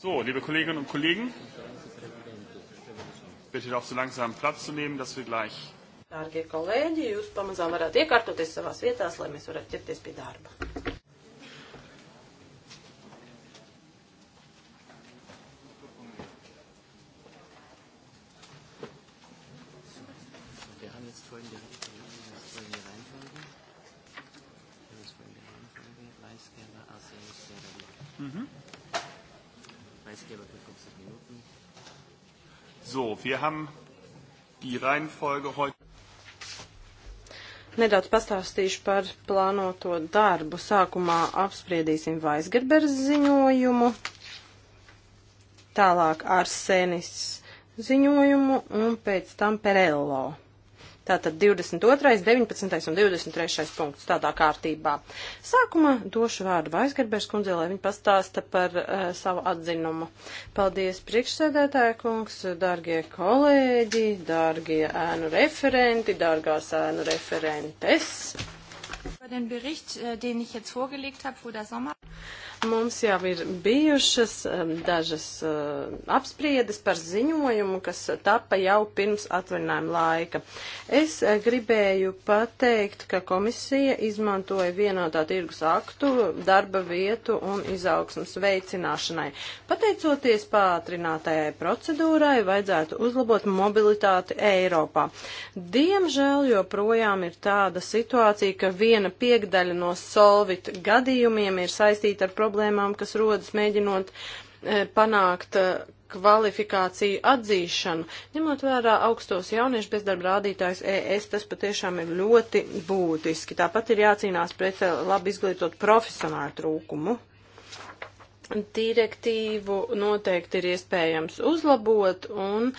So, liebe Kolleginnen und Kollegen, bitte doch so langsam Platz zu nehmen, dass wir gleich. Dārgie kolēģi, jūs pamazām varētu iekārtoties savās vietās, lai mēs varētu ķerties pie darba. Mhm. Mm Preisgeber für 50 Minuten. So, wir haben die Reihenfolge heute. Nedaudz pastāstīšu par plānoto darbu. Sākumā apspriedīsim Vaisgerberas ziņojumu, tālāk Arsenis ziņojumu un pēc tam Perello. Tātad 22., 19. un 23. punkts tādā kārtībā. Sākumā došu vārdu Vaisgarbērs kundzei, lai viņa pastāsta par uh, savu atzinumu. Paldies, priekšsēdētāja kungs, dārgie kolēģi, dārgie ēnu referenti, dārgās ēnu referentes. Par den Bericht, äh, den ich jetzt vorgelegt habe, wo der Sommer. Mums jau ir bijušas um, dažas uh, apspriedes par ziņojumu, kas tapa jau pirms atvaļinājuma laika. Es uh, gribēju pateikt, ka komisija izmantoja vienotā tirgus aktu darba vietu un izaugsmas veicināšanai. Pateicoties pātrinātajai procedūrai, vajadzētu uzlabot mobilitāti Eiropā. Diemžēl joprojām ir tāda situācija, ka viena piekdaļa no solvit gadījumiem ir saistīta ar problēmu problēmām, kas rodas mēģinot e, panākt e, kvalifikāciju atzīšanu. Ņemot vērā augstos jauniešu bezdarba rādītājus ES, tas patiešām ir ļoti būtiski. Tāpat ir jācīnās pret e, labi izglītot profesionālu trūkumu. Direktīvu noteikti ir iespējams uzlabot, un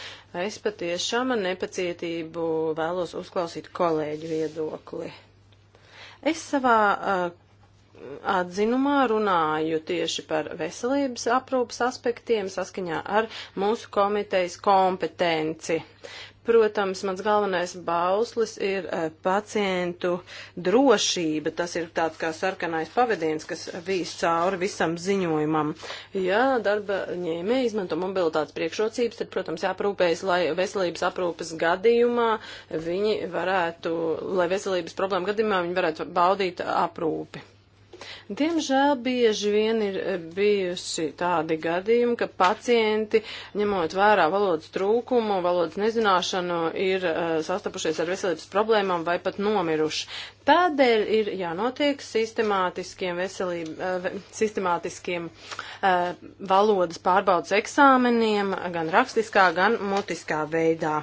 es patiešām ar nepacietību vēlos uzklausīt kolēģu viedokli. Es savā uh, atzinumā runāju tieši par veselības aprūpas aspektiem saskaņā ar mūsu komitejas kompetenci. Protams, mans galvenais bauslis ir eh, pacientu drošība. Tas ir tāds kā sarkanais pavadiens, kas vīs cauri visam ziņojumam. Ja darba ņēmē izmanto mobilitātes priekšrocības, tad, protams, jāprūpējas, lai veselības aprūpas gadījumā viņi varētu, lai veselības problēma gadījumā viņi varētu baudīt aprūpi. Diemžēl bieži vien ir e, bijusi tādi gadījumi, ka pacienti, ņemot vērā valodas trūkumu, valodas nezināšanu, ir uh, sastapušies ar veselības problēmām vai pat nomiruši. Tādēļ ir jānotiek sistemātiskiem, veselība, uh, sistemātiskiem uh, valodas pārbaudas eksāmeniem, gan rakstiskā, gan mutiskā veidā.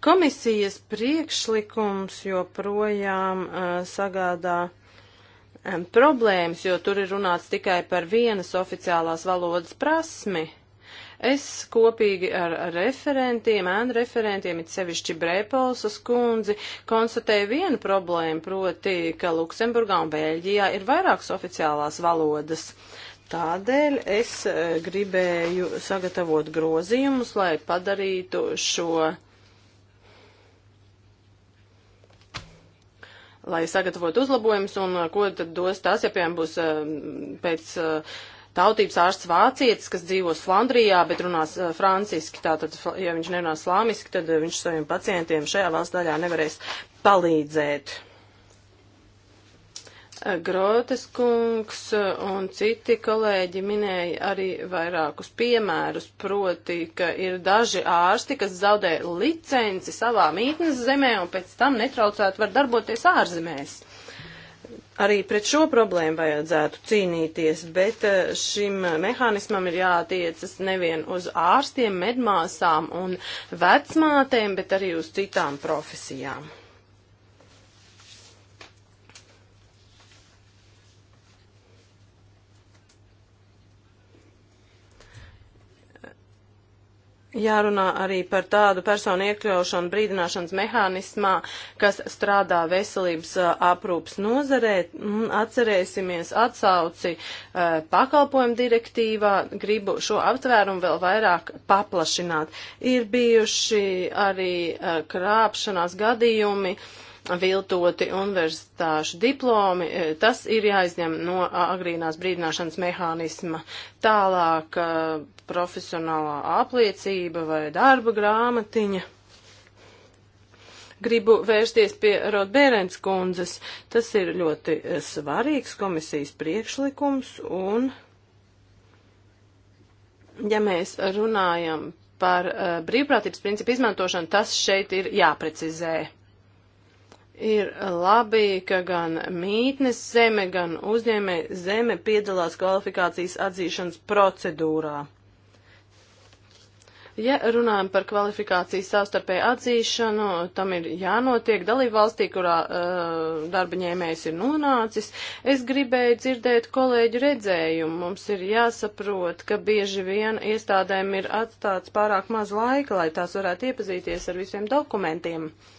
Komisijas priekšlikums joprojām uh, sagādā um, problēmas, jo tur ir runāts tikai par vienas oficiālās valodas prasmi. Es kopīgi ar referentiem, ēnu referentiem, it sevišķi Brēpolsas kundzi, konstatēju vienu problēmu, proti, ka Luksemburgā un Bēļģijā ir vairākas oficiālās valodas. Tādēļ es gribēju sagatavot grozījumus, lai padarītu šo lai sagatavotu uzlabojumus, un uh, ko tad dos tas, ja, piemēram, būs uh, pēc uh, tautības ārsts vācietis, kas dzīvos Flandrijā, bet runās franciski, tātad, ja viņš nerunās slāmiski, tad viņš saviem pacientiem šajā valsts daļā nevarēs palīdzēt. Grotes kungs un citi kolēģi minēja arī vairākus piemērus, proti, ka ir daži ārsti, kas zaudē licenci savā mītnes zemē un pēc tam netraucēt var darboties ārzemēs arī pret šo problēmu vajadzētu cīnīties, bet eh, šim mehānismam ir jātiecas nevien uz ārstiem, medmāsām un vecmātēm, bet arī uz citām profesijām. Jārunā arī par tādu personu iekļaušanu brīdināšanas mehānismā, kas strādā veselības aprūpas nozarē. Mm, atcerēsimies atsauci pakalpojumu direktīvā. Gribu šo aptvērumu vēl vairāk paplašināt. Ir bijuši arī krāpšanās gadījumi. Uh, viltoti universitāšu diplomi, e, tas ir jāizņem no agrīnās brīdināšanas mehānisma. Tālāk e, profesionālā apliecība vai darba grāmatiņa. Gribu vērsties pie Rodbērens kundzes. Tas ir ļoti e, svarīgs komisijas priekšlikums un, ja mēs runājam par uh, brīvprātības principu izmantošanu, tas šeit ir jāprecizē. Ir labi, ka gan mītnes zeme, gan uzņēmē zeme piedalās kvalifikācijas atzīšanas procedūrā. Ja runājam par kvalifikācijas savstarpēju atzīšanu, tam ir jānotiek dalību valstī, kurā uh, darba ņēmējs ir nonācis. Es gribēju dzirdēt kolēģu redzējumu. Mums ir jāsaprot, ka bieži vien iestādēm ir atstāts pārāk maz laika, lai tās varētu iepazīties ar visiem dokumentiem. Uh,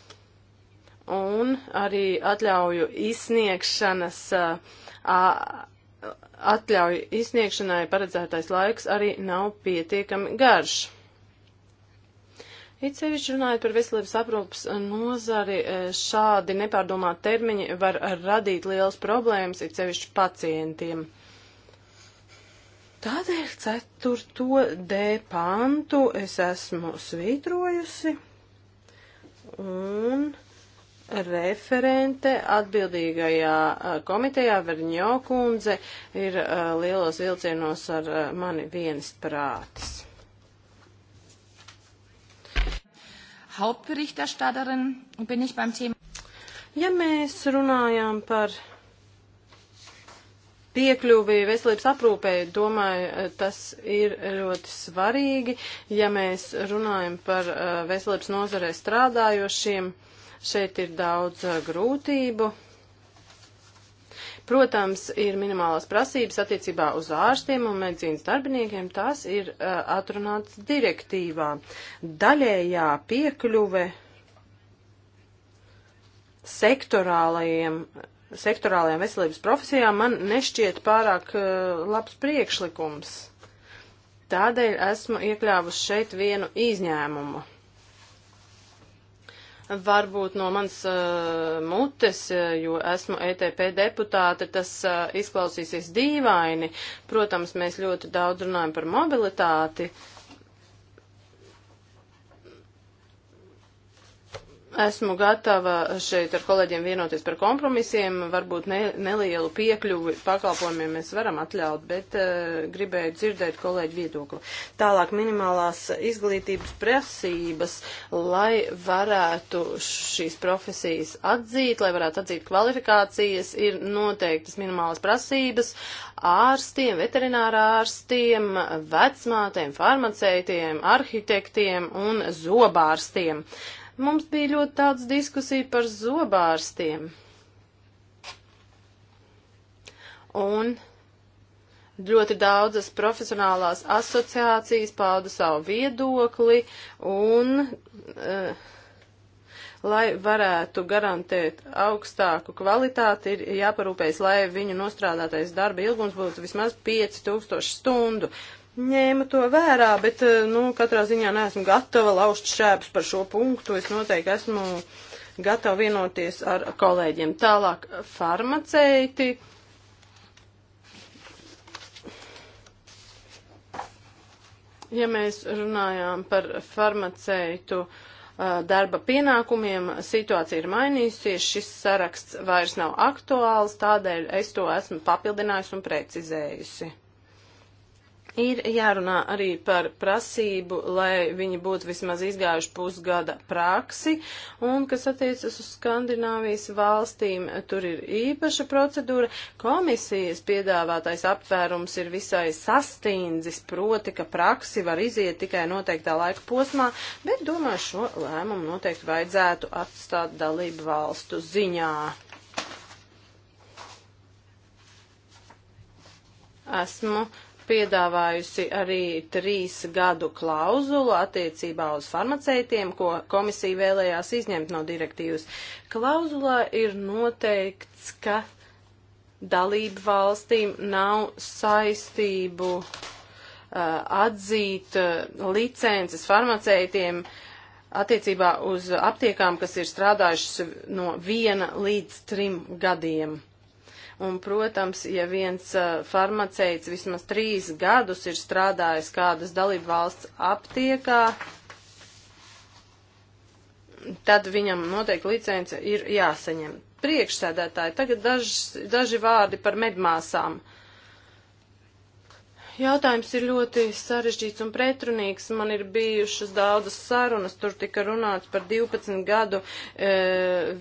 un arī atļauju izsniegšanas, atļauju izsniegšanai paredzētais laiks arī nav pietiekami garš. It sevišķi runājot par veselības aprūpas nozari, šādi nepārdomāti termiņi var radīt liels problēmas, it sevišķi pacientiem. Tādēļ 4. D pantu es esmu svītrojusi un referente atbildīgajā eh, komitejā, Verņo kundze, ir eh, lielos vilcienos ar eh, mani vienas prātis. Hauptberichterstatterin bin ich beim Thema. Ja mēs runājam par piekļuvi veselības aprūpē, domāju, tas ir ļoti svarīgi, ja mēs runājam par veselības nozarē strādājošiem. Uh, Šeit ir daudz grūtību. Protams, ir minimālās prasības attiecībā uz ārstiem un medicīnas darbiniekiem, tas ir uh, atrunāts direktīvā. Daļējā piekļuve sektorālajiem, sektorālajām veselības profesijām man nešķiet pārāk uh, labs priekšlikums. Tādēļ esmu iekļāvusi šeit vienu izņēmumu varbūt no manas uh, mutes, eh, jo esmu ETP deputāte, tas uh, izklausīsies dīvaini. Protams, mēs ļoti daudz runājam par mobilitāti. Uh, Esmu gatava šeit ar kolēģiem vienoties par kompromisiem, varbūt ne, nelielu piekļuvi pakalpojumiem mēs varam atļaut, bet uh, gribēju dzirdēt kolēģi viedokli. Tālāk minimālās izglītības prasības, lai varētu šīs profesijas atzīt, lai varētu atzīt kvalifikācijas, ir noteiktas minimālas prasības ārstiem, veterinārā ārstiem, vecmātēm, farmaceitiem, arhitektiem un zobārstiem. Uh, Mums bija ļoti daudz diskusiju par zobārstiem. Un ļoti daudzas profesionālās asociācijas pauda savu viedokli un, uh, lai varētu garantēt augstāku kvalitāti, ir jāparūpējas, lai viņu nostrādātais darba ilgums būtu vismaz 5000 stundu. Uh, ņēma to vērā, bet, eh, nu, katrā ziņā neesmu gatava lauzt šēpus par šo punktu. Es noteikti esmu gatava vienoties ar kolēģiem. Tālāk farmaceiti. Ja mēs runājām par farmaceitu eh, darba pienākumiem, situācija ir mainījusies, šis saraksts vairs nav aktuāls, tādēļ es to esmu papildinājusi un precizējusi. Ir jārunā arī par prasību, lai viņi būtu vismaz izgājuši pusgada praksi, un kas attiecas uz Skandināvijas valstīm, tur ir īpaša procedūra. Komisijas piedāvātais aptvērums ir visai sastīndzis, proti, ka praksi var iziet tikai noteiktā laika posmā, bet domāju, šo lēmumu noteikti vajadzētu atstāt dalību valstu ziņā. Esmu piedāvājusi arī trīs gadu klauzulu attiecībā uz farmaceitiem, ko komisija vēlējās izņemt no direktīvas. Klauzulā ir noteikts, ka dalību valstīm nav saistību uh, atzīt uh, licences farmaceitiem attiecībā uz aptiekām, kas ir strādājušas no viena līdz trim gadiem. Un, protams, ja viens uh, farmaceits vismaz trīs gadus ir strādājis kādas dalību valsts aptiekā, tad viņam noteikti licence ir jāsaņem. Priekšsēdētāji, tagad daž, daži vārdi par medmāsām. Uh, Jautājums ir ļoti sarežģīts un pretrunīgs. Man ir bijušas daudzas sarunas, tur tika runāts par 12 gadu e,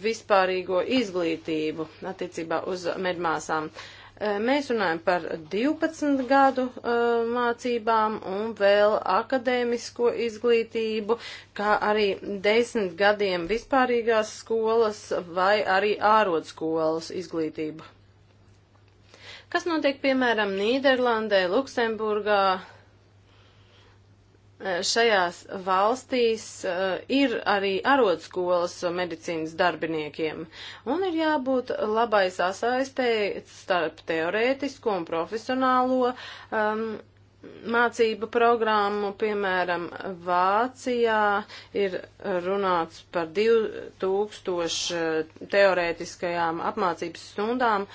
vispārīgo izglītību attiecībā uz medmāsām. E, mēs runājam par 12 gadu e, mācībām un vēl akadēmisko izglītību, kā arī 10 gadiem vispārīgās skolas vai arī ārodskolas izglītību. Kas notiek, piemēram, Nīderlandē, Luksemburgā? Eh, šajās valstīs eh, ir arī arotskolas medicīnas darbiniekiem, un ir jābūt labai sasaistēji starp teorētisko un profesionālo um, mācību programmu, piemēram, Vācijā ir runāts par 2000 eh, teorētiskajām apmācības stundām,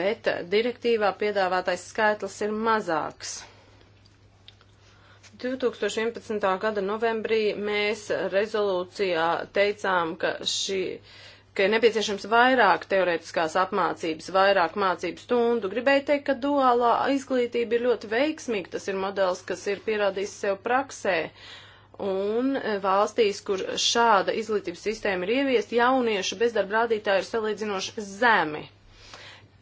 bet direktīvā piedāvātais skaitlis ir mazāks. 2011. gada novembrī mēs rezolūcijā teicām, ka šī ka ir nepieciešams vairāk teorētiskās apmācības, vairāk mācību stundu. Gribēju teikt, ka duālā izglītība ir ļoti veiksmīga. Tas ir modelis, kas ir pierādījis sev praksē. Un e, valstīs, kur šāda izglītības sistēma ir ieviest, jauniešu bezdarba rādītāji ir salīdzinoši zemi.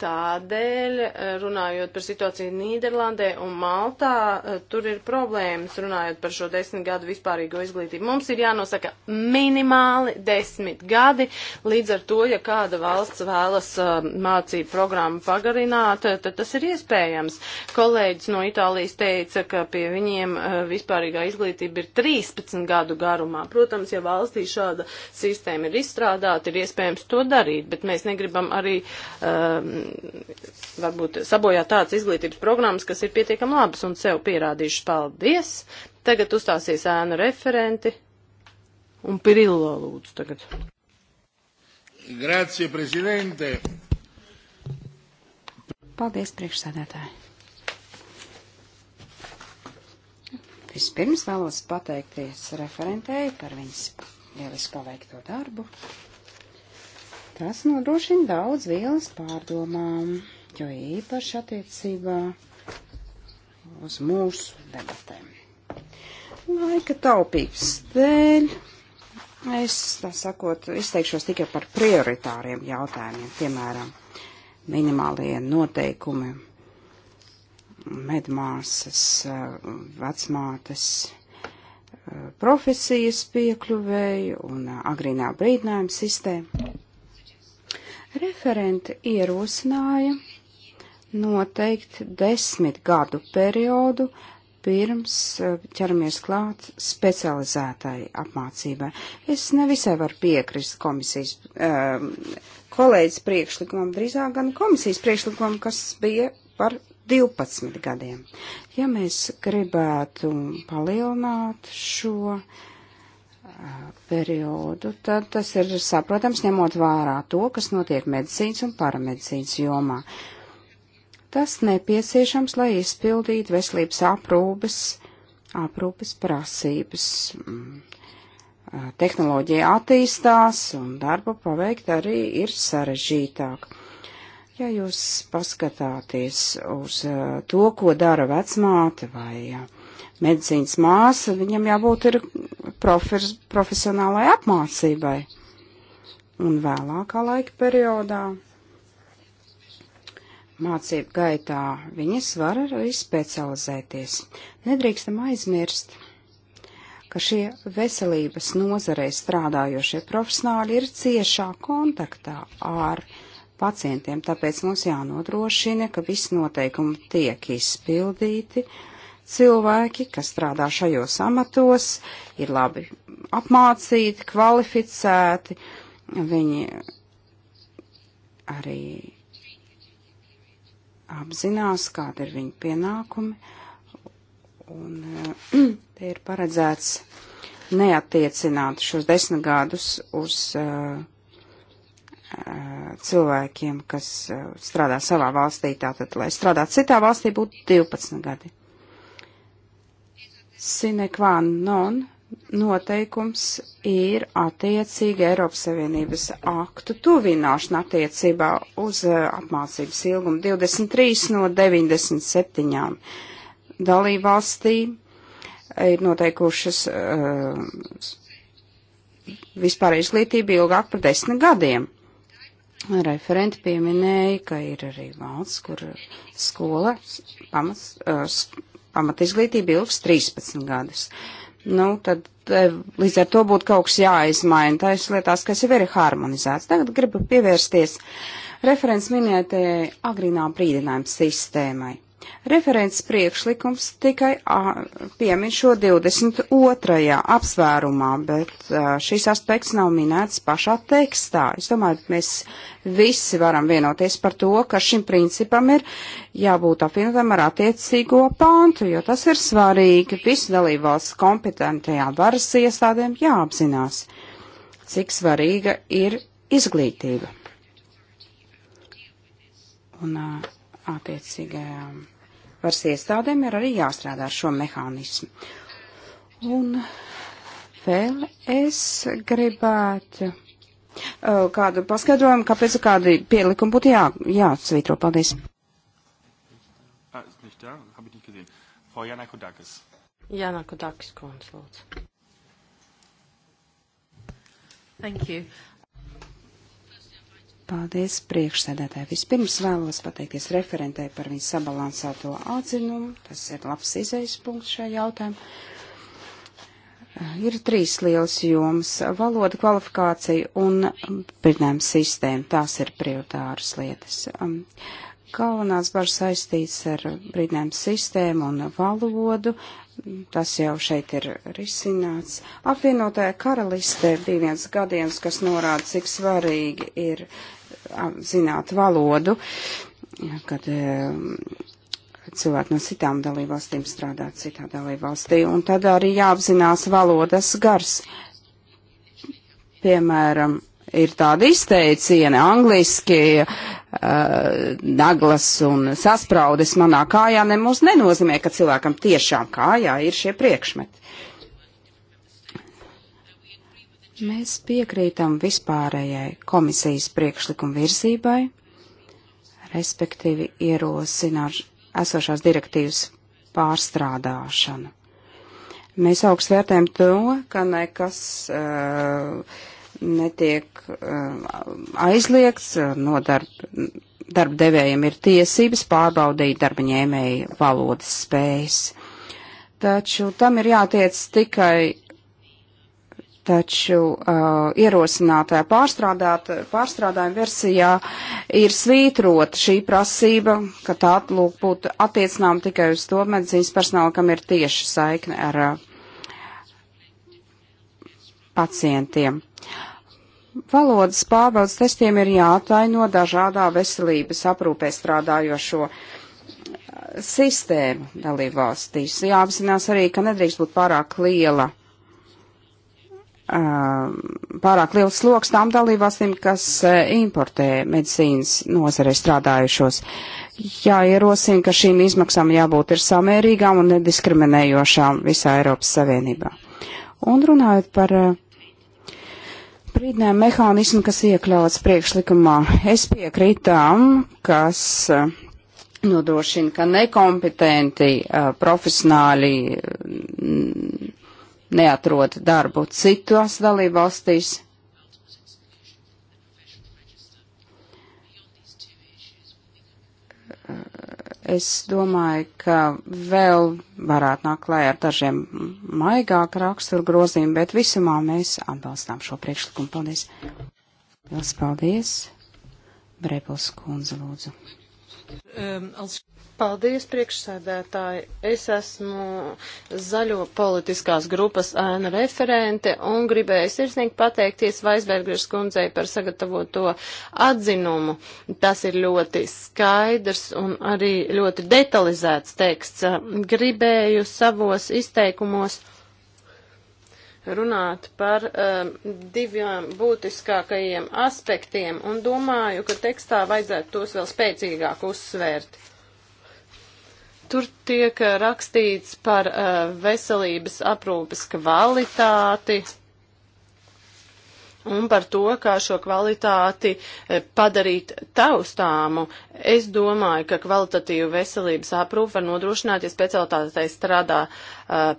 Tādēļ, eh, runājot par situāciju Nīderlandē un Maltā, eh, tur ir problēmas runājot par šo desmit gadu vispārīgo izglītību. Mums ir jānosaka minimāli desmit gadi, līdz ar to, ja kāda valsts vēlas eh, mācību programmu pagarināt, tad tas ir iespējams. Kolēģis no Itālijas teica, ka pie viņiem vispārīgā izglītība ir 13 gadu garumā. Protams, ja valstī šāda sistēma ir izstrādāta, ir iespējams to darīt, bet mēs negribam arī. Um, varbūt sabojāt tādas izglītības programmas, kas ir pietiekami labas un sev pierādījušas. Paldies! Tagad uzstāsies ēnu referenti un Pirillo lūdzu tagad. Grazie, prezidente! Paldies, priekšsēdētāji! Vispirms vēlos pateikties referentēji par viņas lieliski paveikto darbu. Tas nodrošina daudz vielas pārdomām, jo īpaši attiecībā uz mūsu debatēm. Laika taupības dēļ es, tā sakot, izteikšos tikai par prioritāriem jautājumiem, piemēram, minimālie noteikumi medmāsas, vecmātes profesijas piekļuvēju un agrīnā brīdinājuma sistēma. Referente ierosināja noteikt desmit gadu periodu pirms eh, ķeramies klāt specializētai apmācībai. Es nevisai varu piekrist komisijas um, kolēģis priekšlikumam, drīzāk gan komisijas priekšlikumam, kas bija par 12 gadiem. Ja mēs gribētu palielināt šo uh, periodu, tad tas ir saprotams ņemot vērā to, kas notiek medicīnas un paramedicīnas jomā. Tas nepieciešams, lai izpildītu veselības aprūpes, aprūpes prasības. Mm. Tehnoloģija attīstās un darba paveikt arī ir sarežģītāk. Ja jūs paskatāties uz uh, to, ko dara vecmāte vai uh, medicīnas māsa, viņam jābūt ir profes, profesionālai apmācībai. Un vēlākā laika periodā mācību gaitā viņas var arī specializēties. Nedrīkstam aizmirst, ka šie veselības nozarei strādājošie profesionāļi ir ciešā kontaktā ar pacientiem, tāpēc mums jānodrošina, ka visi noteikumi tiek izpildīti cilvēki, kas strādā šajos amatos, ir labi apmācīti, kvalificēti, viņi arī apzinās, kāda ir viņu pienākumi, un eh, te ir paredzēts neatiecināt šos desmit gadus uz uh, cilvēkiem, kas strādā savā valstī, tātad, lai strādātu citā valstī, būtu 12 gadi. Sinekvān non noteikums ir attiecīgi Eiropas Savienības aktu tuvināšana attiecībā uz eh, apmācības ilgumu 23 no 97 dalībvalstīm eh, ir noteikušas uh, vispār izglītību ilgāk par desmit gadiem. Referenti pieminēja, ka ir arī valsts, kur skola, pamats, uh, pamatizglītība ilgs 13 gadus. Nu, tad eh, līdz ar to būtu kaut kas jāizmaina. Tā ir lietās, kas jau ir harmonizēts. Tagad gribu pievērsties referents minētajai agrīnā brīdinājuma sistēmai. Referents priekšlikums tikai piemin šo 22. apsvērumā, bet šis aspekts nav minēts pašā tekstā. Es domāju, mēs visi varam vienoties par to, ka šim principam ir jābūt apvienotam ar attiecīgo pāntu, jo tas ir svarīgi. Visu dalībvalsts kompetentajām varas iestādēm jāapzinās, cik svarīga ir izglītība. Un, uh, attiecīgajām varas iestādēm ir arī jāstrādā ar šo mehānismu. Un vēl es gribētu uh, kādu paskaidrojumu, kāpēc kādi pielikumi būtu jā, jāatsvītro. Paldies. Jāna Kudakis, kundze, lūdzu. Thank you. Paldies priekšsēdētāji. Vispirms vēlos pateikties referentē par viņas sabalansēto atzinumu. Tas ir labs izējas punkts šajā jautājumā. Ir trīs lielas jomas - valoda, kvalifikācija un pirmām sistēma. Tās ir prioritāras lietas. Um, Galvenās var saistīts ar brīdinājumu sistēmu un valodu. Tas jau šeit ir risināts. Apvienotāja karalistē bija viens gadiens, kas norāda, cik svarīgi ir zināt valodu, kad e, cilvēki no citām dalībvalstīm strādā citā dalībvalstī, un tad arī jāapzinās valodas gars. Piemēram, ir tādi izteicieni angliski, e, uh, naglas un saspraudes manā kājā nemūs nenozīmē, ka cilvēkam tiešām kājā ir šie priekšmeti. Mēs piekrītam vispārējai komisijas priekšlikuma virzībai, respektīvi ierosināt esošās direktīvas pārstrādāšanu. Mēs augstu vērtējam to, ka nekas uh, netiek uh, aizliegts, uh, no darba, darba devējiem ir tiesības pārbaudīt darba ņēmēju valodas spējas. Taču tam ir jātiec tikai Taču uh, ierosinātajā pārstrādājuma versijā ir svītrota šī prasība, ka tā lūk, būtu attiecināma tikai uz to medicīnas personālu, kam ir tieši saikne ar uh, pacientiem. Valodas pārbaudas testiem ir jātaino dažādā veselības aprūpē strādājošo sistēmu dalībvalstīs. Jāapzinās arī, ka nedrīkst būt pārāk liela Um, pārāk liels sloks tām dalībvalstīm, kas uh, importē medicīnas nozarei strādājušos. Jāierosina, ka šīm izmaksām jābūt ir samērīgām un nediskriminējošām visā Eiropas Savienībā. Un runājot par uh, brīdinājumu mehānismu, kas iekļauts priekšlikumā, es piekrītu tām, kas uh, nodrošina, ka nekompetenti profesionāļi mm, neatrod darbu citos dalībvalstīs. Es domāju, ka vēl varētu nākt klāj ar dažiem maigāku raksturu grozīm, bet visumā mēs atbalstām šo priekšlikumu. Paldies! Lielas paldies! Brepels kundze lūdzu. Um, als... Paldies, priekšsēdētāji. Es esmu zaļo politiskās grupas ēna referente un gribēju sirsnīgi pateikties Vaisbergers kundzei par sagatavoto atzinumu. Tas ir ļoti skaidrs un arī ļoti detalizēts teksts. Gribēju savos izteikumos runāt par um, diviem būtiskākajiem aspektiem un domāju, ka tekstā vajadzētu tos vēl spēcīgāk uzsvērt. Tur tiek eh, rakstīts par uh, veselības aprūpes kvalitāti un par to, kā šo kvalitāti eh, padarīt taustāmu. Es domāju, ka kvalitatīvu veselības aprūpu var nodrošināt, ja specialitātei strādā uh,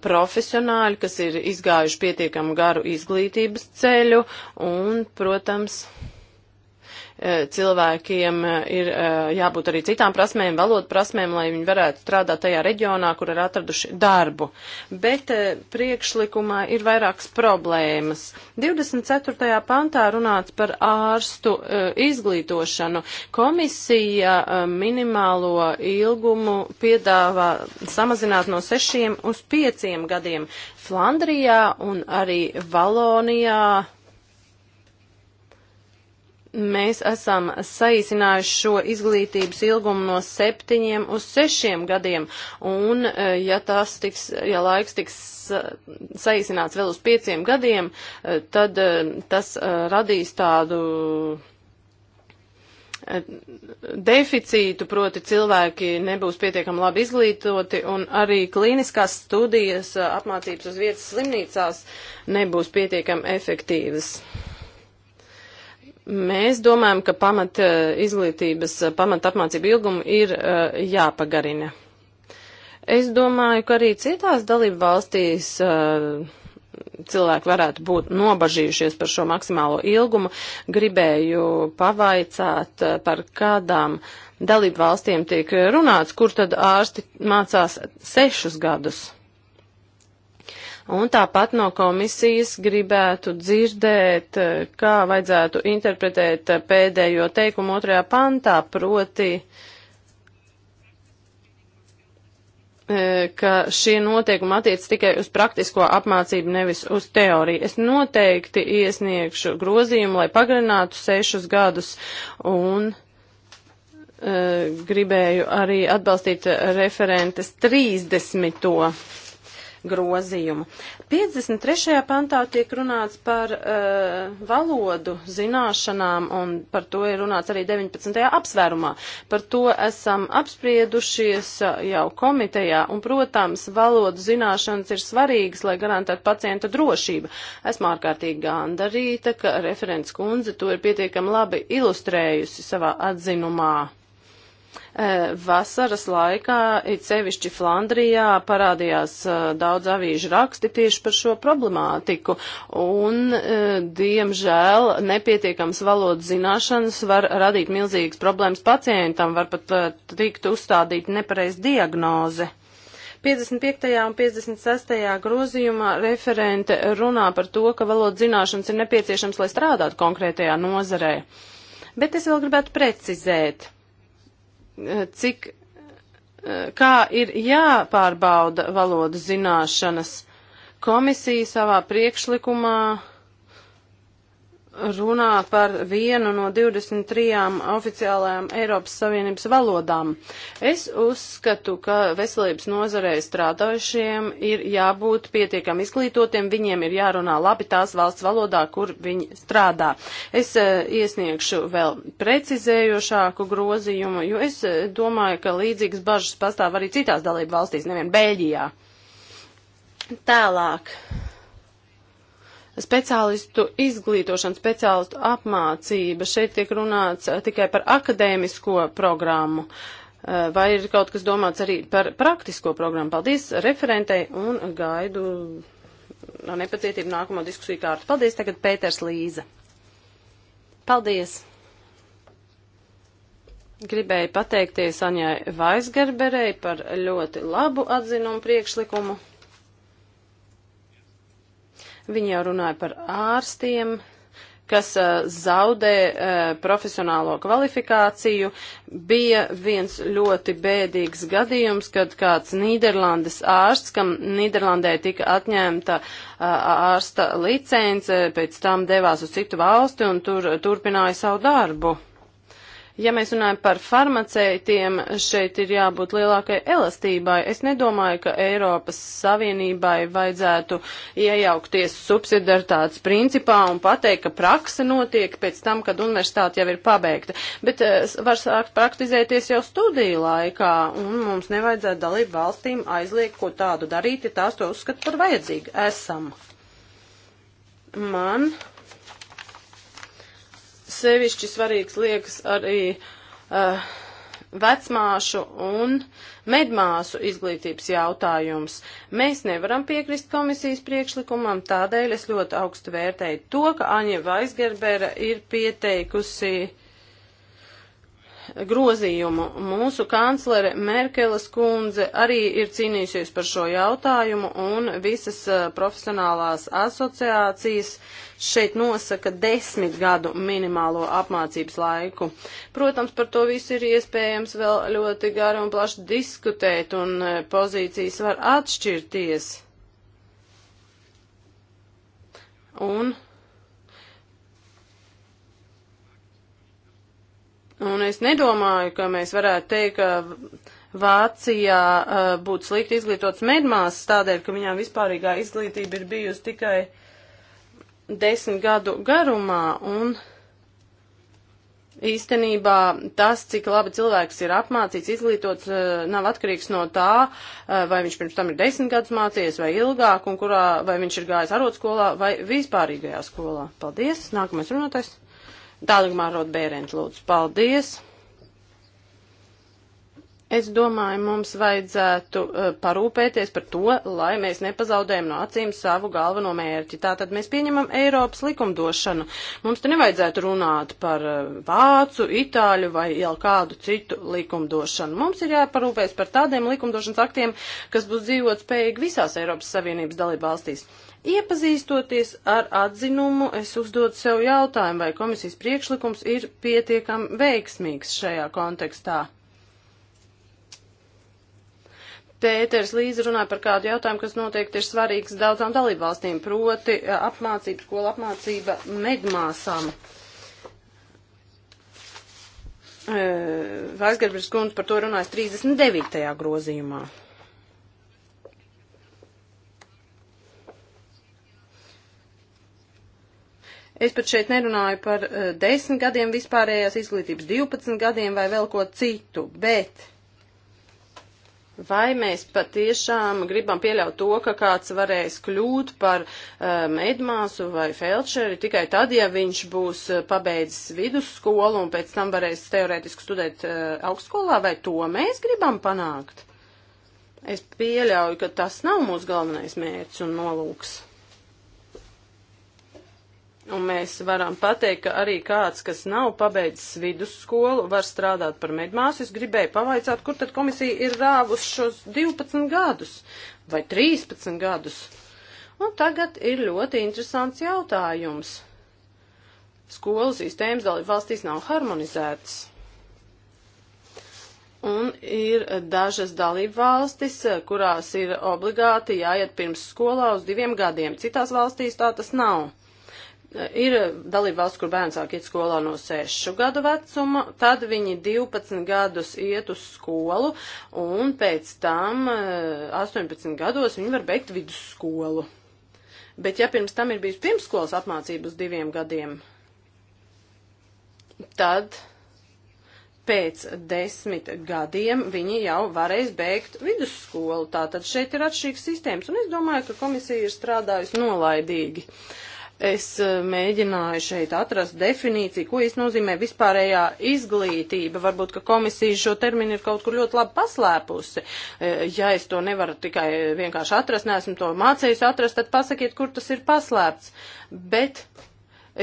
profesionāļi, kas ir izgājuši pietiekamu garu izglītības ceļu un, protams, uh, Eh, cilvēkiem eh, ir eh, jābūt arī citām prasmēm, valodu prasmēm, lai viņi varētu strādāt tajā reģionā, kur ir atraduši darbu. Bet priekšlikumā ir vairākas problēmas. 24. pantā runāts par ārstu izglītošanu. Komisija minimālo ilgumu piedāvā samazināt no 6 uz 5 gadiem. Flandrijā un arī Valonijā Mēs esam saīsinājuši šo izglītības ilgumu no septiņiem uz sešiem gadiem, un e, ja tas tiks, ja laiks tiks saīsināts vēl uz pieciem gadiem, e, tad e, tas radīs tādu deficītu, proti cilvēki nebūs pietiekami labi izglītoti, un arī klīniskās studijas apmācības uz vietas slimnīcās nebūs pietiekami efektīvas. Mēs domājam, ka pamat eh, izglītības, eh, pamat apmācību ilgumu ir uh, jāpagarina. Es domāju, ka arī citās dalību valstīs uh, cilvēki varētu būt nobažījušies par šo maksimālo ilgumu. Gribēju pavaicāt uh, par kādām dalību valstīm tiek runāts, kur tad ārsti mācās sešus gadus. Un tāpat no komisijas gribētu dzirdēt, eh, kā vajadzētu interpretēt eh, pēdējo teikumu otrajā pantā, proti, eh, ka šie noteikumi attiec tikai uz praktisko apmācību, nevis uz teoriju. Es noteikti iesniegšu grozījumu, lai pagarinātu sešus gadus un gribēju arī atbalstīt referentes 30 grozījumu. 53. pantā tiek runāts par uh, valodu zināšanām, un par to ir runāts arī 19. apsvērumā. Par to esam apspriedušies eh, jau komitejā, un, protams, valodu zināšanas ir svarīgas, lai garantētu pacienta drošību. Esmu ārkārtīgi gandarīta, ka referents kundze to ir pietiekami labi ilustrējusi savā atzinumā. Eh, vasaras laikā, it sevišķi Flandrijā, parādījās eh, daudz avīžu raksti tieši par šo problemātiku, un, eh, diemžēl, nepietiekams valodas zināšanas var radīt milzīgas problēmas pacientam, var pat tikt uzstādīt nepareiz diagnoze. 55. un 56. grozījumā referente runā par to, ka valodas zināšanas ir nepieciešams, lai strādātu konkrētajā nozarē. Bet es vēl gribētu precizēt cik, kā ir jāpārbauda valodas zināšanas. Komisija savā priekšlikumā runā par vienu no 23 oficiālajām Eiropas Savienības valodām. Es uzskatu, ka veselības nozarei strādājušiem ir jābūt pietiekam izglītotiem, viņiem ir jārunā labi tās valsts valodā, kur viņi strādā. Es e, iesniegšu vēl precizējošāku grozījumu, jo es e, domāju, ka līdzīgas bažas pastāv arī citās dalību valstīs, nevien Beļģijā. Tālāk speciālistu izglītošana, speciālistu apmācība. Šeit tiek runāts eh, tikai par akadēmisko programmu. Eh, vai ir kaut kas domāts arī par praktisko programmu? Paldies referentei un gaidu no nepacietību nākamo diskusiju kārtu. Paldies tagad Pēters Līza. Paldies! Gribēju pateikties Aņai Vaisgerberei par ļoti labu atzinumu priekšlikumu. Viņi jau runāja par ārstiem, kas uh, zaudē uh, profesionālo kvalifikāciju. Bija viens ļoti bēdīgs gadījums, kad kāds Nīderlandes ārsts, kam Nīderlandē tika atņemta uh, ārsta licence, pēc tam devās uz citu valsti un tur turpināja savu darbu. Ja mēs runājam par farmaceitiem, šeit ir jābūt lielākai elastībai. Es nedomāju, ka Eiropas Savienībai vajadzētu iejaukties subsidiaritātes principā un pateikt, ka praksa notiek pēc tam, kad universitāte jau ir pabeigta. Bet eh, var sākt praktizēties jau studiju laikā, un mums nevajadzētu dalību valstīm aizliegt, ko tādu darīt, ja tās to uzskata par vajadzīgu. Esam. Man Sevišķi svarīgs liekas arī uh, vecmāšu un medmāsu izglītības jautājums. Mēs nevaram piekrist komisijas priekšlikumam, tādēļ es ļoti augstu vērtēju to, ka Aņa Vaisgerbera ir pieteikusi grozījumu. Mūsu kanclere Merkeles kundze arī ir cīnījusies par šo jautājumu un visas eh, profesionālās asociācijas šeit nosaka desmit gadu minimālo apmācības laiku. Protams, par to visu ir iespējams vēl ļoti gari un plaši diskutēt un eh, pozīcijas var atšķirties. Un Un es nedomāju, ka mēs varētu teikt, ka Vācijā uh, būtu slikti izglītots medmās tādēļ, ka viņām vispārīgā izglītība ir bijusi tikai desmit gadu garumā. Un īstenībā tas, cik labi cilvēks ir apmācīts, izglītots, eh, nav atkarīgs no tā, eh, vai viņš pirms tam ir desmit gadus mācījies vai ilgāk, un kurā, vai viņš ir gājis arotskolā vai vispārīgajā skolā. Paldies! Nākamais runātais. Dārgmārot Bērent, lūdzu, paldies! Es domāju, mums vajadzētu eh, parūpēties par to, lai mēs nepazaudējam no acīm savu galveno mērķi. Tātad mēs pieņemam Eiropas likumdošanu. Mums te nevajadzētu runāt par eh, vācu, itāļu vai jau kādu citu likumdošanu. Mums ir jāparūpēs par tādiem likumdošanas aktiem, kas būs dzīvot spējīgi visās Eiropas Savienības dalība valstīs. Iepazīstoties ar atzinumu, es uzdodu sev jautājumu, vai komisijas priekšlikums ir pietiekam veiksmīgs šajā kontekstā. Pēters Līze runāja par kādu jautājumu, kas noteikti ir svarīgs daudzām dalībvalstīm, proti eh, apmācība, skola apmācība medmāsām. Eh, Vaisgarbris kundze par to runājas 39. grozījumā. Es pat šeit nerunāju par uh, eh, 10 gadiem vispārējās izglītības, 12 gadiem vai vēl ko citu, bet uh, Vai mēs patiešām gribam pieļaut to, ka kāds varēs kļūt par uh, um, medmāsu vai felčeri tikai tad, ja viņš būs uh, pabeidzis vidusskolu un pēc tam varēs teorētiski studēt uh, augstskolā, vai to mēs gribam panākt? Es pieļauju, ka tas nav mūsu galvenais mērķis un nolūks. Un mēs varam pateikt, ka arī kāds, kas nav pabeidzis vidusskolu, var strādāt par medmāsu. Es gribēju pavaicāt, kur tad komisija ir rāvus šos 12 gadus vai 13 gadus. Un tagad ir ļoti interesants jautājums. Skolu sistēmas dalību valstīs nav harmonizētas. Un ir dažas dalību valstis, kurās ir obligāti jāiet pirms skolā uz diviem gadiem. Citās valstīs tā tas nav. Ir dalība valsts, kur bērns sāk iet skolā no 6 gadu vecuma, tad viņi 12 gadus iet uz skolu, un pēc tam 18 eh, gados viņi var beigt vidusskolu. Bet ja pirms tam ir bijis pirmskolas apmācības diviem gadiem, tad pēc desmit gadiem viņi jau varēs beigt vidusskolu. Tātad šeit ir atšķirīgs sistēmas, un es domāju, ka komisija ir strādājusi nolaidīgi. Uh, es e, mēģināju šeit atrast definīciju, ko īsti nozīmē vispārējā izglītība. Varbūt, ka komisija šo terminu ir kaut kur ļoti labi paslēpusi. E, ja es to nevaru tikai vienkārši atrast, neesmu to mācījis atrast, tad pasakiet, kur tas ir paslēpts. Bet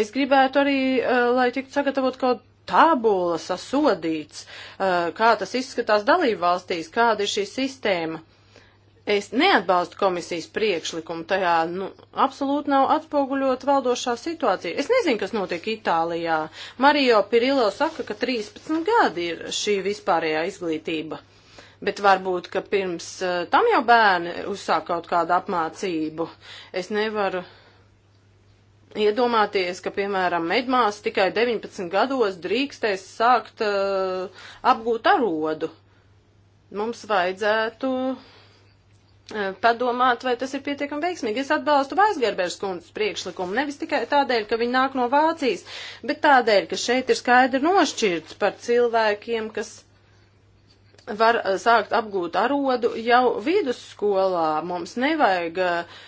es gribētu arī, e, lai tiktu sagatavot kaut tabula sasodīts, kā tas izskatās dalību valstīs, kāda ir šī sistēma. Es neatbalstu komisijas priekšlikumu, tajā nu, absolūti nav atspoguļot valdošā situācija. Es nezinu, kas notiek Itālijā. Mario Pirillo saka, ka 13 gadi ir šī vispārējā izglītība. Bet varbūt, ka pirms eh, tam jau bērni uzsāk kaut kādu apmācību. Es nevaru iedomāties, ka, piemēram, medmās tikai 19 gados drīkstēs sākt uh, apgūt arodu. Mums vajadzētu Eh, padomāt, vai tas ir pietiekami veiksmīgi. Es atbalstu Vaisgerbergs kundzes priekšlikumu, nevis tikai tādēļ, ka viņi nāk no Vācijas, bet tādēļ, ka šeit ir skaidri nošķirts par cilvēkiem, kas var eh, sākt apgūt arodu jau vidusskolā. Mums nevajag uh,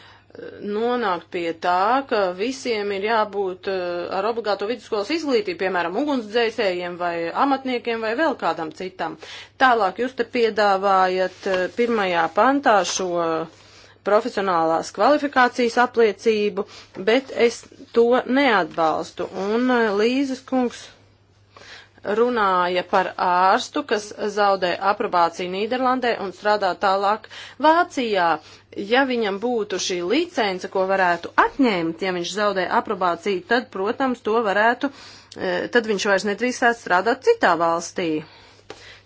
nonākt pie tā, ka visiem ir jābūt eh, ar obligāto vidusskolas izglītību, piemēram, ugunsdzēsējiem vai amatniekiem vai vēl kādam citam. Tālāk jūs te piedāvājat eh, pirmajā pantā šo profesionālās kvalifikācijas apliecību, bet es to neatbalstu. Un eh, Līzes kungs runāja par ārstu, kas zaudē aprobāciju Nīderlandē un strādā tālāk Vācijā ja viņam būtu šī licence, ko varētu atņemt, ja viņš zaudē aprobāciju, tad, protams, to varētu, e, tad viņš vairs nedrīkstētu strādāt citā valstī.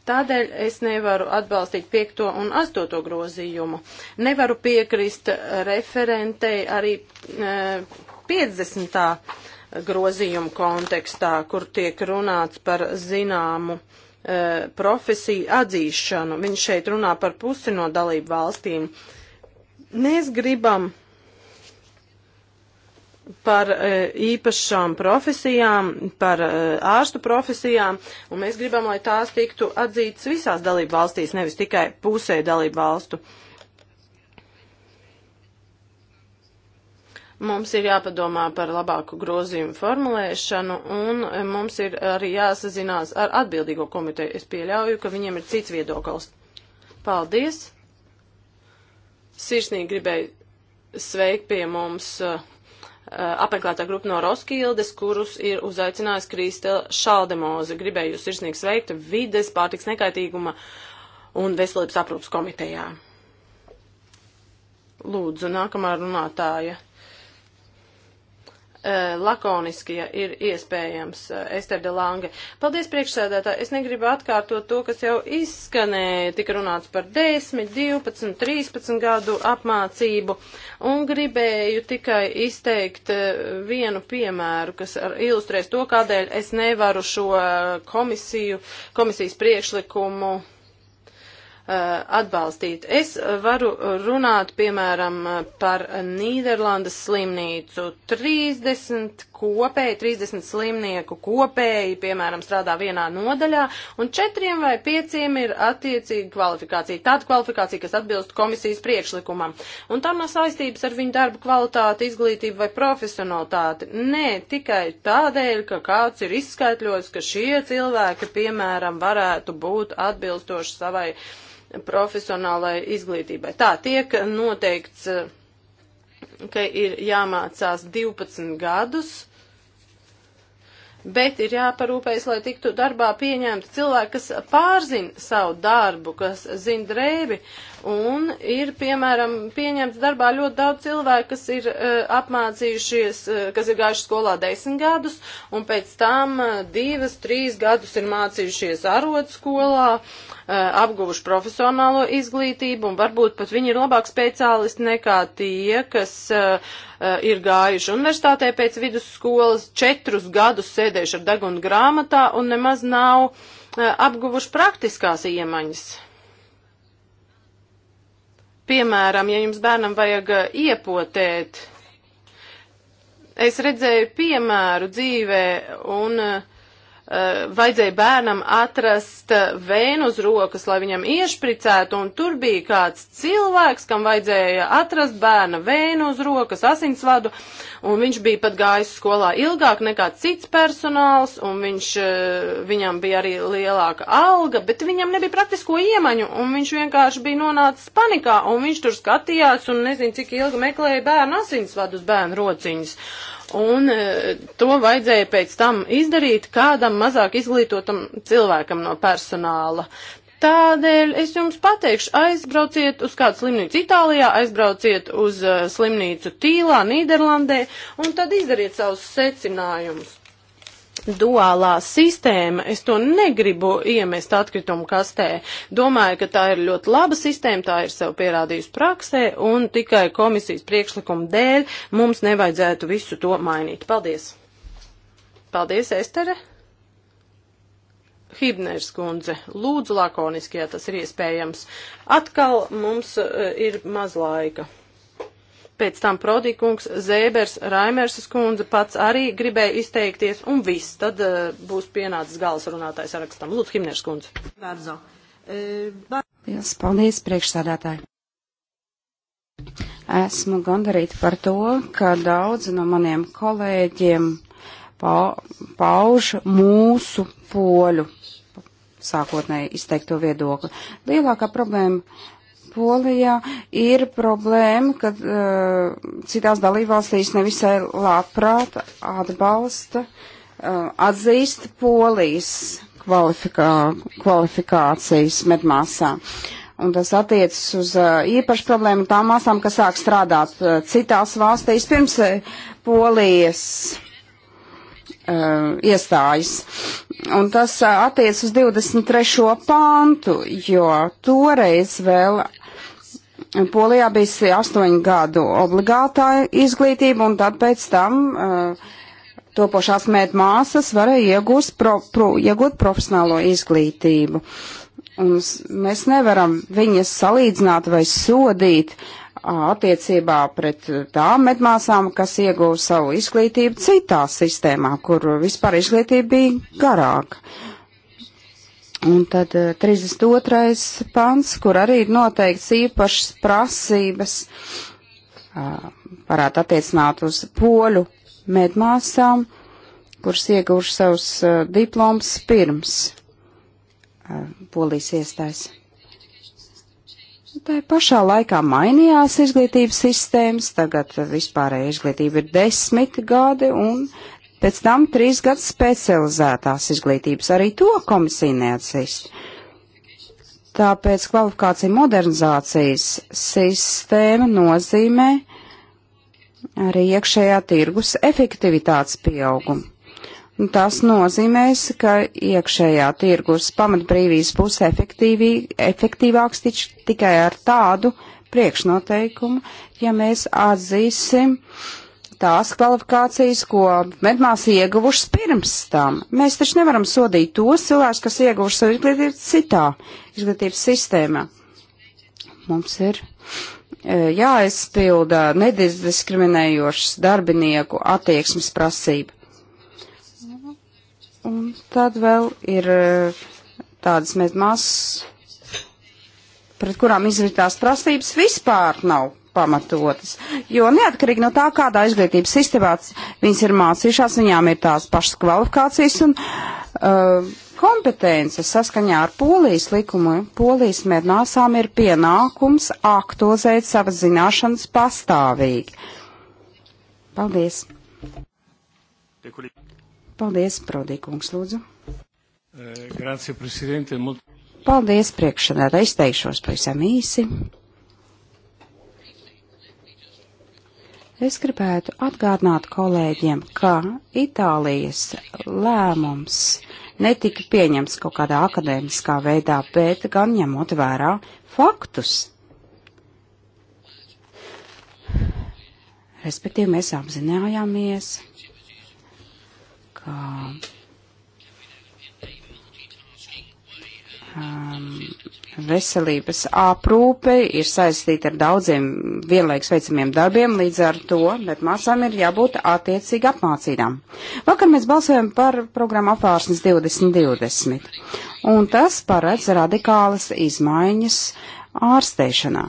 Tādēļ es nevaru atbalstīt piekto un astoto grozījumu. Nevaru piekrist referentei arī 50. E, grozījumu kontekstā, kur tiek runāts par zināmu e, profesiju atzīšanu. Viņš šeit runā par pusi no dalību valstīm. Uh, Mēs gribam par e, īpašām profesijām, par e, ārstu profesijām, un mēs gribam, lai tās tiktu atzītas visās dalību valstīs, nevis tikai pusē dalību valstu. Mums ir jāpadomā par labāku grozījumu formulēšanu, un mums ir arī jāsazinās ar atbildīgo komiteju. Es pieļauju, ka viņiem ir cits viedoklis. Paldies! sirsnīgi gribēju sveikt pie mums uh, uh, apmeklētā grupa no Roskildes, kurus ir uzaicinājis Krīstela Šaldemoze. Gribēju jūs sirsnīgi sveikt vides, pārtiks nekaitīguma un veselības aprūpas komitejā. Lūdzu, nākamā runātāja. Eh, lakoniski, ja ir iespējams, eh, Ester de Lange. Paldies priekšsēdētā. Es negribu atkārtot to, kas jau izskanēja, tika runāts par 10, 12, 13 gadu apmācību, un gribēju tikai izteikt eh, vienu piemēru, kas ilustrēs to, kādēļ es nevaru šo komisiju, komisijas priekšlikumu Uh, atbalstīt. Es varu runāt, piemēram, par Nīderlandes slimnīcu. 30 kopēji, 30 slimnieku kopēji, piemēram, strādā vienā nodaļā, un četriem vai pieciem ir attiecīga kvalifikācija. Tāda kvalifikācija, kas atbilst komisijas priekšlikumam. Un tam nav saistības ar viņu darbu kvalitāti, izglītību vai profesionalitāti. Nē, tikai tādēļ, ka kāds ir izskaitļots, ka šie cilvēki, piemēram, varētu būt atbilstoši savai uh, profesionālai izglītībai. Tā tiek noteikts, eh, ka ir jāmācās 12 gadus bet ir jāparūpējas, lai tiktu darbā pieņemti cilvēki, kas pārzina savu darbu, kas zina drēbi, un ir, piemēram, pieņemts darbā ļoti daudz cilvēku, kas ir uh, apmācījušies, uh, kas ir gājuši skolā desmit gadus, un pēc tam uh, divas, trīs gadus ir mācījušies arotskolā, Eh, apguvuši profesionālo izglītību un varbūt pat viņi ir labāk speciālisti nekā tie, kas eh, ir gājuši universitātē pēc vidusskolas, četrus gadus sēdējuši ar degunu grāmatā un nemaz nav eh, apguvuši praktiskās iemaņas. Piemēram, ja jums bērnam vajag iepotēt, es redzēju piemēru dzīvē, un uh, Eh, vajadzēja bērnam atrast eh, vēnu uz rokas, lai viņam iešpricētu, un tur bija kāds cilvēks, kam vajadzēja atrast bērna vēnu uz rokas, asinsvadu, un viņš bija pat gājis skolā ilgāk nekā cits personāls, un viņš, eh, viņam bija arī lielāka alga, bet viņam nebija praktisko iemaņu, un viņš vienkārši bija nonācis panikā, un viņš tur skatījās, un nezinu, cik ilgi meklēja bērnu asinsvadu uz bērnu rociņas un e, to vajadzēja pēc tam izdarīt kādam mazāk izglītotam cilvēkam no personāla. Tādēļ es jums pateikšu, aizbrauciet uz kādu slimnīcu Itālijā, aizbrauciet uz e, slimnīcu Tīlā, Nīderlandē, un tad izdariet savus secinājumus duālā sistēma, es to negribu iemest atkritumu kastē. Domāju, ka tā ir ļoti laba sistēma, tā ir sev pierādījusi praksē, un tikai komisijas priekšlikuma dēļ mums nevajadzētu visu to mainīt. Paldies! Paldies, Estere! Hibners kundze, lūdzu lakoniski, ja tas ir iespējams. Atkal mums eh, ir maz laika pēc tam Prodīkungs, Zēbers, Raimers kundze pats arī gribēja izteikties, un viss, tad uh, būs pienācis galas runātājs sarakstam. Lūdzu, Himniers kundze. Vārdzo. Pils, e, paldies, priekšsādātāji. Esmu gandarīta par to, ka daudzi no maniem kolēģiem pa, pauž mūsu poļu sākotnēji izteikto viedokli. Lielākā problēma Polijā ir problēma, ka uh, eh, citās dalībvalstīs nevisai eh, labprāt atbalsta, uh, atzīst Polijas kvalifikā, kvalifikācijas medmāsām. Un tas attiecas uz uh, īpašu problēmu tām māsām, kas sāk strādāt uh, citās valstīs pirms uh, Polijas uh, iestājas. Un tas uh, attiec uz 23. pantu, jo toreiz vēl Polijā bija astoņu gadu obligātā izglītība, un tad pēc tam uh, topošās mētmāsas varēja iegūst pro, pro, iegūt profesionālo izglītību. Un mēs nevaram viņas salīdzināt vai sodīt attiecībā pret tām medmāsām, kas ieguva savu izglītību citā sistēmā, kur vispār izglītība bija garāka. Uh, Un tad 32. Eh, pants, kur arī ir noteikts īpašas prasības, varētu attiecināt uz poļu medmāsām, kuras ieguvuši savus diplomas pirms polijas iestājas. Tā pašā laikā mainījās izglītības sistēmas, tagad vispārēja izglītība ir desmit gadi, un pēc tam trīs gadus specializētās izglītības. Arī to komisija neatsist. Tāpēc kvalifikācija modernizācijas sistēma nozīmē arī iekšējā tirgus efektivitātes pieaugumu. Un tas nozīmēs, ka iekšējā tirgus pamatbrīvīs būs efektīvāks tič, tikai ar tādu priekšnoteikumu, ja mēs atzīsim uh, tās kvalifikācijas, ko medmās ieguvušas pirms tam. Mēs taču nevaram sodīt tos cilvēkus, kas ieguvuši savu izglītību citā izglītības sistēmā. Mums ir e, jāaizpilda nediskriminējošas darbinieku attieksmes prasība. Un tad vēl ir e, tādas medmās, pret kurām izritās prasības vispār nav pamatotas. Jo neatkarīgi no tā, kādā izglītības sistēmā viņas ir mācījušās, viņām ir tās pašas kvalifikācijas un uh, kompetences saskaņā ar polijas likumu. Polijas mednāsām ir pienākums aktualizēt savas zināšanas pastāvīgi. Paldies! Paldies, Prodīkungs, lūdzu. Eh, Paldies, priekšsēdētāji, izteikšos pavisam īsi. Es gribētu atgādināt kolēģiem, ka Itālijas lēmums netika pieņemts kaut kādā akadēmiskā veidā, bet gan ņemot vērā faktus. Respektīvi, mēs apzinājāmies, ka um, veselības aprūpe ir saistīta ar daudziem vienlaiks veicamiem darbiem, līdz ar to, bet mācām ir jābūt attiecīgi apmācītām. Vakar mēs balsojam par programmu apvārsnes 2020, un tas paredz radikālas izmaiņas ārstēšanā.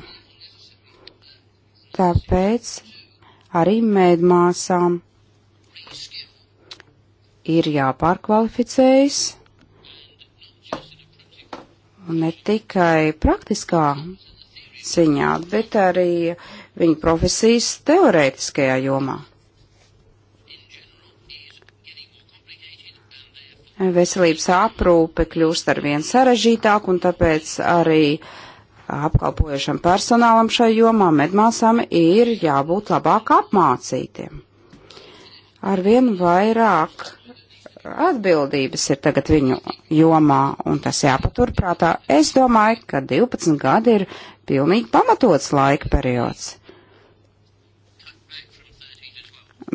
Tāpēc arī mēdmāsām ir jāpārkvalificējas ne tikai praktiskā ziņā, bet arī viņa profesijas teorētiskajā jomā. Veselības aprūpe kļūst ar vien sarežģītāk, un tāpēc arī apkalpojušam personālam šai jomā medmāsām ir jābūt labāk apmācītiem. Arvien vairāk atbildības ir tagad viņu jomā, un tas jāpaturprātā. Es domāju, ka 12 gadi ir pilnīgi pamatots laika periods.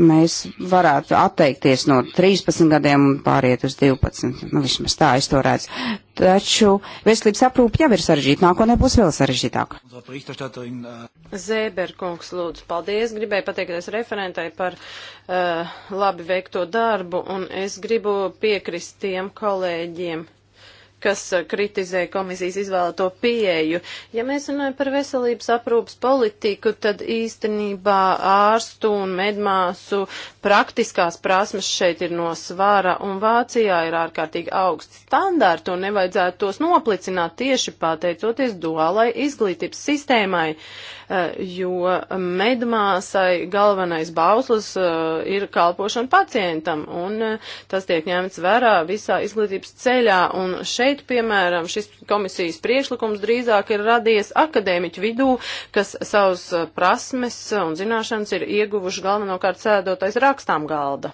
mēs varētu atteikties no 13 gadiem un pāriet uz 12. Nu, vismaz tā es to redzu. Taču veselības aprūpe jau ir sarežģīta, nākotnē būs vēl sarežģītāk. Zēberkungs, lūdzu, paldies. Gribēju pateikties referentai par uh, labi veikto darbu, un es gribu piekrist tiem kolēģiem, kas eh, kritizē komisijas izvēlēto pieeju. Ja mēs runājam par veselības aprūpas politiku, tad īstenībā ārstu un medmāsu praktiskās prasmes šeit ir no svara, un Vācijā ir ārkārtīgi augsts standārti, un nevajadzētu tos noplicināt tieši pateicoties duālai izglītības sistēmai, eh, jo medmāsai galvenais bauslis eh, ir kalpošana pacientam, un tas tiek ņemts vērā visā izglītības ceļā, un šeit šeit, piemēram, šis komisijas priekšlikums drīzāk ir radies akadēmiķu vidū, kas savus uh, prasmes un zināšanas ir ieguvuši galvenokārt sēdotais rakstām galda.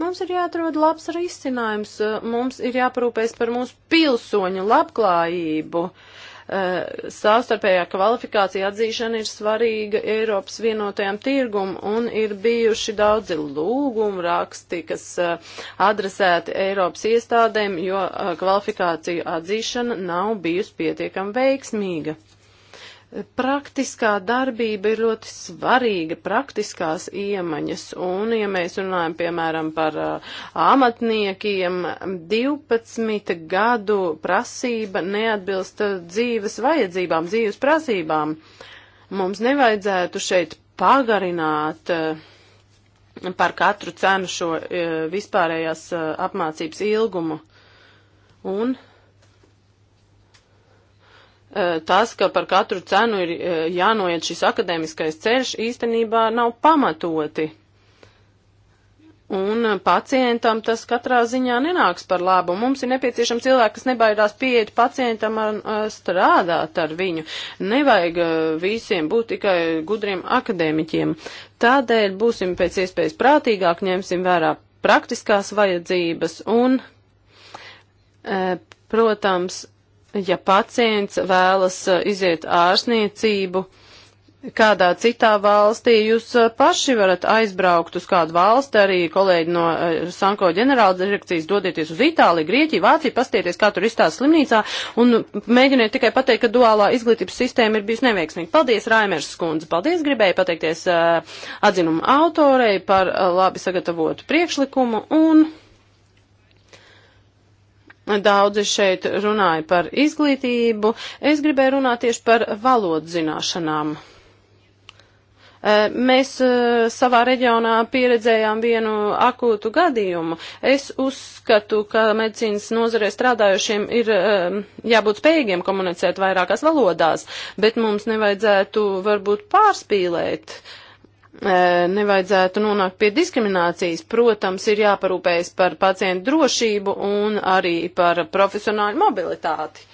Mums ir jāatrod labs risinājums, uh, mums ir jāparūpēs par mūsu pilsoņu labklājību. Uh, Eh, Sāstarpējā kvalifikācija atzīšana ir svarīga Eiropas vienotajam tirgum un ir bijuši daudzi lūgumu raksti, kas eh, adresēti Eiropas iestādēm, jo eh, kvalifikācija atzīšana nav bijusi pietiekam veiksmīga. Praktiskā darbība ir ļoti svarīga, praktiskās iemaņas, un, ja mēs runājam, piemēram, par uh, amatniekiem, 12 gadu prasība neatbilst dzīves vajadzībām, dzīves prasībām. Mums nevajadzētu šeit pagarināt uh, par katru cenu šo uh, vispārējās uh, apmācības ilgumu. Un Eh, tas, ka par katru cenu ir eh, jānoiet šis akadēmiskais ceļš, īstenībā nav pamatoti. Un eh, pacientam tas katrā ziņā nenāks par labu. Mums ir nepieciešams cilvēki, kas nebaidās pieiet pacientam un strādāt ar viņu. Nevajag visiem būt tikai gudriem akadēmiķiem. Tādēļ būsim pēc iespējas prātīgāk, ņemsim vērā praktiskās vajadzības un, protams, ja pacients vēlas uh, iziet ārsniecību kādā citā valstī, jūs uh, paši varat aizbraukt uz kādu valsti, arī kolēģi no uh, Sanko ģenerāla direkcijas dodieties uz Itāliju, Grieķiju, Vāciju, pastieties, kā tur izstās slimnīcā, un mēģiniet tikai pateikt, ka duālā izglītības sistēma ir bijusi neveiksmīga. Paldies, Raimers Skundze, paldies, gribēju pateikties atzinumu autorei par labi sagatavotu priekšlikumu un. Daudzi šeit runāja par izglītību. Es gribēju runāt tieši par valodas zināšanām. Mēs savā reģionā pieredzējām vienu akūtu gadījumu. Es uzskatu, ka medicīnas nozarē strādājušiem ir jābūt spējīgiem komunicēt vairākās valodās, bet mums nevajadzētu varbūt pārspīlēt. Uh, E, nevajadzētu nonākt pie diskriminācijas. Protams, ir jāparūpējas par pacientu drošību un arī par profesionāļu mobilitāti.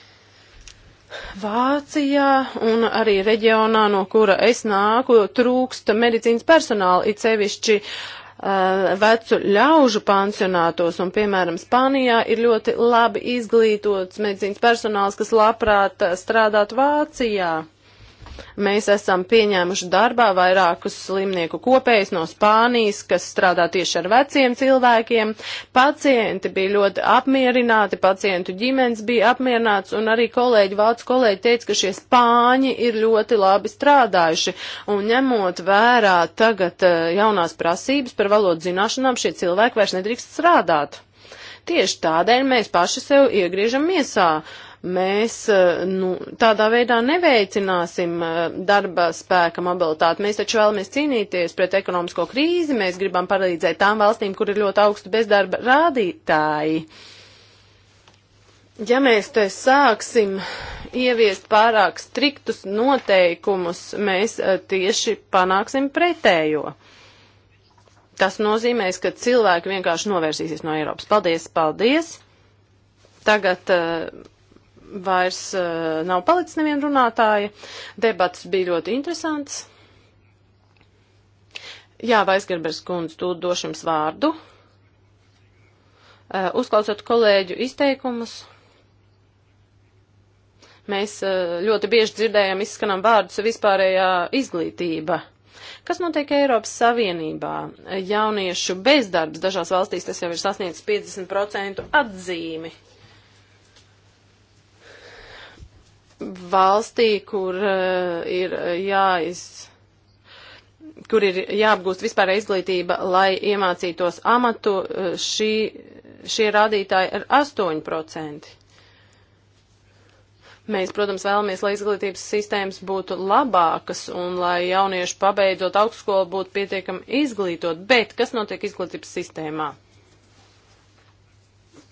Vācijā un arī reģionā, no kura es nāku, trūksta medicīnas personāla, it sevišķi uh, vecu ļaužu pansionātos, un, piemēram, Spānijā ir ļoti labi izglītots medicīnas personāls, kas labprāt e, strādāt Vācijā. Mēs esam pieņēmuši darbā vairākus slimnieku kopējus no Spānijas, kas strādā tieši ar veciem cilvēkiem. Pacienti bija ļoti apmierināti, pacientu ģimenes bija apmierināts, un arī kolēģi, vācu kolēģi teica, ka šie spāņi ir ļoti labi strādājuši. Un ņemot vērā tagad eh, jaunās prasības par valodu zināšanām, šie cilvēki vairs nedrīkst strādāt. Tieši tādēļ mēs paši sev iegriežam miesā. Uh, mēs eh, nu, tādā veidā neveicināsim eh, darba spēka mobilitāti. Mēs taču vēlamies cīnīties pret ekonomisko krīzi, mēs gribam palīdzēt tām valstīm, kur ir ļoti augstu bezdarba rādītāji. Ja mēs te sāksim ieviest pārāk striktus noteikumus, mēs eh, tieši panāksim pretējo. Tas nozīmēs, ka cilvēki vienkārši novērsīsies no Eiropas. Paldies, paldies! Tagad uh, vairs uh, nav palicis neviena runātāja. Debats bija ļoti interesants. Jā, Vaisgarbers kundze, tu došu jums vārdu. Uh, uzklausot kolēģu izteikumus, mēs uh, ļoti bieži dzirdējam izskanam vārdus vispārējā izglītība. Kas notiek Eiropas Savienībā? Jauniešu bezdarbs dažās valstīs tas jau ir sasniedzis 50% atzīmi. valstī, kur uh, ir eh, jāiz kur ir jāapgūst vispār izglītība, lai iemācītos amatu, eh, šī, šie rādītāji ir 8%. Mēs, protams, vēlamies, lai izglītības sistēmas būtu labākas un lai jaunieši pabeidzot augstskolu būtu pietiekami izglītot, bet kas notiek izglītības sistēmā?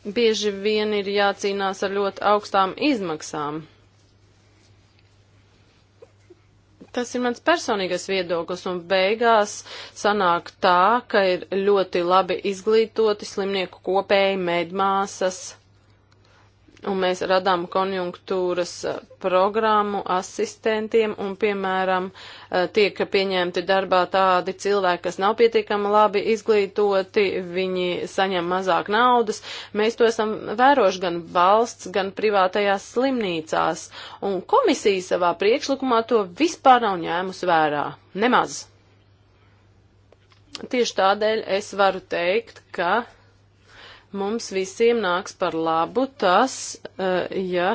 Bieži vien ir jācīnās ar ļoti augstām izmaksām. Tas ir mans personīgais viedoklis, un beigās sanāk tā, ka ir ļoti labi izglītoti slimnieku kopēji medmāsas un mēs radām konjunktūras eh, programmu asistentiem, un, piemēram, eh, tiek pieņemti darbā tādi cilvēki, kas nav pietiekami labi izglītoti, viņi saņem mazāk naudas. Mēs to esam vēroši gan valsts, gan privātajās slimnīcās, un komisija savā priekšlikumā to vispār nav ņēmusi vērā. Nemaz. Tieši tādēļ es varu teikt, ka Mums visiem nāks par labu tas, eh, ja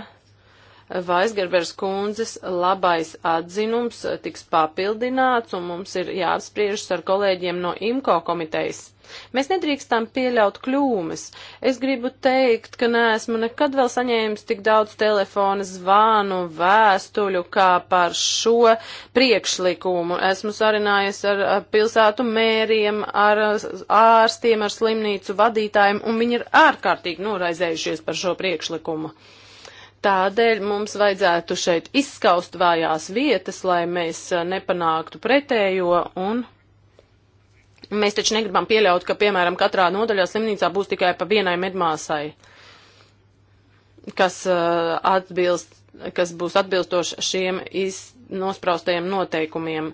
Vaisgerbers kundzes labais atzinums eh, tiks papildināts un mums ir jāapspriežas ar kolēģiem no IMKO komitejas. Mēs nedrīkstam pieļaut kļūmes. Es gribu teikt, ka neesmu nekad vēl saņēmis tik daudz telefona zvanu, vēstuļu kā par šo priekšlikumu. Esmu sarinājies ar pilsētu mēriem, ar ārstiem, ar slimnīcu vadītājiem, un viņi ir ārkārtīgi noraizējušies par šo priekšlikumu. Tādēļ mums vajadzētu šeit izskaust vājās vietas, lai mēs nepanāktu pretējo un Mēs taču negribam pieļaut, ka, piemēram, katrā nodaļā slimnīcā būs tikai pa vienai medmāsai, kas, uh, atbilst, kas būs atbilstoši šiem nospraustajiem noteikumiem.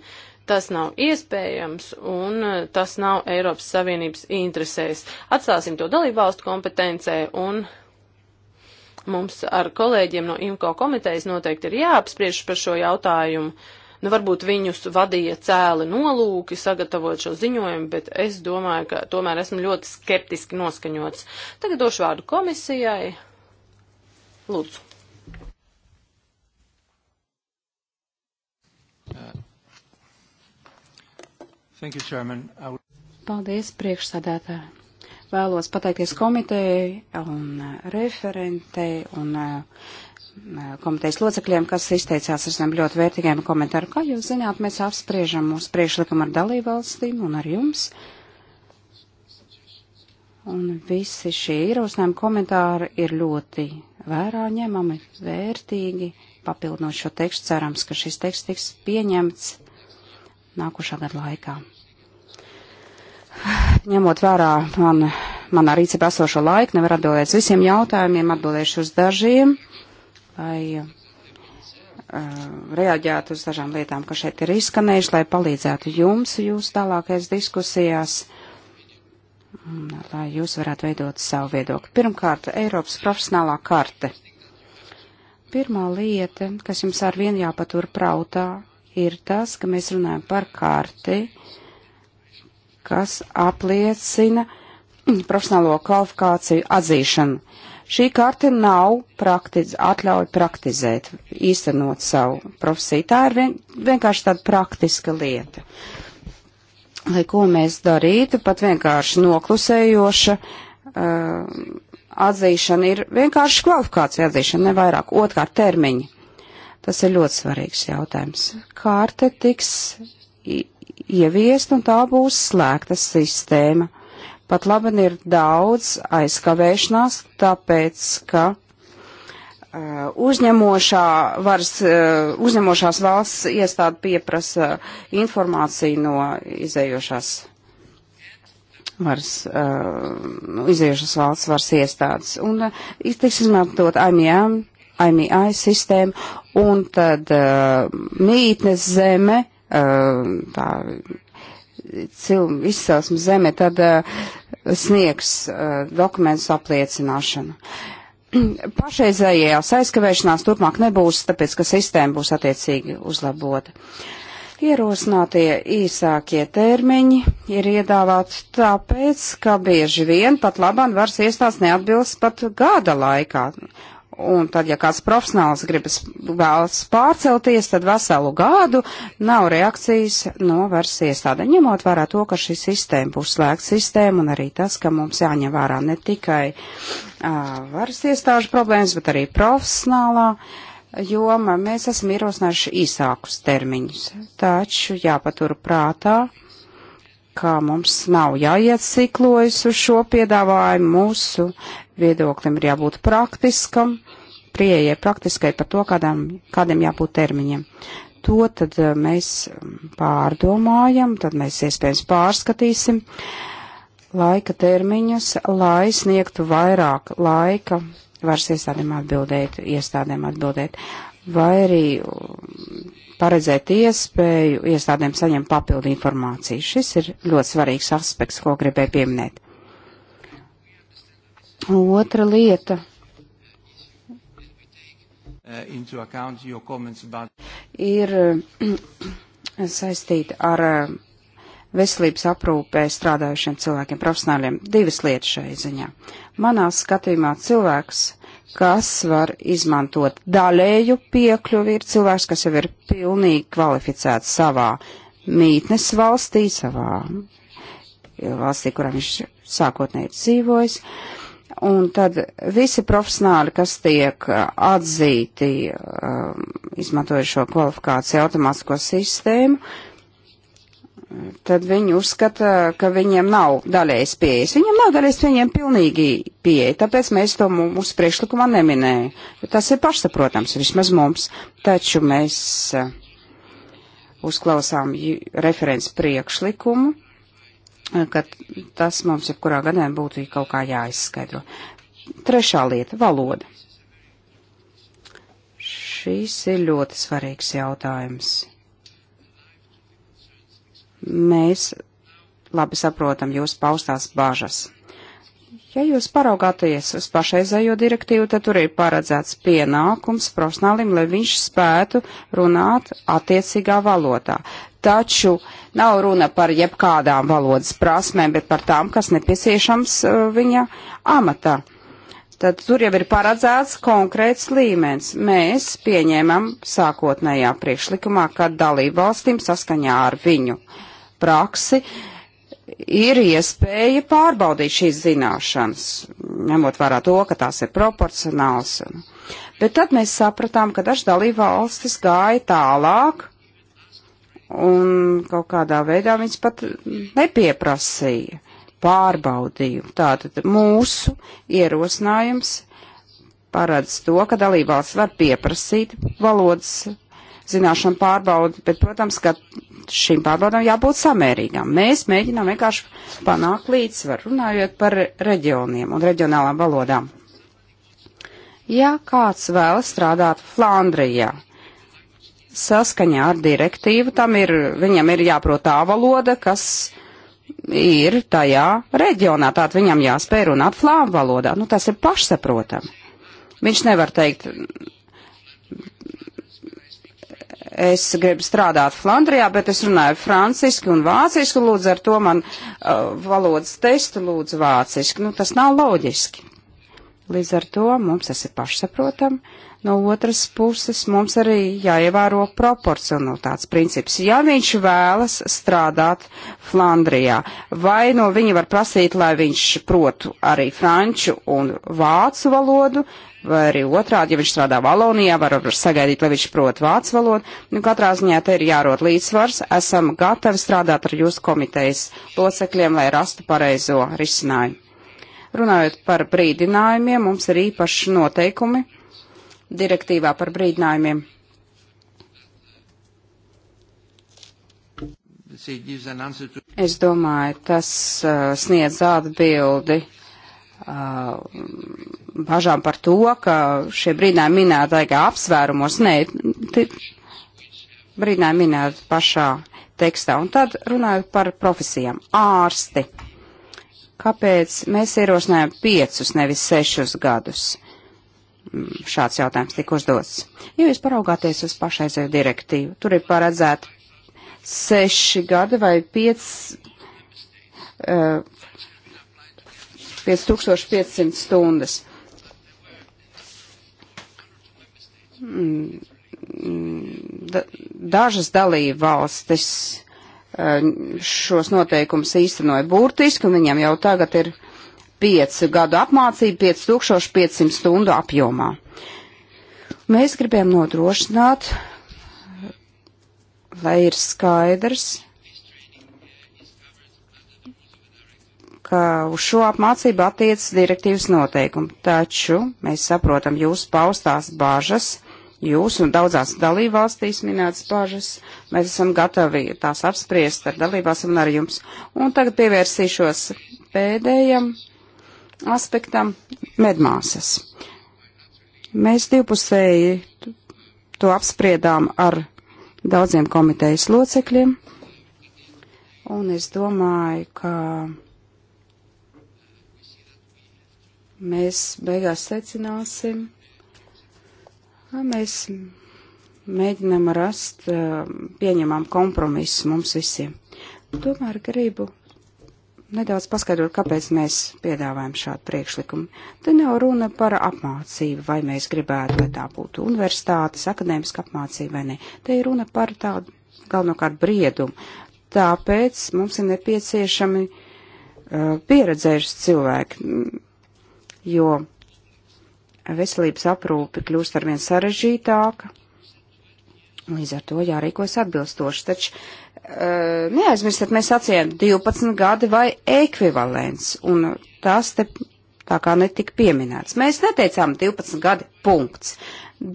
Tas nav iespējams un uh, tas nav Eiropas Savienības interesēs. Atstāsim to dalībvalstu kompetencē un mums ar kolēģiem no IMCO komitejas noteikti ir jāapspriež par šo jautājumu. Uh, Nu, varbūt viņus vadīja cēli nolūki sagatavot šo ziņojumu, bet es domāju, ka tomēr esmu ļoti skeptiski noskaņots. Tagad došu vārdu komisijai. Lūdzu. Thank you, Chairman. I would... Paldies, priekšsādātāji vēlos pateikties komitejai un referentei un komitejas locekļiem, kas izteicās ar zem ļoti vērtīgiem komentāru. Kā jūs zināt, mēs apspriežam mūsu priekšlikumu ar dalībvalstīm un ar jums. Un visi šie ierosinājumi komentāri ir ļoti vērā ņemami, vērtīgi, papildinot šo tekstu. Cerams, ka šis teksts tiks pieņemts nākošā gada laikā. Ņemot vērā man, manā rīcībā esošo laiku, nevar atbildēt uz visiem jautājumiem, atbildēšu uz dažiem lai reaģētu uz dažām lietām, kas šeit ir izskanējuši, lai palīdzētu jums jūs tālākais diskusijās, lai jūs varētu veidot savu viedokli. Pirmkārt, Eiropas profesionālā karte. Pirmā lieta, kas jums ar vienu jāpatur prautā, ir tas, ka mēs runājam par karti, kas apliecina profesionālo kvalifikāciju atzīšanu Šī karte nav praktiz, atļauj praktizēt, īstenot savu profesiju. Tā ir vien, vienkārši tāda praktiska lieta. Lai ko mēs darītu, pat vienkārši noklusējoša uh, atzīšana ir vienkārši kvalifikācija atzīšana, ne vairāk. Otkārt, termiņi. Tas ir ļoti svarīgs jautājums. Kārte tiks ieviest un tā būs slēgta sistēma. Pat labi ir daudz aizkavēšanās, tāpēc, ka uh, uzņemošā varas, uh, uzņemošās valsts iestāde pieprasa informāciju no izējošās varas, uh, nu, izējošās valsts varas iestādes. Un tiks izmantot IMI, e IMI e sistēmu un tad mītnes zeme, tā cilvēku izcelsmu zeme, tad uh, sniegs uh, dokumentus apliecināšanu. Pašreizējās aizkavēšanās turpmāk nebūs, tāpēc, ka sistēma būs attiecīgi uzlabota. Ierosinātie īsākie termiņi ir iedāvāti tāpēc, ka bieži vien pat labam varas iestāsts neatbilst pat gada laikā Un tad, ja kāds profesionāls gribas vēlas pārcelties, tad veselu gadu nav reakcijas no varas iestāde. Ņemot vērā to, ka šī sistēma būs slēgta sistēma un arī tas, ka mums jāņem vērā ne tikai uh, varas iestāžu problēmas, bet arī profesionālā joma, mēs esam ierosinājuši īsākus termiņus. Taču jāpatur prātā, ka mums nav jāiet ciklojas uz šo piedāvājumu. Mūsu viedoklim ir jābūt praktiskam, pieejai praktiskai par to, kādām, kādiem jābūt termiņiem. To tad eh, mēs pārdomājam, tad mēs iespējams pārskatīsim laika termiņus, lai sniegtu vairāk laika varas iestādēm atbildēt, iestādēm atbildēt, vai arī paredzēt iespēju iestādēm saņemt papildu informāciju. Šis ir ļoti svarīgs aspekts, ko gribēju pieminēt. Otra lieta. Uh, ir uh, saistīta ar uh, veselības aprūpē strādājušiem cilvēkiem, profesionāļiem. Divas lietas šai ziņā. Manā skatījumā cilvēks kas var izmantot daļēju piekļuvi, ir cilvēks, kas jau ir pilnīgi kvalificēts savā mītnes valstī, savā valstī, kurā viņš sākotnēji dzīvojas. Un tad visi profesionāli, kas tiek atzīti, um, izmantoja šo kvalifikāciju automātisko sistēmu, tad viņi uzskata, ka viņiem nav daļējas pieejas. Viņiem nav daļējas, viņiem pilnīgi pieeja, tāpēc mēs to mūsu priekšlikumā neminējam. Tas ir pašsaprotams, vismaz mums. Taču mēs eh, uzklausām referents priekšlikumu, eh, ka tas mums jebkurā gadē būtu kaut kā jāizskaidro. Trešā lieta - valoda. Šis ir ļoti svarīgs jautājums Mēs labi saprotam jūs paustās bažas. Ja jūs paraugāties uz pašreizējo direktīvu, tad tur ir paredzēts pienākums profesionālim, lai viņš spētu runāt attiecīgā valodā. Taču nav runa par jebkādām valodas prasmēm, bet par tām, kas nepieciešams uh, viņa amatā. Tad tur jau ir paredzēts konkrēts līmenis. Mēs pieņēmam sākotnējā priekšlikumā, ka dalību valstīm saskaņā ar viņu uh, praksi, ir iespēja pārbaudīt šīs zināšanas, ņemot vērā to, ka tās ir proporcionāls. Bet tad mēs sapratām, ka dažas dalībvalstis gāja tālāk, un kaut kādā veidā viņas pat nepieprasīja pārbaudījumu. Tātad mūsu ierosinājums paredz to, ka dalībvalsts var pieprasīt valodas zināšanu pārbaudi, bet, protams, ka šīm pārbaudām jābūt samērīgām. Mēs mēģinām vienkārši panākt līdzsvaru, runājot par reģioniem un reģionālām valodām. Ja kāds vēlas strādāt Flandrijā, saskaņā ar direktīvu, tam ir, viņam ir jāprot tā valoda, kas ir tajā reģionā, tātad viņam jāspēj runāt flāmu valodā. Nu, tas ir pašsaprotami. Viņš nevar teikt, es gribu strādāt Flandrijā, bet es runāju franciski un vāciski, lūdzu, ar to man uh, valodas testu lūdzu vāciski. Nu, tas nav loģiski. Līdz ar to mums tas ir pašsaprotam. No otras puses, mums arī jāievēro proporcionalitātes princips. Ja viņš vēlas strādāt Flandrijā, vai no viņa var prasīt, lai viņš protu arī franču un vācu valodu, vai arī otrādi, ja viņš strādā Valonijā, var sagaidīt, lai viņš prot vācu valodu. Nu, katrā ziņā te ir jārod līdzsvars. Esam gatavi strādāt ar jūsu komitejas locekļiem, lai rastu pareizo risinājumu. Runājot par brīdinājumiem, mums ir īpaši noteikumi direktīvā par brīdinājumiem. Es domāju, tas uh, sniedz atbildi uh, bažām par to, ka šie brīdinājumi minēti tikai apsvērumos, nē, brīdinājumi minēti pašā tekstā. Un tad runājot par profesijām. Ārsti. Kāpēc mēs ierosinājām piecus, nevis sešus gadus? šāds jautājums tika uzdots. Ja jūs paraugāties uz pašreizēju direktīvu, tur ir paredzēta seši gadi vai piec, uh, eh, 5500 stundas. Mm, da, dažas dalība valstis uh, šos noteikumus īstenoja burtiski, un viņam jau tagad ir piecu gadu apmācību 5500 stundu apjomā. Mēs gribējām nodrošināt, lai ir skaidrs, ka uz šo apmācību attiecas direktīvas noteikumi, taču mēs saprotam jūsu paustās bāžas, jūsu un daudzās dalībvalstīs minētas bāžas, mēs esam gatavi tās apspriest ar dalībvalstīm un ar jums. Un tagad pievērsīšos pēdējam aspektam medmāsas. Mēs divpusēji to apspriedām ar daudziem komitejas locekļiem, un es domāju, ka mēs beigās secināsim, ka mēs mēģinam rast eh, pieņemam kompromisu mums visiem. Tomēr gribu nedaudz paskaidrot, kāpēc mēs piedāvājam šādu priekšlikumu. Te nav runa par apmācību, vai mēs gribētu, lai tā būtu universitātes, akadēmiska apmācība vai ne. Te ir runa par tādu galvenokārt briedumu. Tāpēc mums ir nepieciešami uh, pieredzējuši cilvēki, jo veselības aprūpi kļūst arvien sarežģītāka. Līdz ar to jārīkos atbilstoši, taču Eh, neaizmirstiet, mēs sacījām 12 gadi vai ekvivalents, un tas te tā kā netika pieminēts. Mēs neteicām 12 gadi punkts.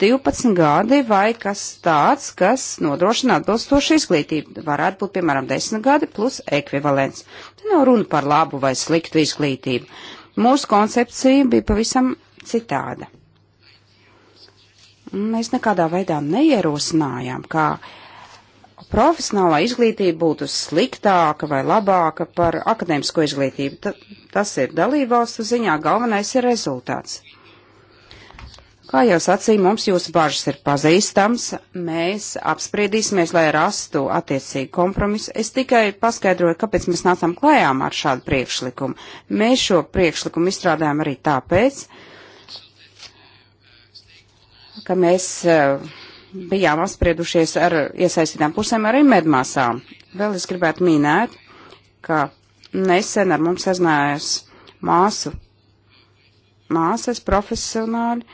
12 gadi vai kas tāds, kas nodrošina atbilstošu izglītību. Varētu būt, piemēram, 10 gadi plus ekvivalents. Te nav runa par labu vai sliktu izglītību. Mūsu koncepcija bija pavisam citāda. Mēs nekādā veidā neierosinājām, kā uh, profesionālā izglītība būtu sliktāka vai labāka par akadēmisko izglītību. Ta, tas ir dalībvalstu ziņā, galvenais ir rezultāts. Kā jau sacīja, mums jūsu bažas ir pazīstams, mēs apspriedīsimies, lai rastu attiecīgu kompromisu. Es tikai paskaidroju, kāpēc mēs nācām klājām ar šādu priekšlikumu. Mēs šo priekšlikumu izstrādājām arī tāpēc, ka mēs uh, bijām apspriedušies ar iesaistītām pusēm, arī medmāsām. Vēl es gribētu minēt, ka nesen ar mums sazinājās māsu, māsas profesionāļi,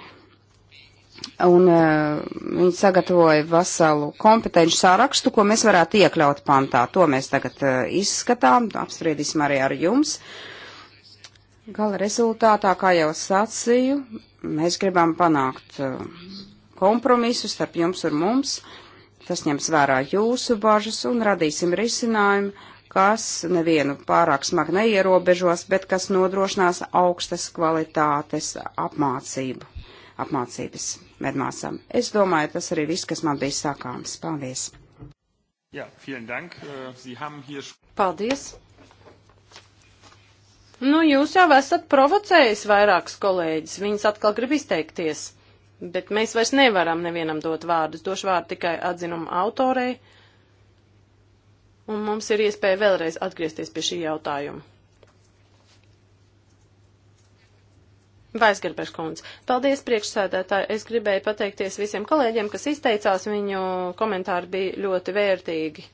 un uh, viņi sagatavoja veselu kompetenci sārakstu, ko mēs varētu iekļaut pantā. To mēs tagad uh, izskatām, apspriedīsim arī ar jums. Gala rezultātā, kā jau sacīju, mēs gribam panākt uh, kompromisu starp jums un mums. Tas ņems vērā jūsu bažas un radīsim risinājumu, kas nevienu pārāk smagi neierobežos, bet kas nodrošinās augstas kvalitātes apmācību, apmācības medmāsām. Es domāju, tas arī viss, kas man bija sakāms. Paldies! Jā, dank. Äh, hier... Paldies! Nu, jūs jau esat provocējis vairākus kolēģis, viņas atkal grib izteikties. Bet mēs vairs nevaram nevienam dot vārdu. Es došu vārdu tikai atzinumu autorei. Un mums ir iespēja vēlreiz atgriezties pie šī jautājuma. Vaisgarbers kundze. Paldies priekšsēdētāji. Es gribēju pateikties visiem kolēģiem, kas izteicās. Viņu komentāri bija ļoti vērtīgi.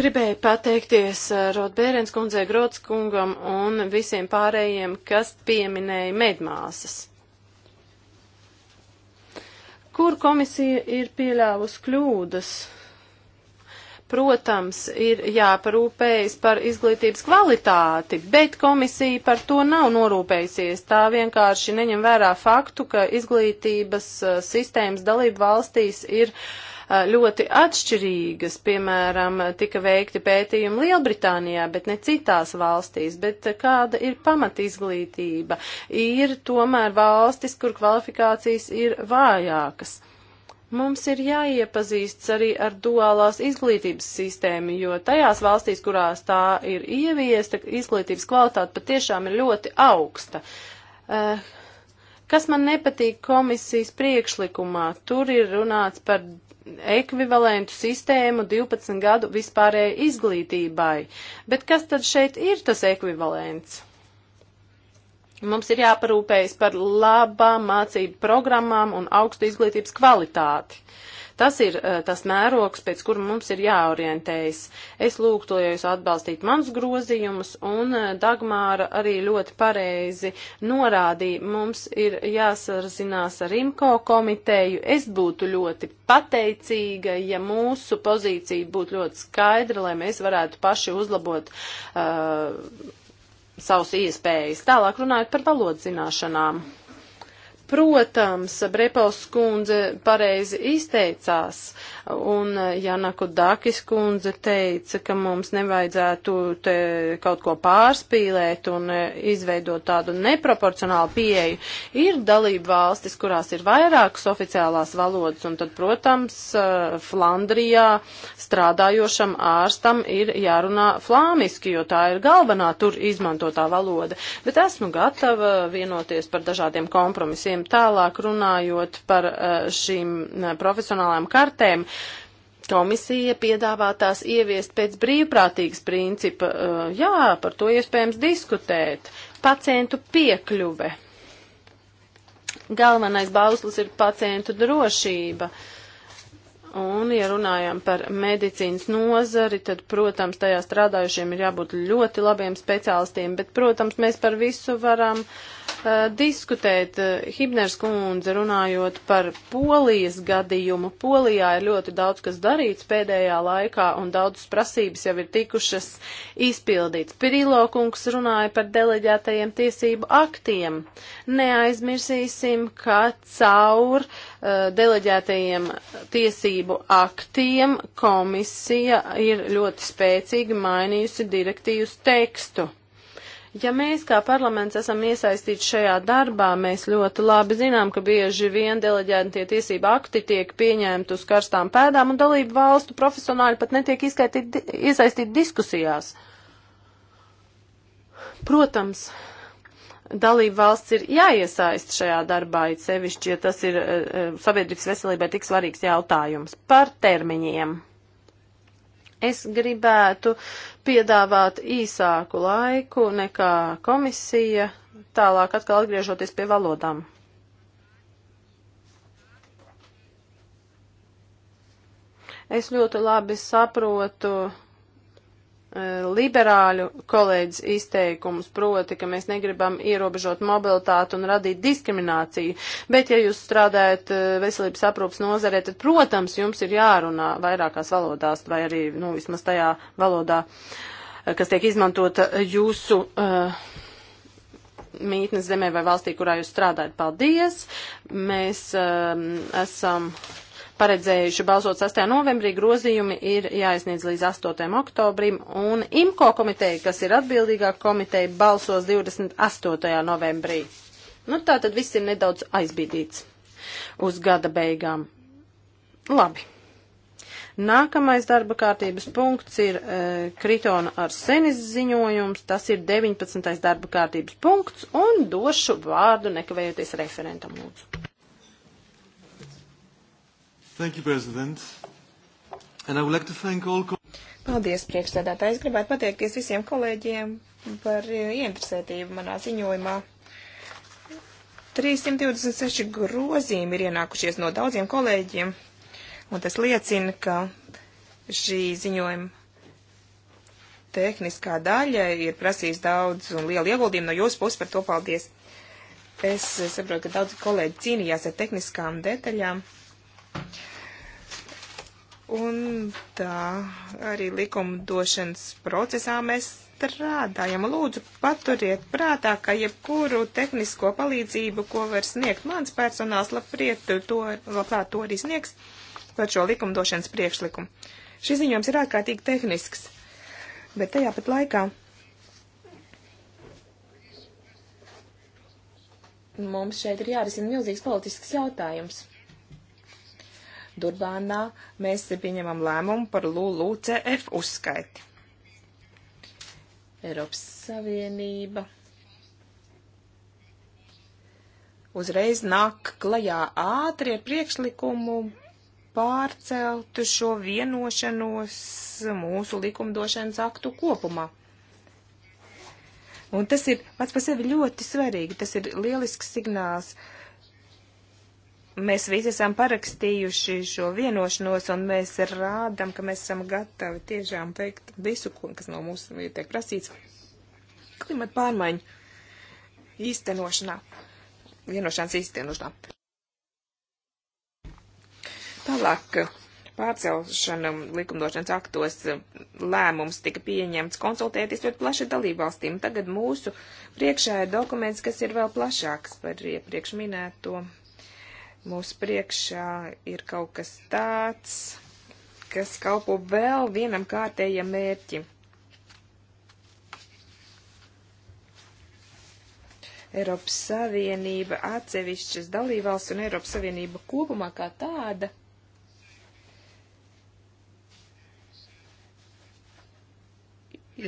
Gribēju pateikties eh, Rotbērens kundzei, Grotskungam un visiem pārējiem, kas pieminēja medmāsas. Kur komisija ir pieļāvusi kļūdas? Protams, ir jāparūpējas par izglītības kvalitāti, bet komisija par to nav norūpējusies. Tā vienkārši neņem vērā faktu, ka izglītības eh, sistēmas dalību valstīs ir uh, ļoti atšķirīgas. Piemēram, tika veikti pētījumi Lielbritānijā, bet ne citās valstīs. Bet kāda ir pamatizglītība? Ir tomēr valstis, kur kvalifikācijas ir vājākas. Mums ir jāiepazīstas arī ar duālās izglītības sistēmu, jo tajās valstīs, kurās tā ir ieviesta, izglītības kvalitāte patiešām ir ļoti augsta. Uh, kas man nepatīk komisijas priekšlikumā, tur ir runāts par ekvivalentu sistēmu 12 gadu vispārējai izglītībai. Bet kas tad šeit ir tas ekvivalents? Mums ir jāparūpējas par labām mācību programmām un augstu izglītības kvalitāti. Tas ir eh, tas mērogs, pēc kura mums ir jāorientējas. Es lūgtu, lai jūs atbalstītu manus grozījumus, un eh, Dagmāra arī ļoti pareizi norādīja, mums ir jāsarzinās ar IMCO komiteju. Es būtu ļoti pateicīga, ja mūsu pozīcija būtu ļoti skaidra, lai mēs varētu paši uzlabot uh, savus iespējas. Tālāk runājot par valodas zināšanām. Protams, Brepaus kundze pareizi izteicās, un Janaku Dakis kundze teica, ka mums nevajadzētu te kaut ko pārspīlēt un izveidot tādu neproporcionālu pieeju. Ir dalība valstis, kurās ir vairākas oficiālās valodas, un tad, protams, Flandrijā strādājošam ārstam ir jārunā flāmiski, jo tā ir galvenā tur izmantotā valoda. Bet esmu gatava vienoties par dažādiem kompromisiem kartēm. Tālāk runājot par eh, šīm eh, profesionālām kartēm, komisija piedāvā tās ieviest pēc brīvprātīgas principa. Eh, jā, par to iespējams diskutēt. Pacientu piekļuve. Galvenais bauslis ir pacientu drošība. Uh, Un, ja runājam par medicīnas nozari, tad, protams, tajā strādājušiem ir jābūt ļoti labiem speciālistiem, bet, protams, mēs par visu varam uh, diskutēt. Hibners kundze runājot par polijas gadījumu. Polijā ir ļoti daudz, kas darīts pēdējā laikā, un daudzas prasības jau ir tikušas izpildīts. Pirilokungs runāja par deleģētajiem tiesību aktiem. Neaizmirsīsim, ka caur uh, Eh, deleģētajiem tiesību aktiem komisija ir ļoti spēcīgi mainījusi direktīvas tekstu. Ja mēs kā parlaments esam iesaistīti šajā darbā, mēs ļoti labi zinām, ka bieži vien deleģētie tiesība akti tiek pieņemti uz karstām pēdām un dalību valstu profesionāļi pat netiek iesaistīti diskusijās. Protams, dalību valsts ir jāiesaist šajā darbā, it sevišķi, ja tas ir eh, eh, sabiedrības veselībai tik svarīgs jautājums par termiņiem. Es gribētu piedāvāt īsāku laiku nekā komisija, tālāk atkal atgriežoties pie valodām. Es ļoti labi saprotu E, liberāļu kolēģis izteikums, proti, ka mēs negribam ierobežot mobilitāti un radīt diskrimināciju. Bet, ja jūs strādājat e, veselības aprūpas nozarē, tad, protams, jums ir jārunā vairākās valodās vai arī, nu, vismaz tajā valodā, e, kas tiek izmantota jūsu uh, mītnes zemē vai valstī, kurā jūs strādājat. Paldies! Mēs um, esam paredzējuši balsot 6. novembrī, grozījumi ir jāizniedz līdz 8. oktobrim, un IMKO komiteja, kas ir atbildīgā komiteja, balsos 28. novembrī. Nu, tā tad viss ir nedaudz aizbīdīts uz gada beigām. Labi. Nākamais darba kārtības punkts ir e, Kritona ar senis ziņojums. Tas ir 19. darba kārtības punkts un došu vārdu nekavējoties referentam lūdzu. Thank you, President. And I would like to thank all... Paldies, priekšsēdētāji. Es gribētu pateikties visiem kolēģiem par eh, ieinteresētību manā ziņojumā. 326 grozījumi ir ienākušies no daudziem kolēģiem, un tas liecina, ka šī ziņojuma tehniskā daļa ir prasījis daudz un lielu ieguldījumu no jūsu puses, par to paldies. Es saprotu, ka daudzi kolēģi cīnījās ar tehniskām detaļām. Un tā arī likumdošanas procesā mēs strādājam. Lūdzu, paturiet prātā, ka jebkuru tehnisko palīdzību, ko var sniegt mans personāls, labpriet to, labprāt to arī sniegs par šo likumdošanas priekšlikumu. Šis ziņojums ir ārkārtīgi tehnisks, bet tajā pat laikā mums šeit ir jārisina milzīgs politisks jautājums. Durbānā mēs pieņemam lēmumu par LULUCF uzskaiti. Eiropas Savienība uzreiz nāk klajā ātrie priekšlikumu pārcelt šo vienošanos mūsu likumdošanas aktu kopumā. Un tas ir pats par sevi ļoti svarīgi, tas ir lielisks signāls. Uh, mēs visi esam parakstījuši šo vienošanos, un mēs rādam, ka mēs esam gatavi tiešām veikt visu, kas no mums tiek prasīts klimata pārmaiņu īstenošanā, vienošanas īstenošanā. Tālāk pārcelšana likumdošanas aktos lēmums tika pieņemts konsultēties ļoti plaši dalībvalstīm. Tagad mūsu priekšā ir dokuments, kas ir vēl plašāks par iepriekš minēto Mūsu priekšā ir kaut kas tāds, kas kalpo vēl vienam kārtējam mērķim. Eiropas Savienība, atsevišķas dalībvalsts un Eiropas Savienība kopumā kā tāda.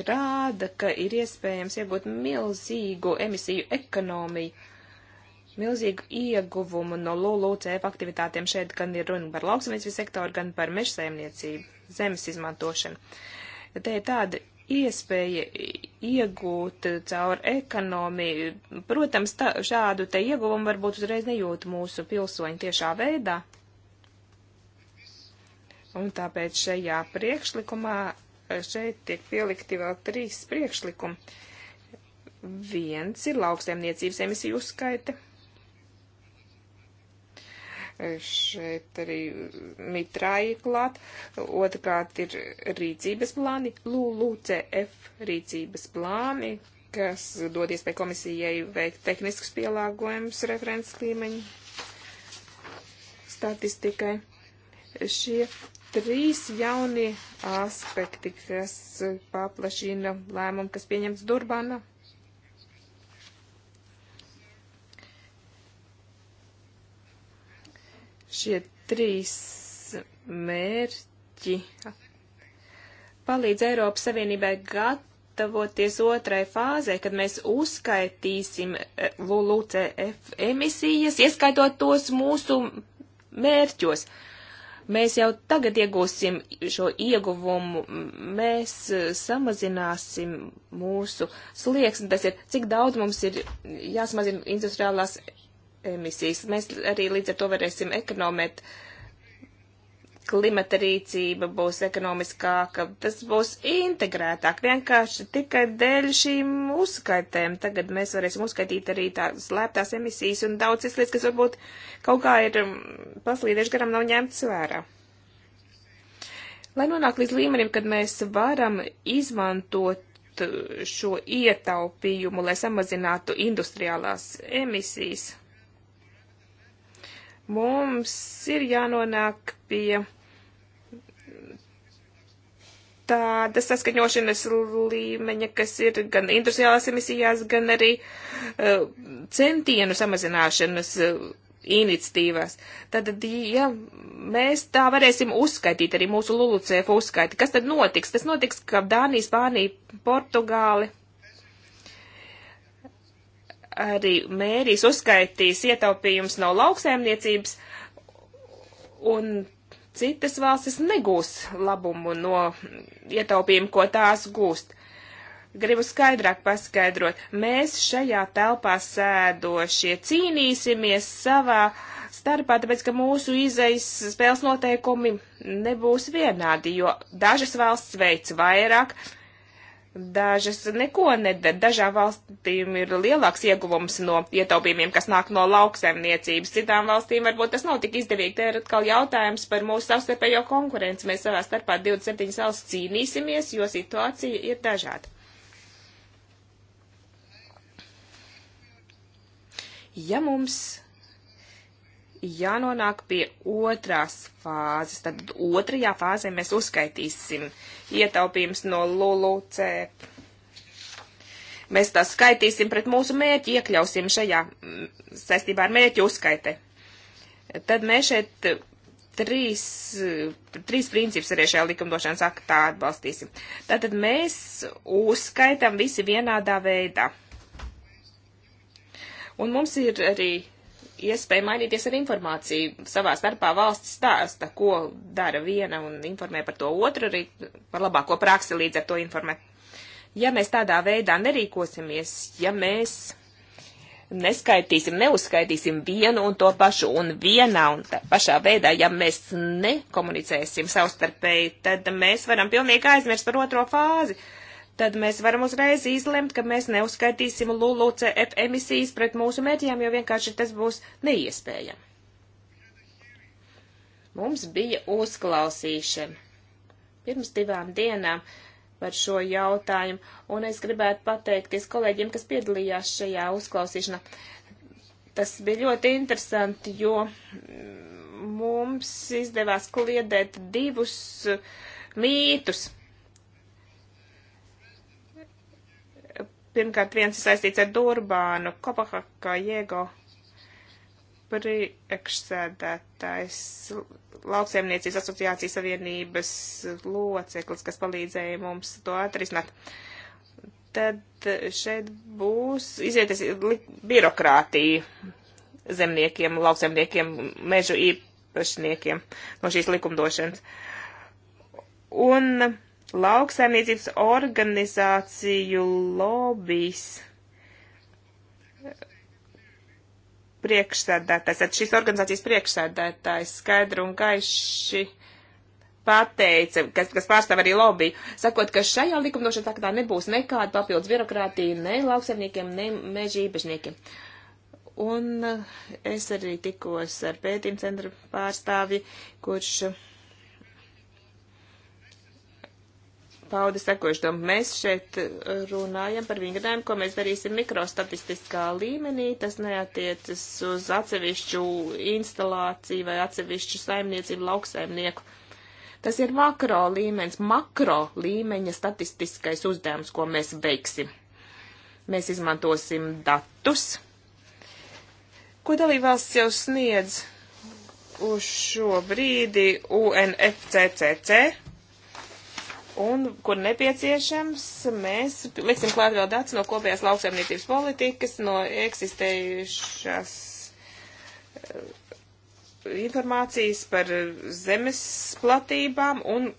Rāda, ka ir iespējams iegūt milzīgu emisiju ekonomiju milzīgu ieguvumu no LULUCF aktivitātiem. Šeit gan ir runa par lauksamniecības sektoru, gan par mežsaimniecību, zemes izmantošanu. Te ir tāda iespēja iegūt caur ekonomiju. Protams, tā, šādu te ieguvumu varbūt uzreiz nejūt mūsu pilsoņi tiešā veidā. Un tāpēc šajā priekšlikumā šeit tiek pielikti vēl trīs priekšlikumi. Viens ir lauksaimniecības emisiju uzskaita Šeit arī mitrāji klāt. Otrkārt ir rīcības plāni, LULUCF rīcības plāni, kas dod iespēju komisijai veikt tehniskus pielāgojumus referents līmeņu statistikai. Šie trīs jaunie aspekti, kas paplašina lēmumu, kas pieņemts Durbana Šie trīs mērķi palīdz Eiropas Savienībai gatavoties otrai fāzē, kad mēs uzskaitīsim eh, LULUCF emisijas, ieskaitot tos mūsu mērķos. Mēs jau tagad iegūsim šo ieguvumu, mēs eh, samazināsim mūsu slieksni, tas ir, cik daudz mums ir jāsamazina industriālās emisijas. Mēs arī līdz ar to varēsim ekonomēt. Klimata rīcība būs ekonomiskāka, tas būs integrētāk, vienkārši tikai dēļ šīm uzskaitēm. Tagad mēs varēsim uzskaitīt arī tās lētās emisijas un daudzas lietas, kas varbūt kaut kā ir um, paslīdējuši garam, nav ņemts vērā. Lai nonāktu līdz līmenim, kad mēs varam izmantot šo ietaupījumu, lai samazinātu industriālās emisijas. Mums ir jānonāk pie tāda saskaņošanas līmeņa, kas ir gan industriālās emisijās, gan arī uh, centienu samazināšanas uh, iniciatīvās. Tad, ja mēs tā varēsim uzskaitīt arī mūsu LULUCF uzskaiti, kas tad notiks? Tas notiks, ka Dānija, Spānija, Portugāli arī mērīs uzskaitīs ietaupījums no lauksēmniecības, un citas valstis negūs labumu no ietaupījumu, ko tās gūst gribu skaidrāk paskaidrot. Mēs šajā telpā sēdošie cīnīsimies savā starpā, tāpēc, ka mūsu izejas spēles noteikumi nebūs vienādi, jo dažas valsts veic vairāk, Dažas neko nedara. Dažām valstīm ir lielāks ieguvums no ietaupījumiem, kas nāk no lauksaimniecības. Citām valstīm varbūt tas nav tik izdevīgi. Te ir atkal jautājums par mūsu savstarpējo konkurenci. Mēs savā starpā 27 valsts cīnīsimies, jo situācija ir dažāda. Ja mums jānonāk pie otrās fāzes. Tad otrajā fāzē mēs uzskaitīsim ietaupījums no LULUCEP. Mēs tā skaitīsim pret mūsu mērķi, iekļausim šajā mm, saistībā ar mērķu uzskaite. Tad mēs šeit trīs, trīs principus arī šajā likumdošanas aktā atbalstīsim. Tātad mēs uzskaitam visi vienādā veidā. Un mums ir arī iespēja mainīties ar informāciju. Savā starpā valsts stāsta, ko dara viena un informē par to otru, arī par labāko praksi līdz ar to informē. Ja mēs tādā veidā nerīkosimies, ja mēs neskaitīsim, neuzskaitīsim vienu un to pašu un vienā un pašā veidā, ja mēs nekomunicēsim savstarpēji, tad mēs varam pilnīgi aizmirst par otro fāzi. Uh, tad mēs varam uzreiz izlemt, ka mēs neuzskaitīsim LULUCF emisijas pret mūsu mērķiem, jo vienkārši tas būs neiespējami. Mums bija uzklausīšana pirms divām dienām par šo jautājumu, un es gribētu pateikties kolēģiem, kas piedalījās šajā uzklausīšanā. Tas bija ļoti interesanti, jo mums izdevās kliedēt divus mītus Pirmkārt, viens ir saistīts ar Durbānu, Kopahakā, Jego priekšsēdētājs, lauksaimniecības asociācijas savienības loceklis, kas palīdzēja mums to atrisināt. Tad šeit būs izieties birokrātija zemniekiem, lauksaimniekiem, mežu īpašniekiem no šīs likumdošanas. Un lauksaimniecības organizāciju lobijs priekšsēdētājs, tad šīs organizācijas priekšsēdētājs skaidri un gaiši pateica, kas, kas pārstāv arī lobby, sakot, ka šajā likumdošanas aktā nebūs nekāda papildus birokrātija ne lauksaimniekiem, ne meža īpašniekiem. Un eh, es arī tikos ar pētījumu centra pārstāvi, kurš pauda sekojušam. Mēs šeit eh, runājam par vingrinājumu, ko mēs darīsim mikrostatistiskā līmenī. Tas neatiecas uz atsevišķu instalāciju vai atsevišķu saimniecību lauksaimnieku. Tas ir makro līmenis, makro līmeņa statistiskais uzdevums, ko mēs veiksim. Mēs izmantosim datus, ko dalībvalsts jau sniedz uz šo brīdi UNFCCC Un, kur nepieciešams, mēs liksim klāt vēl dats no kopējās lauksaimniecības politikas, no eksistējušās eh, informācijas par zemes platībām un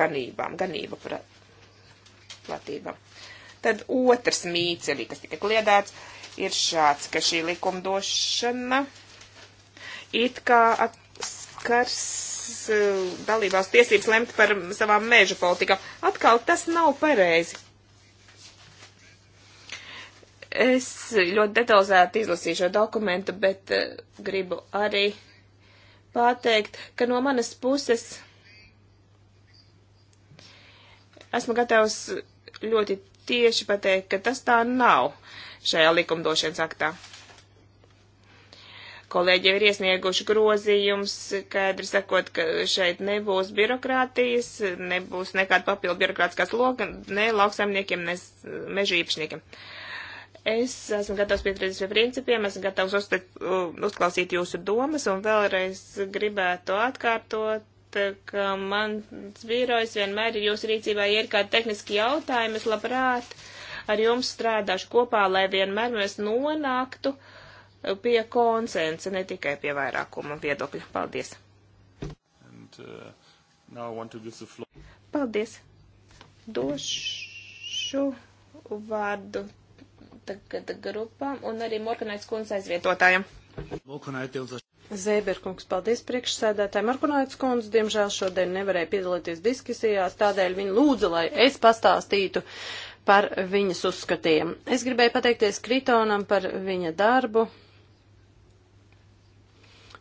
ganībām, ganība platībām. Tad otrs mīts, arī, kas tika kliedāts, ir šāds, ka šī likumdošana it kā skars E, dalībās tiesības lemt par savām mēžu politikām. Atkal tas nav pareizi. Es ļoti detalizēti izlasīju šo dokumentu, bet e, gribu arī pateikt, ka no manas puses esmu gatavs ļoti tieši pateikt, ka tas tā nav šajā likumdošanas aktā kolēģi jau ir iesnieguši grozījums, skaidri sakot, ka šeit nebūs birokrātijas, nebūs nekāda papildu birokrātiskās loga ne lauksaimniekiem, ne mežīpašniekiem. Es esmu gatavs pieturēties pie principiem, esmu gatavs uztekt, uzklausīt jūsu domas un vēlreiz gribētu atkārtot, ka mans vīrojs vienmēr ir jūsu rīcībā, ja ir kādi tehniski jautājumi, es labprāt ar jums strādāšu kopā, lai vienmēr mēs nonāktu uh, pie konsensa, ne tikai pie vairākuma viedokļa. Paldies! And, uh, Paldies! Došu vārdu tagad grupām un arī Morganais kundze aizvietotājiem. Zēberkungs, paldies priekšsēdētājiem. Markunājums kundze, diemžēl šodien nevarēja piedalīties diskusijās, tādēļ viņa lūdza, lai es pastāstītu par viņas uzskatiem. Es gribēju pateikties Kritonam par viņa darbu,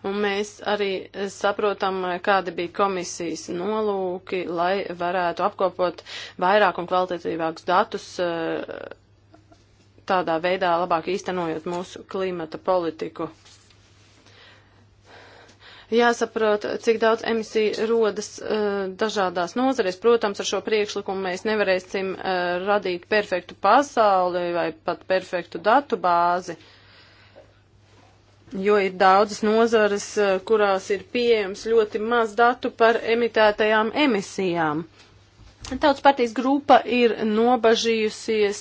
un mēs arī saprotam, kādi bija komisijas nolūki, lai varētu apkopot vairāk un kvalitatīvākus datus, eh, tādā veidā labāk īstenojot mūsu klimata politiku. Jāsaprot, cik daudz emisiju rodas uh, dažādās nozarēs. Protams, ar šo priekšlikumu mēs nevarēsim uh, radīt perfektu pasauli vai pat perfektu datu bāzi. Uh, jo ir daudzas nozares, eh, kurās ir pieejams ļoti maz datu par emitētajām emisijām. Tautas partijas grupa ir nobažījusies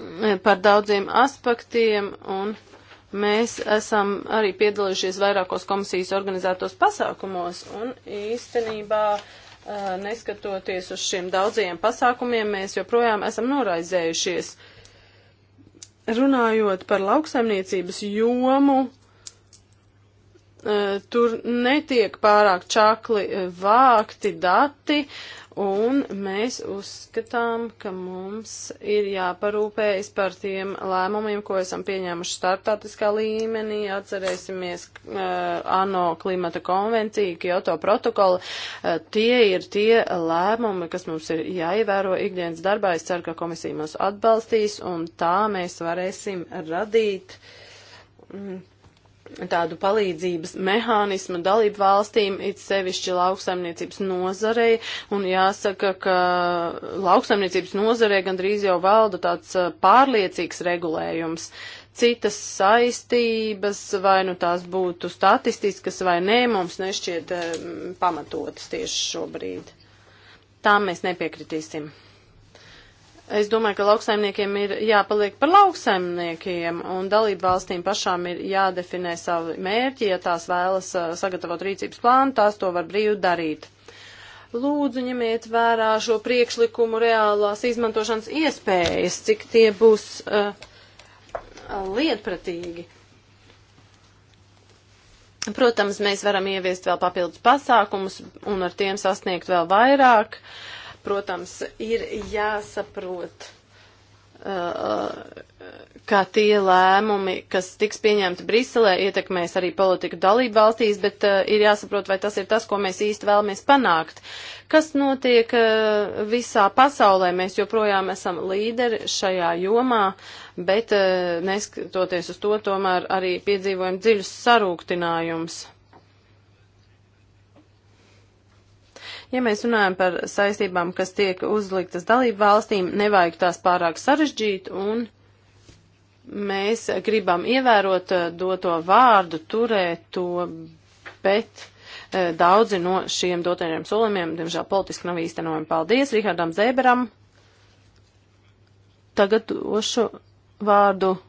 eh, par daudziem aspektiem un mēs esam arī piedalījušies vairākos komisijas organizētos pasākumos un īstenībā eh, neskatoties uz šiem daudzajiem pasākumiem, mēs joprojām esam noraizējušies. Uh, Runājot par lauksaimniecības jomu, eh, tur netiek pārāk čakli eh, vākti dati, uh, Un mēs uzskatām, ka mums ir jāparūpējas par tiem lēmumiem, ko esam pieņēmuši startautiskā līmenī. Atcerēsimies uh, ANO klimata konvenciju, Kyoto protokolu. Uh, tie ir tie lēmumi, kas mums ir jāievēro ikdienas darbā. Es ceru, ka komisija mūs atbalstīs un tā mēs varēsim radīt. Mm, tādu palīdzības mehānismu dalību valstīm, it sevišķi lauksaimniecības nozarei, un jāsaka, ka lauksaimniecības nozarei gandrīz jau valda tāds pārliecīgs regulējums. Citas saistības, vai nu tās būtu statistiskas vai nē, mums nešķiet pamatotas tieši šobrīd. Tām mēs nepiekritīsim. Es domāju, ka lauksaimniekiem ir jāpaliek par lauksaimniekiem, un dalību valstīm pašām ir jādefinē savu mērķi, ja tās vēlas uh, sagatavot rīcības plānu, tās to var brīvi darīt. Lūdzu, ņemiet vērā šo priekšlikumu reālās izmantošanas iespējas, cik tie būs uh, lietpratīgi. Protams, mēs varam ieviest vēl papildus pasākumus un ar tiem sasniegt vēl vairāk. Uh, protams, ir jāsaprot, uh, kā tie lēmumi, kas tiks pieņemti Briselē, ietekmēs arī politiku dalību valstīs, bet uh, ir jāsaprot, vai tas ir tas, ko mēs īsti vēlamies panākt. Kas notiek uh, visā pasaulē? Mēs joprojām esam līderi šajā jomā, bet neskatoties uz to, tomēr arī piedzīvojam dziļus sarūktinājums. Ja mēs runājam par saistībām, kas tiek uzliktas dalību valstīm, nevajag tās pārāk sarežģīt un mēs gribam ievērot eh, doto vārdu, turēt to, bet eh, daudzi no šiem dotajiem solījumiem, diemžēl, politiski nav īstenojami. Paldies Rihardam Zēberam. Tagad došu vārdu eh,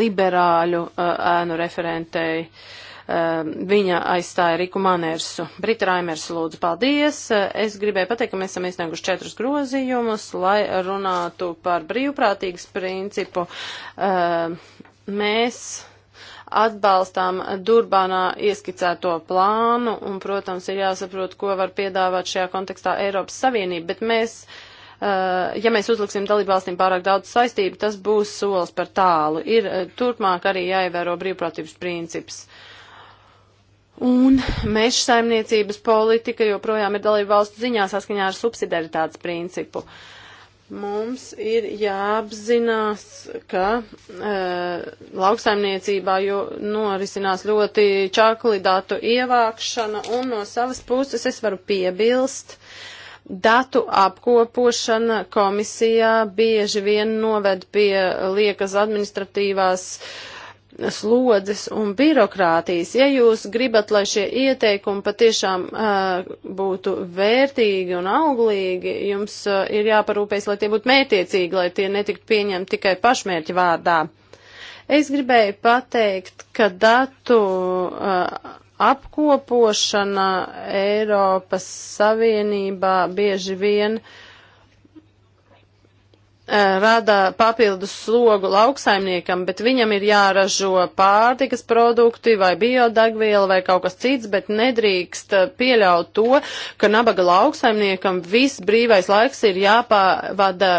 liberāļu ēnu referentei Ehm, viņa aizstāja Riku Manersu. Brita Raimers lūdzu paldies. Es gribēju pateikt, ka mēs esam iesnieguši četrus grozījumus, lai runātu par brīvprātīgas principu. Ehm, mēs atbalstām Durbanā ieskicēto plānu un, protams, ir jāsaprot, ko var piedāvāt šajā kontekstā Eiropas Savienība, bet mēs eh, ja mēs uzliksim dalībvalstīm pārāk daudz saistību, tas būs solis par tālu. Ir eh, turpmāk arī jāievēro brīvprātības princips. Un meža saimniecības politika joprojām ir dalība valsts ziņā saskaņā ar subsidiaritātes principu. Mums ir jāapzinās, ka e, lauksaimniecībā jo norisinās ļoti čaklidātu ievākšana, un no savas puses es varu piebilst, datu apkopošana komisijā bieži vien noved pie liekas administratīvās uh, slodzes un birokrātijas. Ja jūs gribat, lai šie ieteikumi patiešām uh, būtu vērtīgi un auglīgi, jums uh, ir jāparūpēs, lai tie būtu mētiecīgi, lai tie netiktu pieņemti tikai pašmērķa vārdā. Es gribēju pateikt, ka datu uh, apkopošana Eiropas Savienībā bieži vien uh, rada papildus slogu lauksaimniekam, bet viņam ir jāražo pārtikas produkti vai biodegviela vai kaut kas cits, bet nedrīkst pieļaut to, ka nabaga lauksaimniekam viss brīvais laiks ir jāpavada.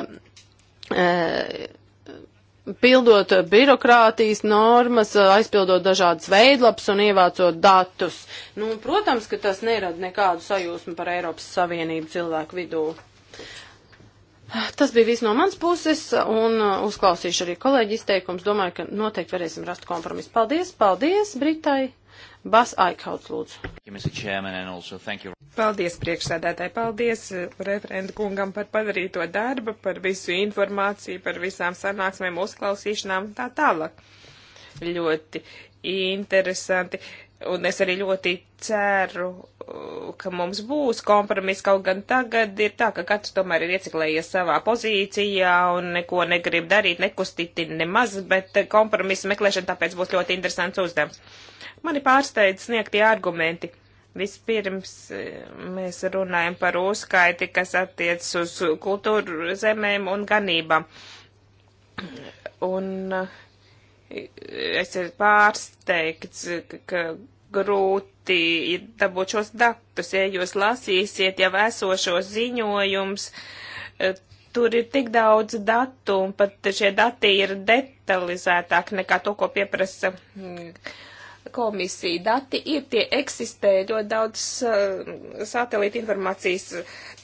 E, Pildot birokrātijas normas, aizpildot dažādas veidlaps un ievācot datus. Nu, protams, ka tas nerada nekādu sajūsmu par Eiropas Savienību cilvēku vidū. Tas bija viss no manas puses, un uh, uzklausīšu arī kolēģi izteikums. Domāju, ka noteikti varēsim rast kompromisu. Paldies, paldies Britai! Bas Aikauts, lūdzu. Paldies, priekšsēdētāji, paldies uh, referentu kungam par padarīto darbu, par visu informāciju, par visām sanāksmēm, uzklausīšanām un tā tālāk. Ļoti interesanti. Uh, Un es arī ļoti ceru, uh, ka mums būs kompromiss kaut gan tagad. Ir tā, ka katrs tomēr ir ieciklējies savā pozīcijā un neko negrib darīt, nekustiti nemaz, bet kompromisa meklēšana tāpēc būs ļoti interesants uzdevums. Mani pārsteidz sniegtie argumenti. Vispirms eh, mēs runājam par uzskaiti, kas attiec uz kultūru zemēm un ganībām. Un uh, es esmu pārsteigts, ka grūti ir dabūt šos datus, ja jūs lasīsiet jau esošos ziņojums, e, tur ir tik daudz datu, un pat šie dati ir detalizētāk nekā to, ko pieprasa mm, komisija. Dati ir, tie eksistē, ļoti daudz uh, satelīta informācijas.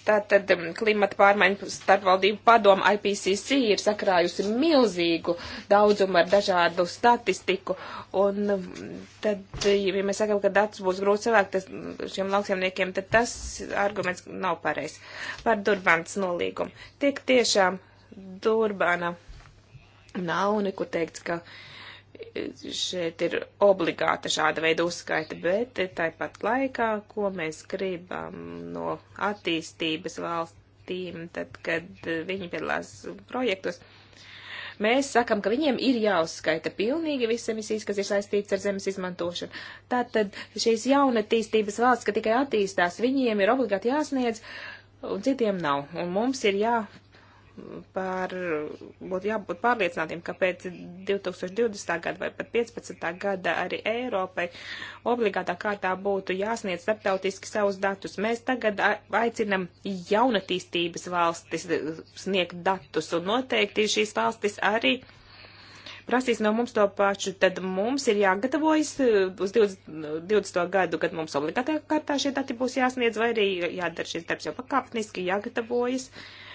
Tātad um, klimata pārmaiņu starpvaldību padoma IPCC ir sakrājusi milzīgu daudzumu ar dažādu statistiku. Un um, tad, ja mēs sakām, ka datus būs grūti savākt mm, šiem lauksiemniekiem, tad tas arguments nav pareizs. Par Durbans nolīgumu. Tiek tiešām Durbana nav nekur teikts, ka. Uh, šeit ir obligāta šāda veida uzskaita, bet tāpat laikā, ko mēs gribam no attīstības valstīm, tad, kad viņi piedalās projektos, mēs sakam, ka viņiem ir jāuzskaita pilnīgi visas emisijas, kas ir saistīts ar zemes izmantošanu. Tātad šīs jaunatīstības valsts, ka tikai attīstās, viņiem ir obligāti jāsniedz, un citiem nav. Un mums ir jā par, būtu jābūt pārliecinātiem, ka pēc 2020. gada vai pat 15. gada arī Eiropai obligātā kārtā būtu jāsniedz starptautiski savus datus. Mēs tagad aicinam jaunatīstības valstis sniegt datus, un noteikti šīs valstis arī prasīs no mums to pašu, tad mums ir jāgatavojas uz 20, 20. gadu, kad mums obligātā kārtā šie dati būs jāsniedz, vai arī jādara šis darbs jau pakāpeniski, jāgatavojas. Uh,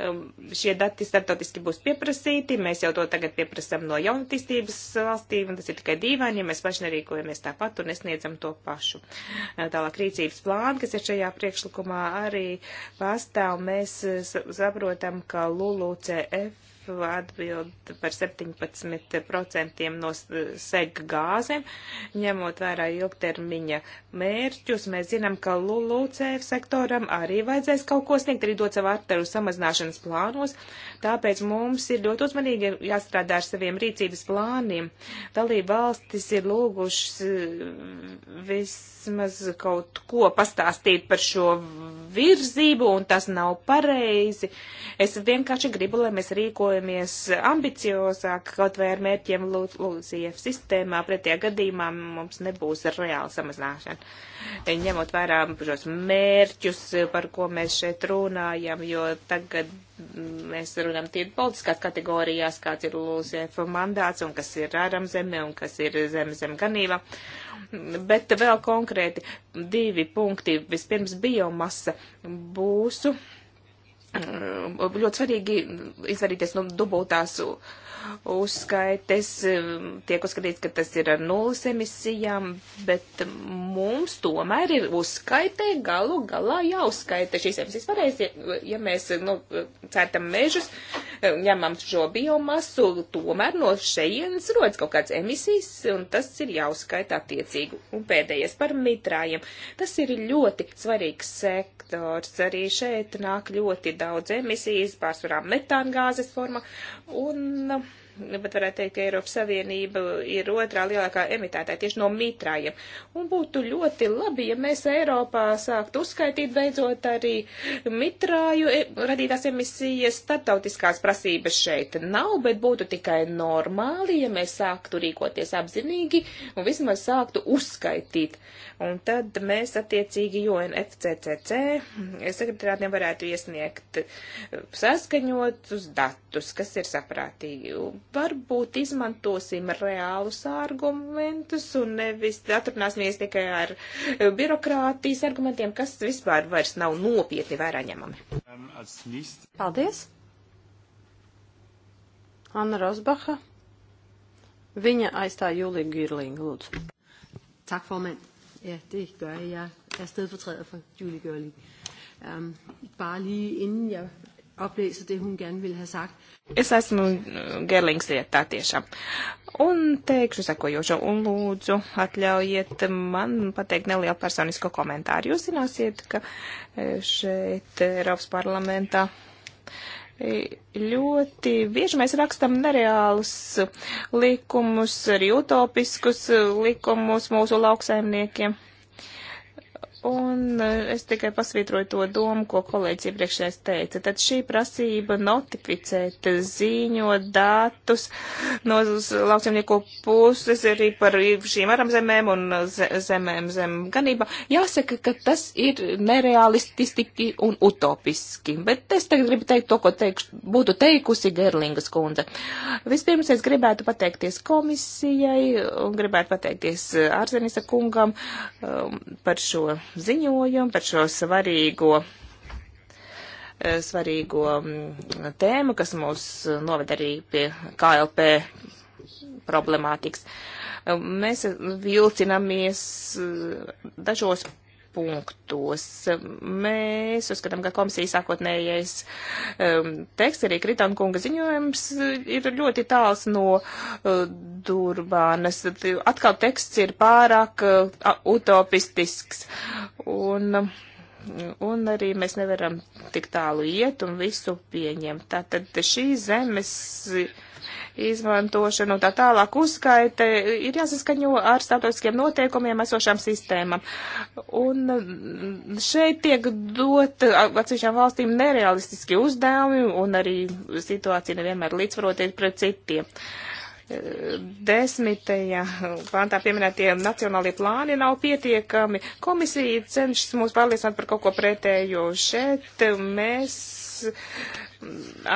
Um, šie dati startautiski būs pieprasīti. Mēs jau to tagad pieprasam no jaunatistības valstīm, un tas ir tikai dīvaini, ja mēs paši nerīkojamies tāpat un nesniedzam to pašu. Uh, tālāk rīcības plāna, kas ir šajā priekšlikumā arī pastāv, mēs uh, saprotam, ka LULUCF atbild par 17% no seg gāzēm, ņemot vērā ilgtermiņa mērķus. Mēs zinām, ka LULUCF sektoram arī vajadzēs kaut ko sniegt, arī dot savu arteru samazināšanas plānos, tāpēc mums ir ļoti uzmanīgi jāstrādā ar saviem rīcības plāniem. Dalība valstis ir lūgušas eh, vismaz kaut ko pastāstīt par šo virzību, un tas nav pareizi. Es vienkārši gribu, lai mēs rīkojam rīkojamies ambiciozāk, kaut vai ar mērķiem LULUZIEF sistēmā, pretējā gadījumā mums nebūs reāla samazināšana. Ņemot vērā šos mērķus, par ko mēs šeit runājam, jo tagad mēs runājam tīri politiskās kategorijās, kāds ir LULUZIEF mandāts un kas ir ārām zeme un kas ir zem zem ganība. Bet vēl konkrēti divi punkti. Vispirms biomasa būsu Ehm, ļoti svarīgi izvairīties no dubultās uzskaites. Ehm, tiek uzskatīts, ka tas ir ar nulles emisijām, bet mums tomēr ir uzskaitē galu galā jāuzskaita šīs emisijas pareizi. Ja, ja mēs nu, cērtam mežus, Eh, ņemam šo biomasu, tomēr no šejienes rodas kaut kāds emisijas, un tas ir jāuzskaita attiecīgi. Un pēdējais par mitrājiem. Tas ir ļoti svarīgs sektors. Arī šeit nāk ļoti daudz emisijas, pārsvarā metāngāzes forma. Un, uh, nu, bet varētu teikt, ka Eiropas Savienība ir otrā lielākā emitētāja tieši no mitrājiem. Un būtu ļoti labi, ja mēs Eiropā sāktu uzskaitīt beidzot arī mitrāju e radītās emisijas starptautiskās prasības šeit nav, bet būtu tikai normāli, ja mēs sāktu rīkoties apzinīgi un vismaz sāktu uzskaitīt. Uh, Un tad mēs attiecīgi UNFCCC sekretārātiem varētu iesniegt eh, saskaņotus datus, kas ir saprātīgi. Varbūt izmantosim reālus argumentus un nevis atrunāsimies tikai ar eh, birokrātijas argumentiem, kas vispār vairs nav nopietni vērā ņemami. Um, Paldies! Anna Rosbacha. Viņa aizstāja Jūliju Girlingu, lūdzu. Tak, formand. Ja, det gør jeg. Jeg er stedfortræder for Julie Gørling. Um, bare lige inden jeg oplæser det, hun gerne ville have sagt. Es esmu Gerlings vietā tiešām. Un teikšu sekojošo un lūdzu atļaujiet man pateikt nelielu personisko komentāru. Jūs zināsiet, ka eh, šeit Eiropas parlamentā ļoti bieži mēs rakstam nereālus likumus, arī utopiskus likumus mūsu lauksaimniekiem. Un eh, es tikai pasvītroju to domu, ko kolēģis iepriekšējais teica. Tad šī prasība notificēt, ziņot datus no lauksimnieko puses arī par šīm aramzemēm un zemēm zem ganībā. Jāsaka, ka tas ir nerealistiski un utopiski. Bet es tagad gribu teikt to, ko teikšu, būtu teikusi Gerlingas kundze. Vispirms es gribētu pateikties komisijai un gribētu pateikties ārzenisa kungam um, par šo ziņojumu par šo svarīgo eh, svarīgo mm, tēmu, kas mūs eh, noved arī pie KLP problemātikas. Eh, mēs vilcinamies dažos punktos. Mēs uzskatām, ka komisijas sākotnējais um, teksts, arī Kritāna kunga ziņojums, ir ļoti tāls no uh, Durbānas. Atkal teksts ir pārāk uh, utopistisks. Un, uh, un arī mēs nevaram tik tālu iet un visu pieņemt. Tātad šī zemes. Uh, izmantošanu un tā tālāk uzskaite ir jāsaskaņo ar statutiskiem noteikumiem esošām sistēmām. Un mm, šeit tiek dot atsevišķām valstīm nerealistiski uzdevumi un arī situācija nevienmēr līdzvaroties pret citiem. E, desmitajā pāntā pieminētie nacionālie plāni nav pietiekami. Komisija cenšas mūs pārliecināt par kaut ko pretējo. Šeit mēs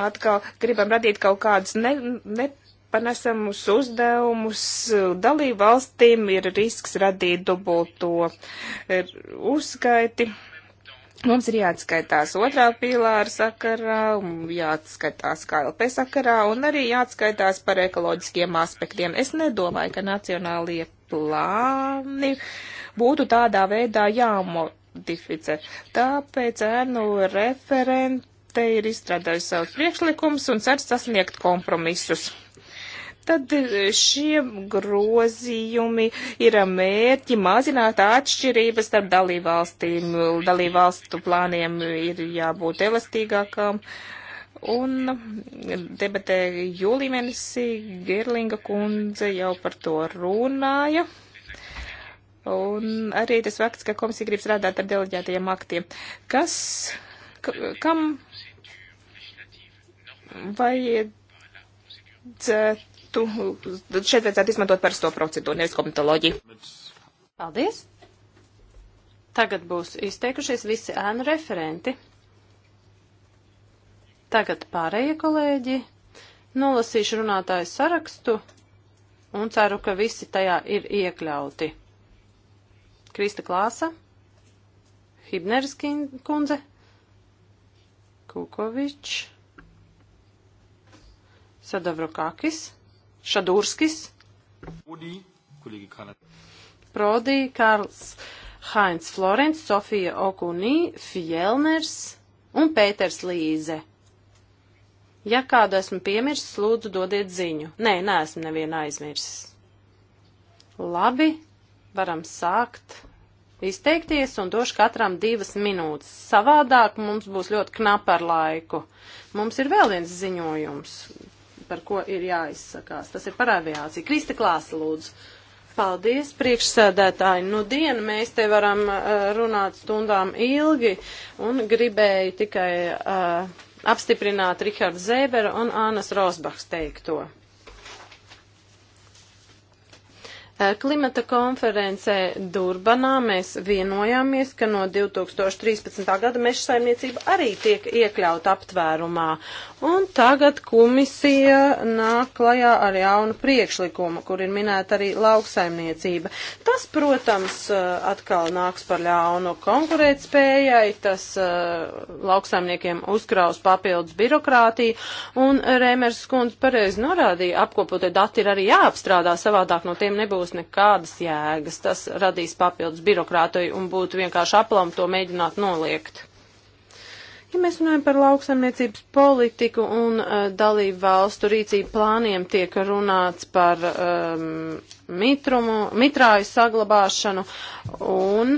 atkal gribam radīt kaut kādus ne, nepanesamus uzdevumus. Dalību valstīm ir risks radīt dubulto e, uzskaiti. Mums ir jāatskaitās otrā pīlāra sakarā, jāatskaitās KLP sakarā un arī jāatskaitās par ekoloģiskiem aspektiem. Es nedomāju, ka nacionālie plāni būtu tādā veidā jāmodificē. Tāpēc ēnu referenti te ir izstrādājusi savus priekšlikumus un cer sasniegt kompromisus. Tad e, šie grozījumi ir mērķi mazināt atšķirības starp dalībvalstīm. Dalībvalstu plāniem ir jābūt elastīgākam. Un debatē jūlīmenesi Gerlinga kundze jau par to runāja. Un arī tas fakts, ka komisija grib strādāt ar deleģētajiem aktiem. Kas, kam vajadzētu, tad šeit vajadzētu izmantot parasto procedūru, nevis komitoloģiju. Paldies! Tagad būs izteikušies visi ēnu referenti. Tagad pārējie kolēģi. Nolasīšu runātāju sarakstu un ceru, ka visi tajā ir iekļauti. Krista Klāsa, Hibneris kundze, Kukovičs, Sadavrokakis, Šadurskis, Udī, kolēģi Kanāda. Prodī, Karls, Hainz Florence, Sofija Okunī, Fielners un Pēters Līze. Ja kādu esmu piemirsis, lūdzu dodiet ziņu. Nē, neesmu nevienu aizmirsis. Labi, varam sākt izteikties un došu katram divas minūtes. Savādāk mums būs ļoti knap ar laiku. Mums ir vēl viens ziņojums, par ko ir jāizsakās. Tas ir par aviāciju. Krista Klāsa lūdzu. Paldies, priekšsēdētāji. Nu, dienu mēs te varam uh, runāt stundām ilgi un gribēju tikai uh, apstiprināt Rihardu Zēberu un Ānas Rosbachs teikto. Eh, klimata konferencē Durbanā mēs vienojāmies, ka no 2013. gada meža saimniecība arī tiek iekļaut aptvērumā. Un tagad komisija nāk klajā ar jaunu priekšlikumu, kur ir minēta arī lauksaimniecība. Tas, protams, eh, atkal nāks par ļaunu konkurētspējai, tas eh, lauksaimniekiem uzkraus papildus birokrātiju. Un Rēmers Skundz pareizi norādīja, apkopotie dati ir arī jāapstrādā, savādāk no tiem nebūs nebūs nekādas jēgas. Tas radīs papildus birokrātoju un būtu vienkārši aplam to mēģināt noliegt. Ja mēs runājam par lauksaimniecības politiku un uh, dalību valstu rīcību plāniem, tiek runāts par um, mitrumu, mitrāju saglabāšanu un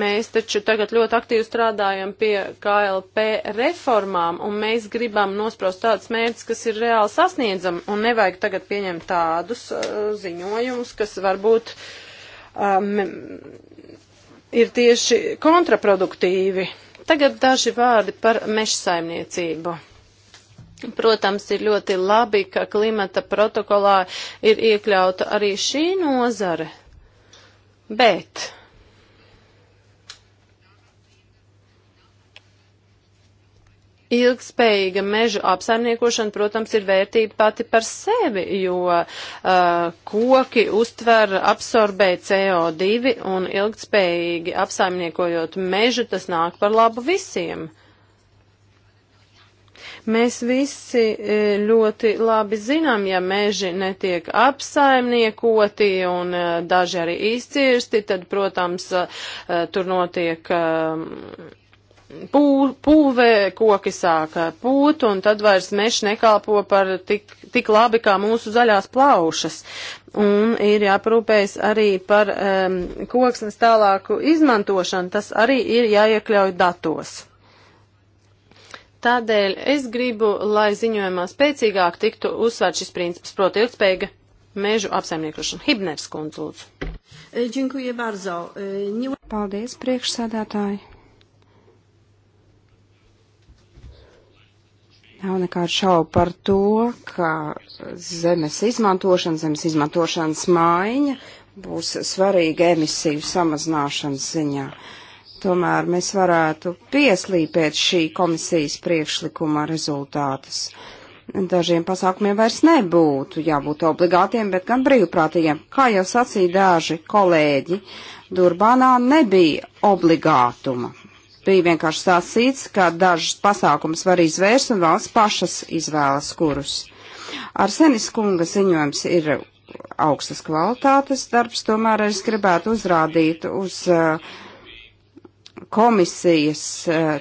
Mēs taču tagad ļoti aktīvi strādājam pie KLP reformām, un mēs gribam nosprost tādus mērķus, kas ir reāli sasniedzami, un nevajag tagad pieņemt tādus uh, ziņojumus, kas varbūt um, ir tieši kontraproduktīvi. Tagad daži vārdi par meža saimniecību. Protams, ir ļoti labi, ka klimata protokolā ir iekļauta arī šī nozare, bet Ilgspējīga meža apsaimniekošana, protams, ir vērtība pati par sevi, jo uh, koki uztver, absorbē CO2 un ilgspējīgi apsaimniekojot mežu, tas nāk par labu visiem. Mēs visi ļoti labi zinām, ja meži netiek apsaimniekoti un uh, daži arī izcirsti, tad, protams, uh, tur notiek. Uh, pū, pūvē koki sāka pūt, un tad vairs meši nekalpo par tik, tik labi kā mūsu zaļās plaušas. Un ir jāprūpējas arī par um, koksnes tālāku izmantošanu, tas arī ir jāiekļauj datos. Tādēļ es gribu, lai ziņojumā spēcīgāk tiktu uzsvērt šis princips, proti ilgspējīga mežu apsaimniekošana. Hibners kundz lūdzu. Paldies, priekšsādātāji. Nav nekādu šaubu par to, ka zemes izmantošana, zemes izmantošanas maiņa būs svarīga emisiju samazināšanas ziņā. Tomēr mēs varētu pieslīpēt šī komisijas priekšlikuma rezultātus. Dažiem pasākumiem vairs nebūtu jābūt obligātiem, bet gan brīvprātīgiem. Kā jau sacīja daži kolēģi, Durbānā nebija obligātuma bija vienkārši sacīts, ka dažus pasākumus var izvērst un valsts pašas izvēlas kurus. Arsenis kunga ziņojums ir augstas kvalitātes darbs, tomēr es gribētu uzrādīt uz uh, komisijas uh,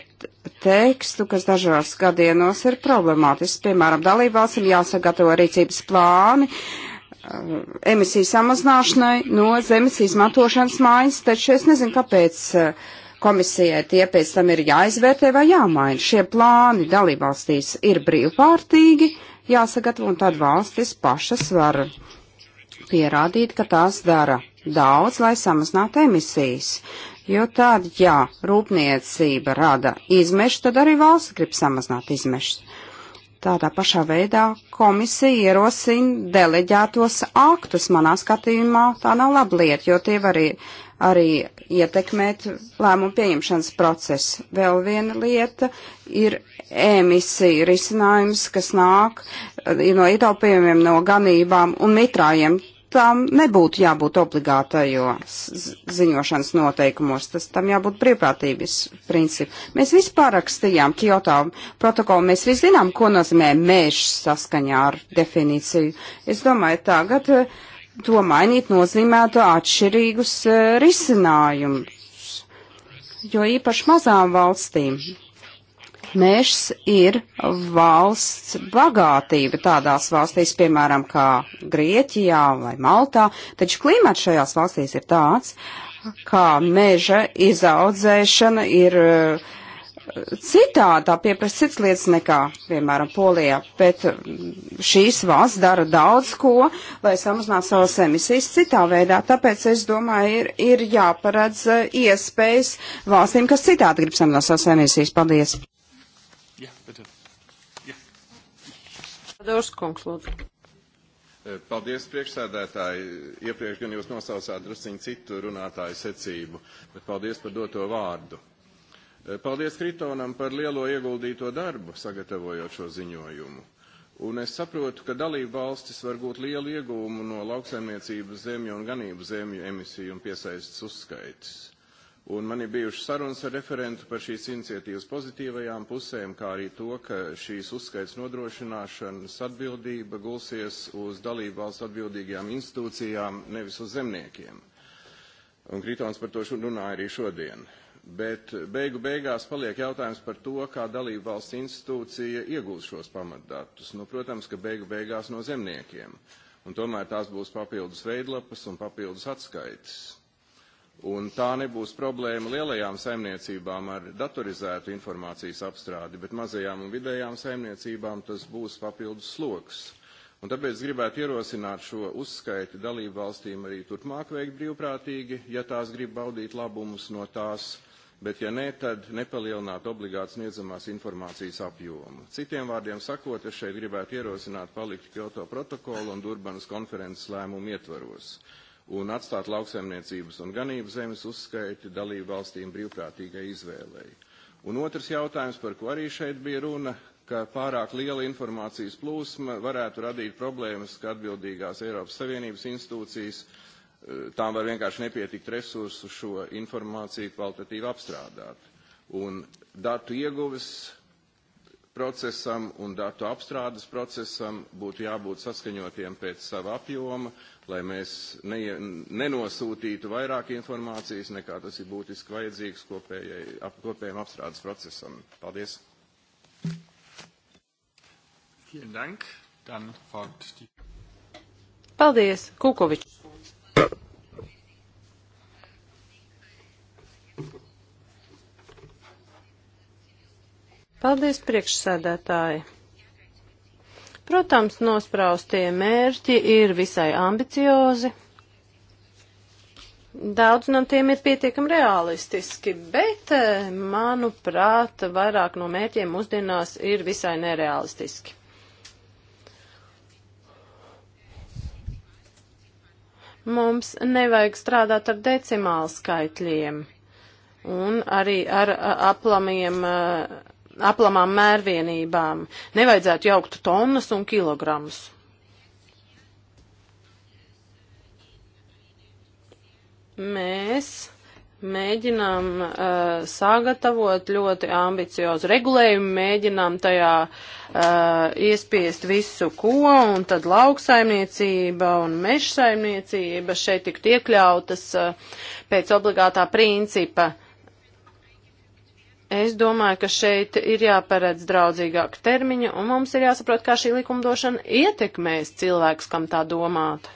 tekstu, kas dažos gadienos ir problemātisks. Piemēram, dalībvalstīm jāsagatavo rīcības plāni uh, emisiju samazināšanai no zemes izmantošanas mājas, taču es nezinu, kāpēc uh, Komisijai tie pēc tam ir jāizvērtē vai jāmaina. Šie plāni dalībvalstīs ir brīvpārtīgi jāsagatavo, un tad valstis pašas var pierādīt, ka tās dara daudz, lai samazinātu emisijas. Jo tad, ja rūpniecība rada izmešus, tad arī valsts grib samazināt izmešus. Tādā pašā veidā komisija ierosina deleģētos aktus. Manā skatījumā tā nav laba lieta, jo tie var arī ietekmēt lēmumu pieņemšanas procesu. Vēl viena lieta ir emisija risinājums, kas nāk eh, no ietaupījumiem no ganībām un mitrājiem. Tam nebūtu jābūt obligātajo ziņošanas noteikumos, tas tam jābūt brīvprātības principu. Mēs visi pārakstījām Kyoto protokolu, mēs visi zinām, ko nozīmē mēžs saskaņā ar definīciju. Es domāju, tagad uh, to mainīt nozīmētu atšķirīgus e, risinājumus, jo īpaši mazām valstīm. Mežs ir valsts bagātība tādās valstīs, piemēram, kā Grieķijā vai Maltā, taču klimats šajās valstīs ir tāds, kā meža izaudzēšana ir uh, citādā pieprasa cits lietas nekā, piemēram, Polijā, bet mm, šīs valsts dara daudz ko, lai samazinātu savas emisijas citā veidā, tāpēc es domāju, ir, ir jāparedz eh, iespējas valstīm, kas citādi grib samazināt savas emisijas. Paldies! Jā, bet, eh, jā. Dors, kungs, lūdzu. Eh, paldies, priekšsēdētāji. Iepriekš gan jūs nosaucāt drusciņu citu runātāju secību, bet paldies par doto vārdu. Eh, paldies Kritonam par lielo ieguldīto darbu, sagatavojot šo ziņojumu. Un es saprotu, ka dalību valstis var būt lielu iegūmu no lauksaimniecības zemju un ganību zemju emisiju un piesaistas uzskaitas. Un man ir bijušas sarunas ar referentu par šīs iniciatīvas pozitīvajām pusēm, kā arī to, ka šīs uzskaits nodrošināšanas atbildība gulsies uz dalību valsts atbildīgajām institūcijām, nevis uz zemniekiem. Un Kritons par to runāja arī šodien. Uh, bet beigu beigās paliek jautājums par to, kā dalība valsts institūcija iegūs šos pamatdatus. Nu, protams, ka beigu beigās no zemniekiem. Un tomēr tās būs papildus veidlapas un papildus atskaites. Un tā nebūs problēma lielajām saimniecībām ar datorizētu informācijas apstrādi, bet mazajām un vidējām saimniecībām tas būs papildus sloks. Un tāpēc gribētu ierosināt šo uzskaiti dalību valstīm arī turpmāk veikt brīvprātīgi, ja tās grib baudīt labumus no tās bet ja nē, tad nepalielināt obligāti sniedzamās informācijas apjomu. Citiem vārdiem sakot, es šeit gribētu ierosināt palikt Kyoto protokolu un Durbanas konferences lēmumu ietvaros un atstāt lauksaimniecības un ganības zemes uzskaiti dalību valstīm brīvprātīgai izvēlei. Un otrs jautājums, par ko arī šeit bija runa, ka pārāk liela informācijas plūsma varētu radīt problēmas, ka atbildīgās Eiropas Savienības institūcijas uh, Eh, tām var vienkārši nepietikt resursu šo informāciju kvalitatīvi apstrādāt. Un datu ieguves procesam un datu apstrādes procesam būtu jābūt saskaņotiem pēc sava apjoma, lai mēs ne, nenosūtītu vairāk informācijas, nekā tas ir būtiski vajadzīgs kopējai, ap, kopējiem apstrādes procesam. Paldies! Vielen Dank. Dann folgt die. Paldies, Kukovičs. Paldies, priekšsēdētāji! Protams, nospraustie mērķi ir visai ambiciozi. Daudz no tiem ir pietiekami realistiski, bet, eh, manuprāt, vairāk no mērķiem mūsdienās ir visai nerealistiski. Mums nevajag strādāt ar decimālu skaitļiem un arī ar aplamiem, aplamām mērvienībām. Nevajadzētu jaukt tonnas un kilogramus. Mēs mēģinām uh, sagatavot ļoti ambiciozu regulējumu, mēģinām tajā uh, iespiest visu ko, un tad lauksaimniecība un mežsaimniecība šeit tiktu iekļautas uh, pēc obligātā principa. Es domāju, ka šeit ir jāparedz draudzīgāk termiņu, un mums ir jāsaprot, kā šī likumdošana ietekmēs cilvēks, kam tā domāt.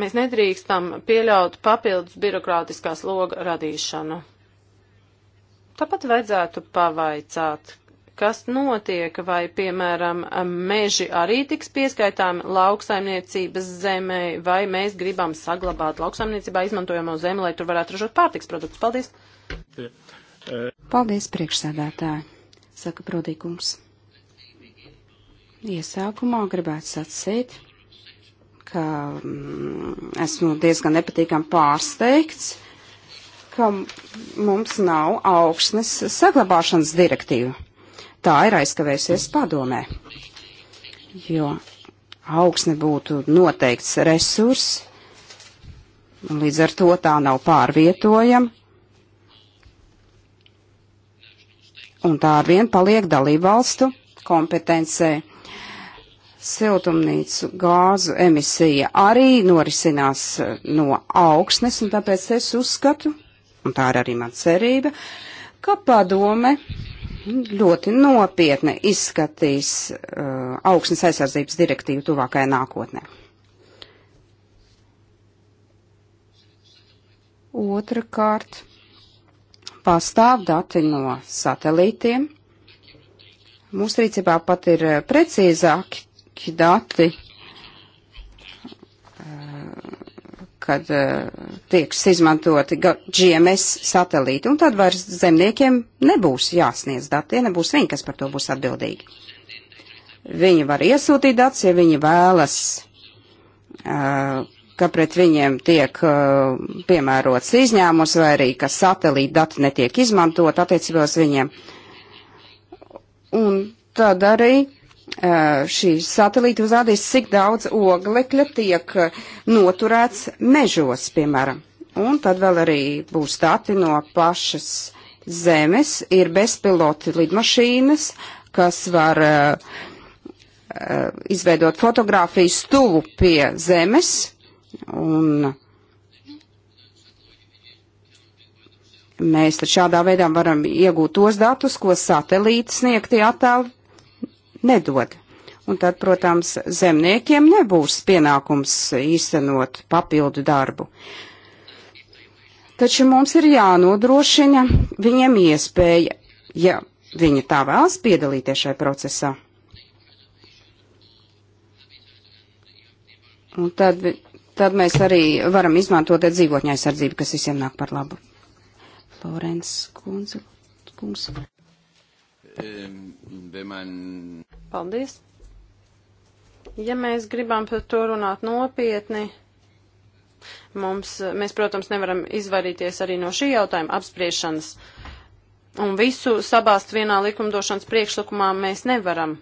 Mēs nedrīkstam pieļaut papildus birokrātiskās loga radīšanu. Tāpat vajadzētu pavaicāt, kas notiek, vai, piemēram, meži arī tiks pieskaitāmi lauksaimniecības zemē, vai mēs gribam saglabāt lauksaimniecībā izmantojamo zemi, lai tur varētu ražot pārtiks produktus. Paldies! Paldies, priekšsēdētāji, saka Prodīkums. Iesākumā gribētu sacīt, ka mm, esmu diezgan nepatīkam pārsteigts, ka mums nav augsnes saglabāšanas direktīva. Tā ir aizkavējusies padomē, jo augsne būtu noteikts resurs, un līdz ar to tā nav pārvietojama, un tā arvien paliek dalībvalstu kompetencē siltumnīcu gāzu emisija arī norisinās eh, no augsnes, un tāpēc es uzskatu, un tā ir arī man cerība, ka padome ļoti nopietni izskatīs uh, augsnes aizsardzības direktīvu tuvākajā nākotnē. Otrakārt, pastāv dati no satelītiem. Mūsu rīcībā pat ir eh, precīzāki statistiski dati, eh, kad eh, tieks izmantoti GMS satelīti, un tad vairs zemniekiem nebūs jāsniedz dati, ja nebūs viņi, kas par to būs atbildīgi. Viņi var iesūtīt datus, ja viņi vēlas, eh, ka pret viņiem tiek piemērots izņēmums, vai arī, ka satelīta dati netiek izmantot attiecībā uz viņiem. Un tad arī šī satelīta uzrādīs, cik daudz oglekļa tiek noturēts mežos, piemēram. Un tad vēl arī būs dati no pašas zemes, ir bezpiloti lidmašīnas, kas var uh, uh, izveidot fotografijas tuvu pie zemes. Un mēs tad šādā veidā varam iegūt tos datus, ko satelīti sniegtie attēli nedod. Un tad, protams, zemniekiem nebūs pienākums īstenot papildu darbu. Taču mums ir jānodrošina viņiem iespēja, ja viņi tā vēlas piedalīties šajā procesā. Un tad, tad mēs arī varam izmantot dzīvotņa aizsardzību, kas visiem nāk par labu. Florence Kunze, kungs wenn man. Paldies! Ja mēs gribam par to runāt nopietni, mums, mēs, protams, nevaram izvairīties arī no šī jautājuma apspriešanas. Un visu sabāst vienā likumdošanas priekšlikumā mēs nevaram.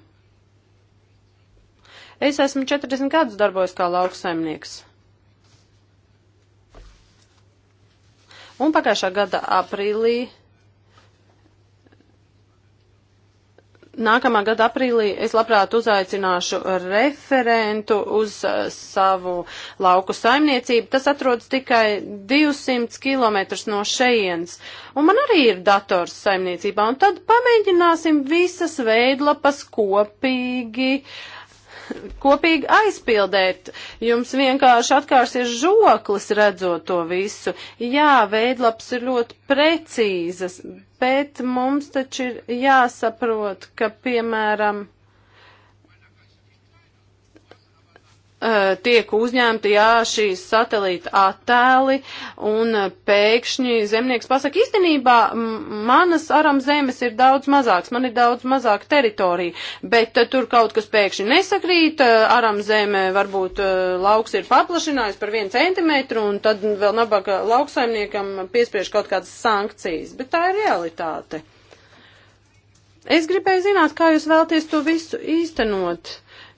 Es esmu 40 gadus darbojis kā lauksaimnieks. Un pagājušā gada aprīlī Nākamā gada aprīlī es labprāt uzaicināšu referentu uz uh, savu lauku saimniecību. Tas atrodas tikai 200 km no šejienes. Un man arī ir dators saimniecībā. Un tad pamēģināsim visas veidlapas kopīgi uh, kopīgi aizpildēt. Jums vienkārši atkārsies žoklis redzot to visu. Jā, veidlaps ir ļoti precīzas, bet mums taču ir jāsaprot, ka, piemēram, Uh, tiek uzņemti, jā, šīs satelīta attēli, un uh, pēkšņi zemnieks pasaka, īstenībā manas aram zemes ir daudz mazāks, man ir daudz mazāk teritorija, bet uh, tur kaut kas pēkšņi nesakrīt, aram zeme varbūt lauks ir paplašinājis par vienu centimetru, un tad vēl nabaga lauksaimniekam piespriež kaut kādas sankcijas, bet tā ir realitāte. Es gribēju zināt, kā jūs vēlties to visu īstenot.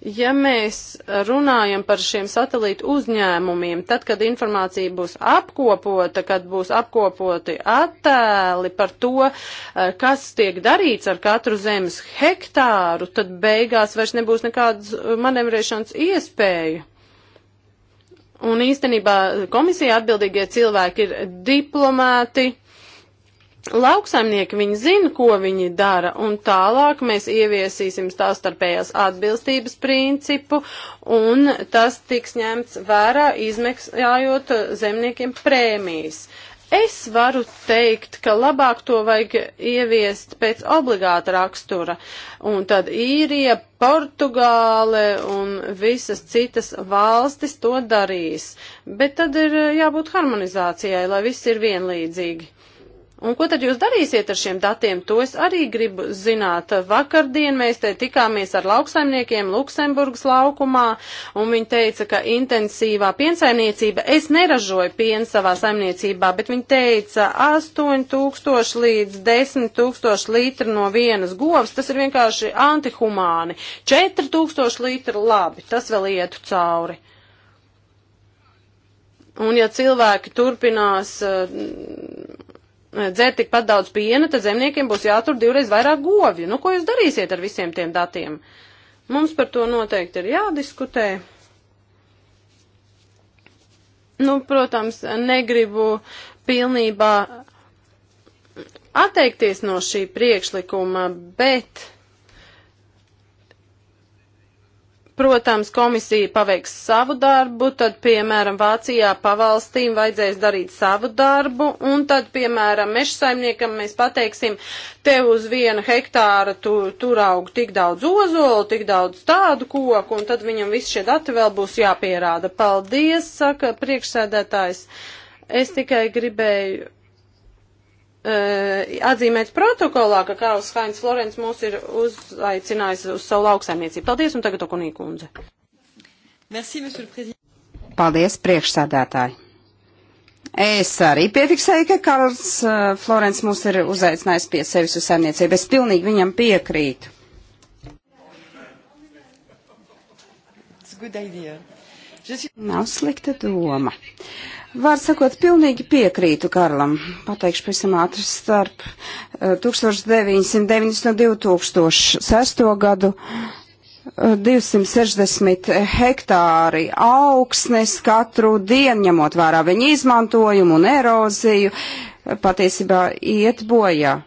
Ja mēs runājam par šiem satelītu uzņēmumiem, tad, kad informācija būs apkopota, kad būs apkopoti attēli par to, eh, kas tiek darīts ar katru zemes hektāru, tad beigās vairs nebūs nekādas manevrēšanas iespēju. Un īstenībā komisija atbildīgie cilvēki ir diplomāti, Lauksaimnieki viņi zina, ko viņi dara, un tālāk mēs ieviesīsim stāvstarpējās atbilstības principu, un tas tiks ņemts vērā, izmaksājot zemniekiem prēmijas. Es varu teikt, ka labāk to vajag ieviest pēc obligāta rakstura, un tad īrija, Portugāle un visas citas valstis to darīs, bet tad ir jābūt harmonizācijai, lai viss ir vienlīdzīgi. Un ko tad jūs darīsiet ar šiem datiem? To es arī gribu zināt. Vakardien mēs te tikāmies ar lauksaimniekiem Luksemburgas laukumā, un viņi teica, ka intensīvā piensaimniecība, es neražoju pienu savā saimniecībā, bet viņi teica 8000 līdz 10 tūkstoši litru no vienas govs, tas ir vienkārši antihumāni. 4000 litru labi, tas vēl ietu cauri. Un ja cilvēki turpinās uh, dzērt tikpat daudz piena, tad zemniekiem būs jātur divreiz vairāk govju. Nu, ko jūs darīsiet ar visiem tiem datiem? Mums par to noteikti ir jādiskutē. Nu, protams, negribu pilnībā atteikties no šī priekšlikuma, bet Protams, komisija paveiks savu darbu, tad, piemēram, Vācijā pavalstīm vajadzēs darīt savu darbu, un tad, piemēram, mežsaimniekam mēs pateiksim, tev uz viena hektāra tu, tur aug tik daudz ozolu, tik daudz tādu koku, un tad viņam viss šie dati vēl būs jāpierāda. Paldies, saka priekšsēdētājs. Es tikai gribēju Eh, atzīmēts protokolā, ka Kārls Hainz Florence mūs ir uzaicinājis uz savu lauksaimniecību. Paldies, un tagad Okunī kundze. Merci, Paldies, priekšsādātāji. Es arī piefiksēju, ka Karls eh, Florence mūs ir uzaicinājis pie sevis uz saimniecību. Es pilnīgi viņam piekrītu. Nav slikta doma. Uh, Vārds sakot, pilnīgi piekrītu Karlam. Pateikšu pavisam ātri starp 1990 eh, un 2006 gadu 260 eh, hektāri augsnes katru dienu, ņemot vērā viņa izmantojumu un eroziju, eh, patiesībā iet bojā.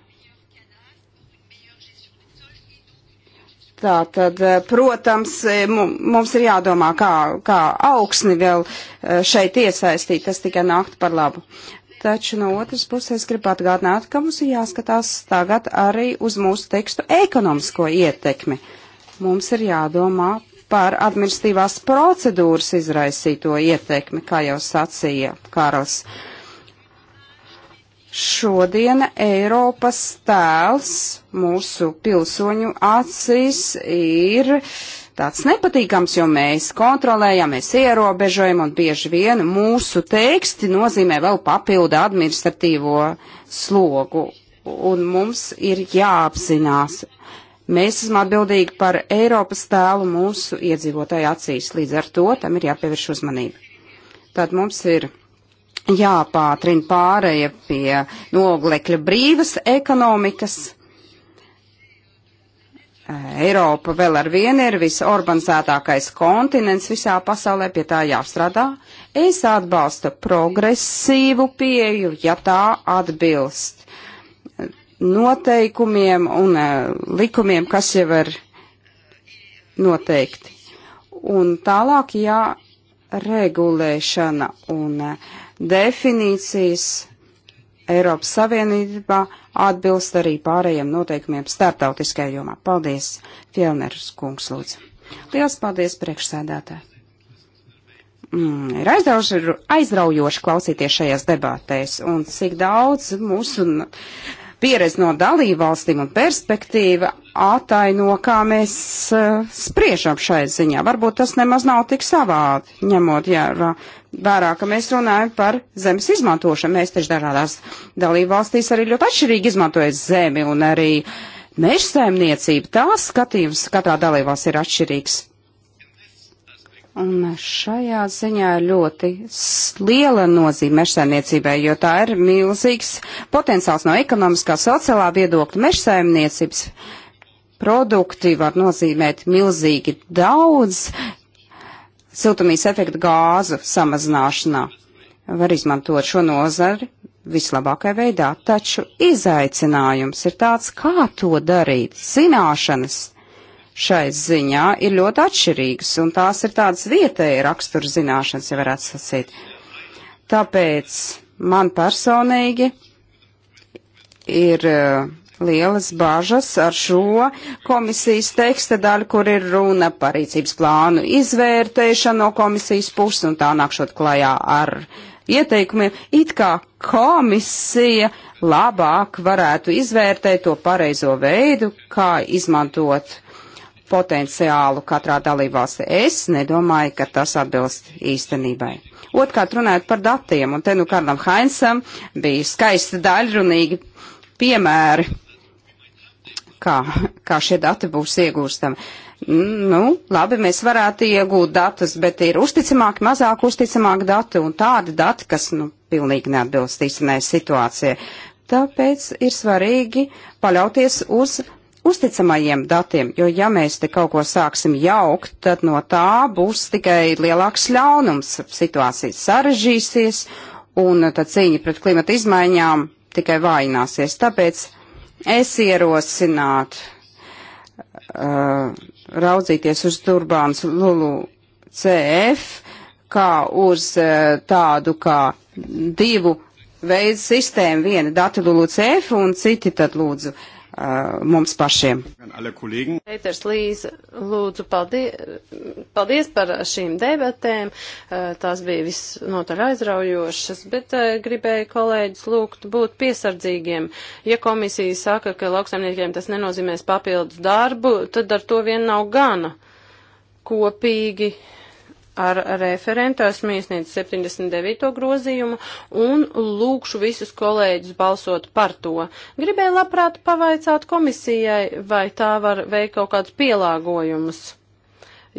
Tā tad, eh, protams, eh, mums ir jādomā, kā, kā augsni vēl eh, šeit iesaistīt, kas tikai nākt par labu. Taču no otras puses gribu atgādināt, ka mums ir jāskatās tagad arī uz mūsu tekstu ekonomisko ietekmi. Mums ir jādomā par administratīvās procedūras izraisīto ietekmi, kā jau sacīja Karls. Uh, Šodien Eiropas tēls mūsu pilsoņu acīs ir tāds nepatīkams, jo mēs kontrolējam, mēs ierobežojam un bieži vien mūsu teksti nozīmē vēl papildu administratīvo slogu. Un mums ir jāapzinās. Mēs esam atbildīgi par Eiropas tēlu mūsu iedzīvotāju acīs, līdz ar to tam ir jāpievērš uzmanība. Tad mums ir jāpātrina pāreja pie noglekļa brīvas ekonomikas. Eiropa vēl ar vienu ir visorganizētākais kontinents visā pasaulē, pie tā jāstrādā. Es atbalstu progresīvu pieju, ja tā atbilst noteikumiem un uh, likumiem, kas jau ir noteikti. Un tālāk jā, regulēšana un eh, definīcijas Eiropas Savienībā atbilst arī pārējiem noteikumiem starptautiskajā jomā. Paldies, Fjellneris kungs, lūdzu. Liels paldies, priekšsēdētāji. Mm, ir aizraujoši, aizraujoši klausīties šajās debatēs, un cik daudz mūsu pieredze no dalībvalstīm un perspektīva ataino, kā mēs uh, spriežam šai ziņā. Varbūt tas nemaz nav tik savādi, ņemot jā, vērā, ka mēs runājam par zemes izmantošanu. Mēs taču dažādās dalībvalstīs arī ļoti atšķirīgi izmantojam zemi un arī mežsēmniecību. Tās skatījums katrā dalībvalstī ir atšķirīgs. Un šajā ziņā ļoti liela nozīme mežsaimniecībai, jo tā ir milzīgs potenciāls no ekonomiskā, sociālā viedokļa. Mežsaimniecības produkti var nozīmēt milzīgi daudz siltumīs efektu gāzu samazināšanā. Var izmantot šo nozari vislabākajā veidā, taču izaicinājums ir tāds, kā to darīt, zināšanas šai ziņā ir ļoti atšķirīgas, un tās ir tādas vietēja rakstura zināšanas, ja varētu sacīt. Tāpēc man personīgi ir eh, lielas bažas ar šo komisijas teksta daļu, kur ir runa par rīcības plānu izvērtēšanu no komisijas puses, un tā nākšot klajā ar ieteikumiem, it kā komisija labāk varētu izvērtēt to pareizo veidu, kā izmantot potenciālu katrā dalībvalstī. Es nedomāju, ka tas atbilst īstenībai. Otkārt runājot par datiem, un te nu Karlam Hainsam bija skaisti daļrunīgi piemēri, kā, kā šie dati būs iegūstami. Nu, labi, mēs varētu iegūt datus, bet ir uzticamāk, mazāk uzticamāk dati un tādi dati, kas, nu, pilnīgi neatbilst īstenai situācijai. Tāpēc ir svarīgi paļauties uz uzticamajiem datiem, jo ja mēs te kaut ko sāksim jaukt, tad no tā būs tikai lielāks ļaunums, situācija sarežģīsies un tad cīņa pret klimata izmaiņām tikai vājināsies. Tāpēc es ierosinātu uh, raudzīties uz Turbāns Lulu CF kā uz uh, tādu kā divu veidu sistēmu, viena datu Lulu CF un citi tad lūdzu. Uh, uh, mums pašiem. Pēters Līze, lūdzu, paldies, paldies par šīm debatēm. Uh, tās bija visnotaļ aizraujošas, bet uh, gribēju kolēģis lūgt būt piesardzīgiem. Ja komisija saka, ka lauksaimniekiem tas nenozīmēs papildus darbu, tad ar to vien nav gana kopīgi. Uh, ar referentu, esmu iesniedzis 79. grozījumu un lūkšu visus kolēģus balsot par to. Gribēju labprāt pavaicāt komisijai, vai tā var veikt kaut kādus pielāgojumus.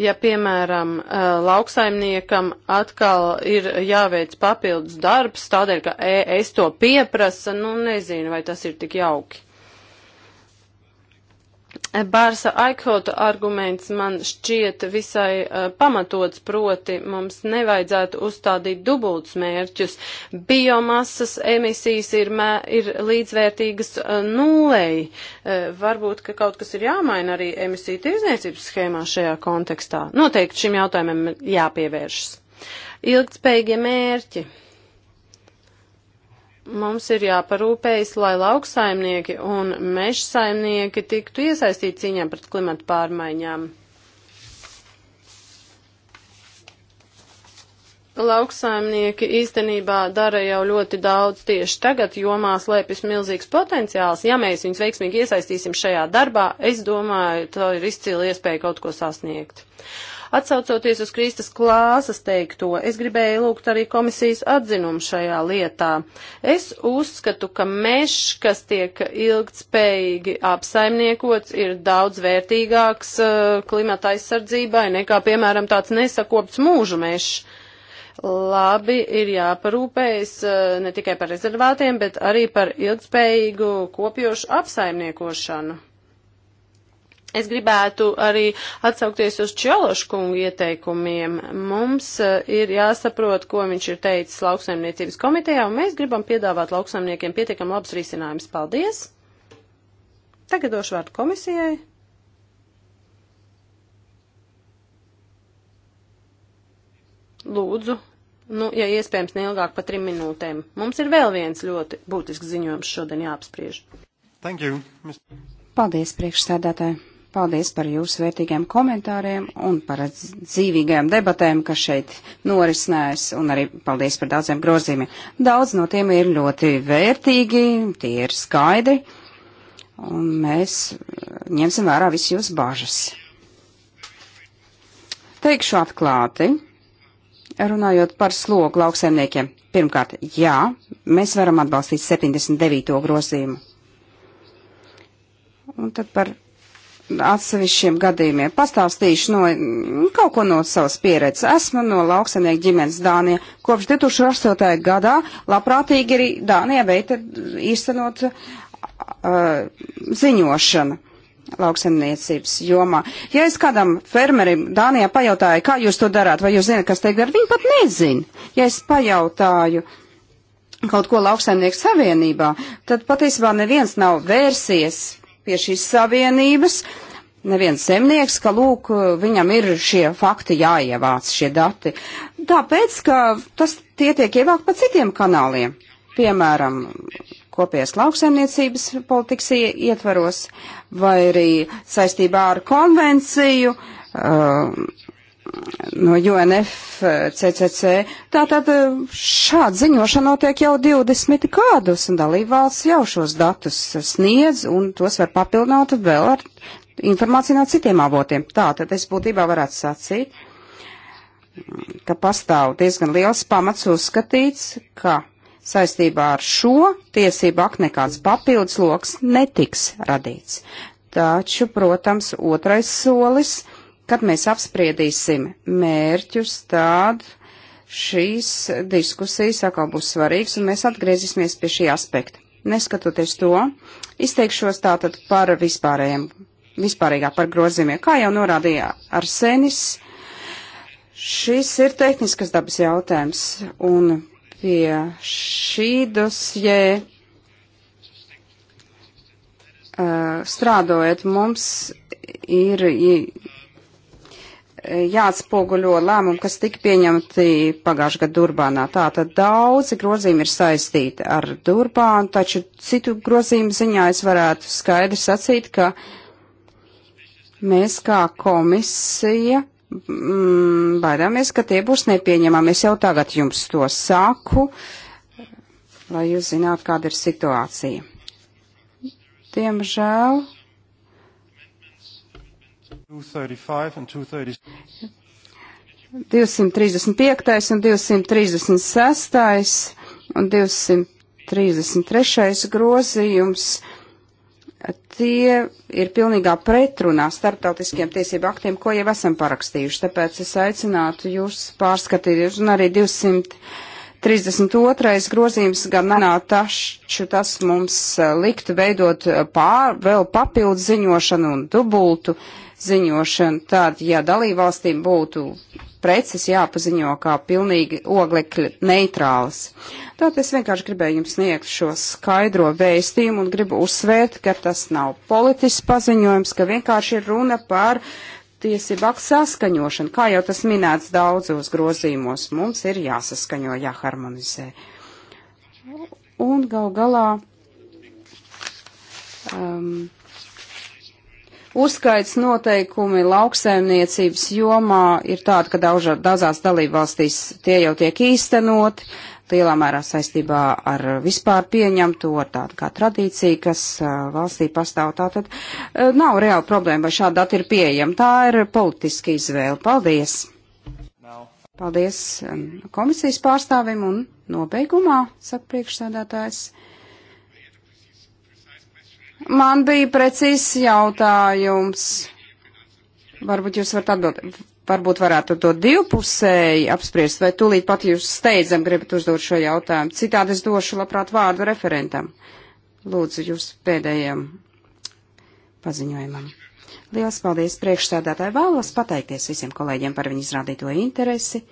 Ja, piemēram, eh, lauksaimniekam atkal ir jāveic papildus darbs, tādēļ, ka e, es to pieprasa, nu nezinu, vai tas ir tik jauki. Bārsa Aikota arguments man šķiet visai uh, pamatots, proti mums nevajadzētu uzstādīt dubultus mērķus. Biomasas emisijas ir, mē, ir līdzvērtīgas uh, nulēji. Uh, varbūt, ka kaut kas ir jāmaina arī emisiju tirzniecības schēmā šajā kontekstā. Noteikti šim jautājumam jāpievēršas. Ilgtspējīgie mērķi mums ir jāparūpējas, lai lauksaimnieki un mežsaimnieki tiktu iesaistīti cīņā pret klimatu pārmaiņām. Lauksaimnieki īstenībā dara jau ļoti daudz tieši tagad, jomā slēpjas milzīgs potenciāls. Ja mēs viņus veiksmīgi iesaistīsim šajā darbā, es domāju, tā ir izcila iespēja kaut ko sasniegt. Uh, Atsaucoties uz Krīstas klāsas teikto, es gribēju lūgt arī komisijas atzinumu šajā lietā. Es uzskatu, ka mežs, kas tiek ilgtspējīgi apsaimniekots, ir daudz vērtīgāks uh, klimata aizsardzībai nekā, piemēram, tāds nesakopts mūžu mežs labi ir jāparūpējas uh, ne tikai par rezervātiem, bet arī par ilgspējīgu kopjošu apsaimniekošanu. Es gribētu arī atsaukties uz Čološu kungu ieteikumiem. Mums eh, ir jāsaprot, ko viņš ir teicis lauksaimniecības komitejā, un mēs gribam piedāvāt lauksaimniekiem pietiekam labs risinājums. Paldies! Tagad došu vārdu komisijai. Lūdzu, nu, ja iespējams, neilgāk par trim minūtēm. Mums ir vēl viens ļoti būtisks ziņojums šodien jāapspriež. Thank you. Mr. Paldies, priekšsēdētāji. Paldies par jūsu vērtīgiem komentāriem un par dzīvīgajām debatēm, kas šeit norisinājās, un arī paldies par daudziem grozījumiem. Daudz no tiem ir ļoti vērtīgi, tie ir skaidri, un mēs ņemsim vērā visus jūsu bažas. Teikšu atklāti, runājot par slogu lauksaimniekiem. Pirmkārt, jā, mēs varam atbalstīt 79. grozījumu. Un tad par atsevišķiem gadījumiem. Pastāstīšu no, kaut ko no savas pieredzes. Esmu no lauksaimnieku ģimenes Dānijā. Kopš 2008. gadā labprātīgi arī Dānijā veita īstenot uh, ziņošana lauksaimniecības jomā. Ja es kādam fermerim Dānijā pajautāju, kā jūs to darāt, vai jūs zināt, kas te ir, viņi pat nezina. Ja es pajautāju, kaut ko lauksaimnieku savienībā, tad patiesībā neviens nav vērsies pie šīs savienības neviens zemnieks, ka lūk, viņam ir šie fakti jāievāc, šie dati. Tāpēc, ka tas tie tiek ievākt pa citiem kanāliem. Piemēram, kopējas lauksaimniecības politikas ietvaros vai arī saistībā ar konvenciju. Uh, no UNFCCC. Tātad eh, šāda ziņošana notiek jau 20 gadus, un dalībvalsts jau šos datus sniedz, un tos var papildināt vēl ar informāciju no citiem avotiem. Tātad es būtībā varētu sacīt, ka pastāv diezgan liels pamats uzskatīts, ka saistībā ar šo tiesību aktu nekāds papildus loks netiks radīts. Taču, protams, otrais solis Kad mēs apspriedīsim mērķus, tad šīs diskusijas atkal būs svarīgas, un mēs atgriezīsimies pie šī aspekta. Neskatoties to, izteikšos tātad par vispārējiem, vispārīgā par grozījumiem. Kā jau norādīja Arsenis, šis ir tehniskas dabas jautājums, un pie šī dosjē strādājot, mums ir jāatspoguļo lēmumi, kas tika pieņemti pagājušajā gadā Durbānā. Tātad daudzi grozījumi ir saistīti ar Durbānu, taču citu grozījumu ziņā es varētu skaidri sacīt, ka mēs kā komisija mm, baidāmies, ka tie būs nepieņemami. Es jau tagad jums to saku, lai jūs zinātu, kāda ir situācija. Diemžēl 235. un 236. un 233. grozījums. Tie ir pilnīgā pretrunā starptautiskiem tiesību aktiem, ko jau esam parakstījuši. Tāpēc es aicinātu jūs pārskatīt, un arī 200. 32. grozījums gan nenātašu, tas mums eh, liktu veidot eh, pār, vēl papildu ziņošanu un dubultu ziņošanu. Tad, ja dalībvalstīm būtu preces jāpaziņo kā pilnīgi oglekļa neitrālas. Tātad es vienkārši gribēju jums sniegt šo skaidro vēstījumu un gribu uzsvērt, ka tas nav politisks paziņojums, ka vienkārši ir runa par tiesību aktu saskaņošanu. Kā jau tas minēts daudzos grozījumos, mums ir jāsaskaņo, jāharmonizē. Un gal galā. Um, Uzskaits noteikumi lauksaimniecības jomā ir tādi, ka daudz, daudzās dalībvalstīs tie jau tiek īstenoti, lielā mērā saistībā ar vispār pieņemto, ar tādu kā tradīciju, kas valstī pastāv. Tātad nav reāla problēma, vai šāda data ir pieejama. Tā ir politiska izvēle. Paldies! Paldies komisijas pārstāvim un nobeigumā, saka priekšsēdētājs. Man bija precīzs jautājums. Varbūt jūs varat atbildēt. Varbūt varētu to divpusēji apspriest, vai tūlīt pat jūs steidzam gribat uzdot šo jautājumu. Citādi es došu labprāt vārdu referentam. Lūdzu, jūs pēdējiem paziņojumam. Lielas paldies priekšstādātāji vēlos pateikties visiem kolēģiem par viņu izrādīto interesi.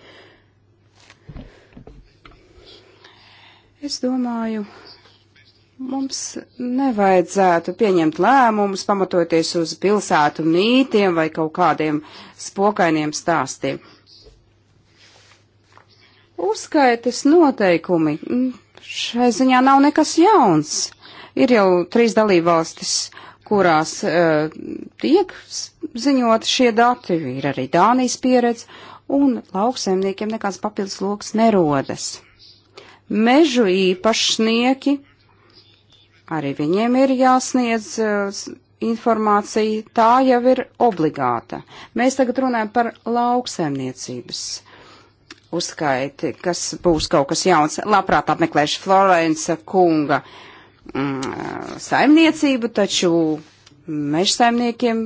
Es domāju, Mums nevajadzētu pieņemt lēmumus, pamatoties uz pilsētu mītiem vai kaut kādiem spokainiem stāstiem. Uzskaites noteikumi mm, šai ziņā nav nekas jauns. Ir jau trīs dalībvalstis, kurās uh, tiek ziņot šie dati, ir arī Dānijas pieredze, un lauksaimniekiem nekāds papildus loks nerodas. Mežu īpašnieki Arī viņiem ir jāsniedz uh, informācija, tā jau ir obligāta. Mēs tagad runājam par lauksaimniecības uzskaiti, kas būs kaut kas jauns. Labprāt apmeklēšu Florence kunga mm, eh, saimniecību, taču meža saimniekiem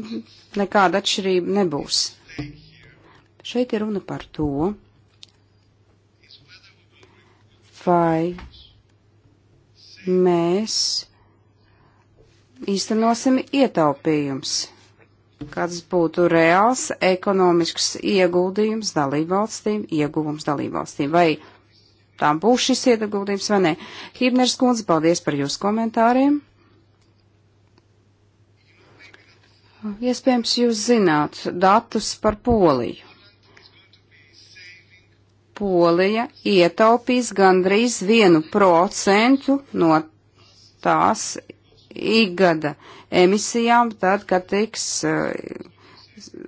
nekāda atšķirība nebūs. Šeit ir runa par to, vai mēs īstenosim ietaupījums, kāds būtu reāls ekonomisks ieguldījums dalībvalstīm, ieguvums dalībvalstīm, vai tām būs šis ieguldījums vai nē. Hībners kundze, paldies par jūsu komentāriem. Iespējams, jūs zināt datus par Poliju. Polija ietaupīs gandrīz vienu procentu no tās ikgada emisijām, tad, kad tiks uh,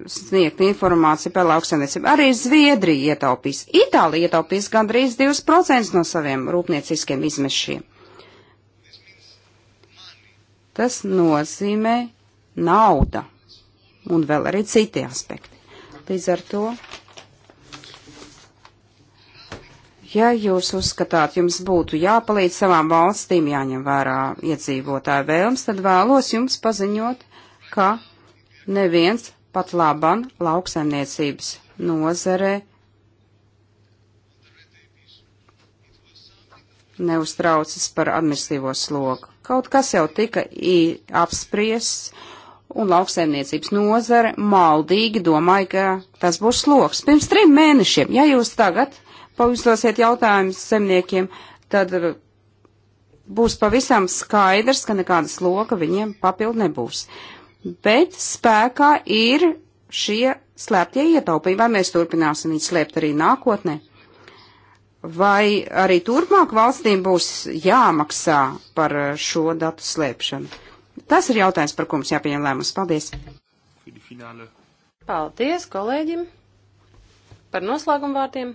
sniegt informāciju par lauksaimniecību. Arī Zviedrija ietaupīs. Itālija ietaupīs gandrīz 2% no saviem rūpnieciskiem izmešiem. Tas nozīmē nauda un vēl arī citi aspekti. Līdz ar to Ja jūs uzskatāt, jums būtu jāpalīdz savām valstīm, jāņem vērā iedzīvotāju vēlms, tad vēlos jums paziņot, ka neviens pat laban lauksaimniecības nozare neuztraucas par administratīvo slogu. Kaut kas jau tika apspriests, un lauksaimniecības nozare maldīgi domāja, ka tas būs sloks. Pirms trim mēnešiem, ja jūs tagad pauzdosiet jautājumus zemniekiem, tad uh, būs pavisam skaidrs, ka nekādas loka viņiem papildu nebūs. Bet spēkā ir šie slēptie ietaupījumi, vai mēs turpināsim viņus slēpt arī nākotnē? Vai arī turpmāk valstīm būs jāmaksā par uh, šo datu slēpšanu? Tas ir jautājums, par ko mums jāpieņem lēmums. Paldies! Paldies kolēģim par noslēgumu vārdiem.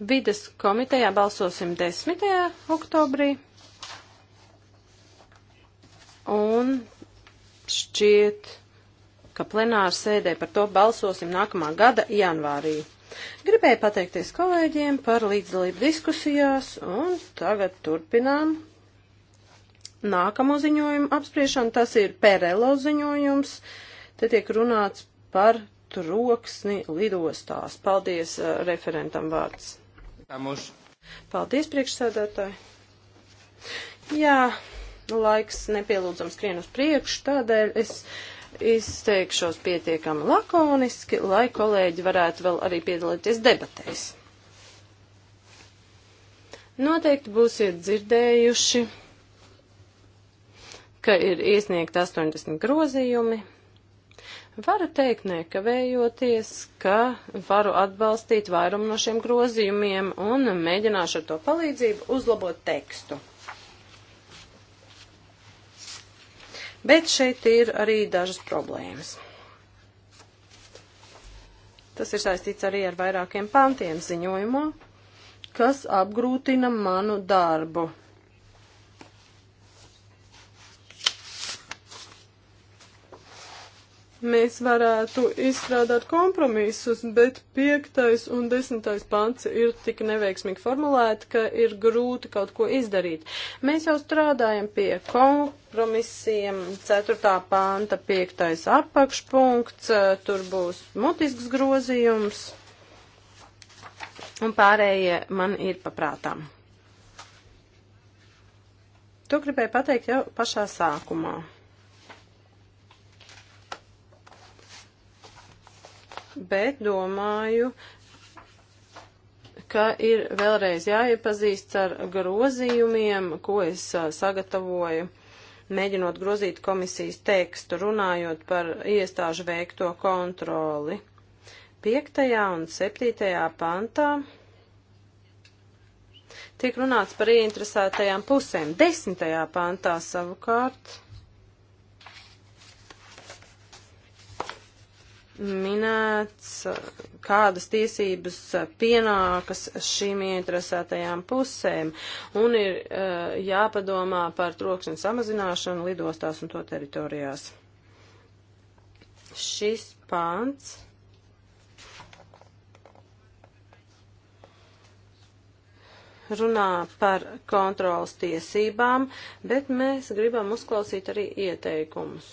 Vides komitejā balsosim 10. oktobrī. Un šķiet, ka plenāra sēdē par to balsosim nākamā gada janvārī. Gribēju pateikties kolēģiem par līdzdalību diskusijās, un tagad turpinām nākamo ziņojumu apspriešanu. Tas ir Perelo ziņojums. Te tiek runāts par troksni lidostās. Paldies uh, referentam vārds. Amuš. Paldies, priekšsēdētāji. Jā, laiks nepielūdzams skrien uz priekšu, tādēļ es izteikšos pietiekami lakoniski, lai kolēģi varētu vēl arī piedalīties debatēs. Noteikti būsiet dzirdējuši, ka ir iesniegt 80 grozījumi Varu teikt nekavējoties, ka varu atbalstīt vairumu no šiem grozījumiem un mēģināšu ar to palīdzību uzlabot tekstu. Bet šeit ir arī dažas problēmas. Tas ir saistīts arī ar vairākiem pantiem ziņojumā, kas apgrūtina manu darbu. mēs varētu izstrādāt kompromisus, bet piektais un desmitais pants ir tik neveiksmīgi formulēti, ka ir grūti kaut ko izdarīt. Mēs jau strādājam pie kompromisiem, ceturtā panta, piektais apakšpunkts, tur būs mutisks grozījums, un pārējie man ir paprātām. To gribēju pateikt jau pašā sākumā. bet domāju, ka ir vēlreiz jāiepazīst ar grozījumiem, ko es sagatavoju, mēģinot grozīt komisijas tekstu, runājot par iestāžu veikto kontroli. 5. un 7. pantā tiek runāts par ieinteresētajām pusēm. 10. pantā savukārt minēts, kādas tiesības pienākas šīm interesētajām pusēm, un ir uh, jāpadomā par troksni samazināšanu lidostās un to teritorijās. Šis pāns. runā par kontrolas tiesībām, bet mēs gribam uzklausīt arī ieteikumus.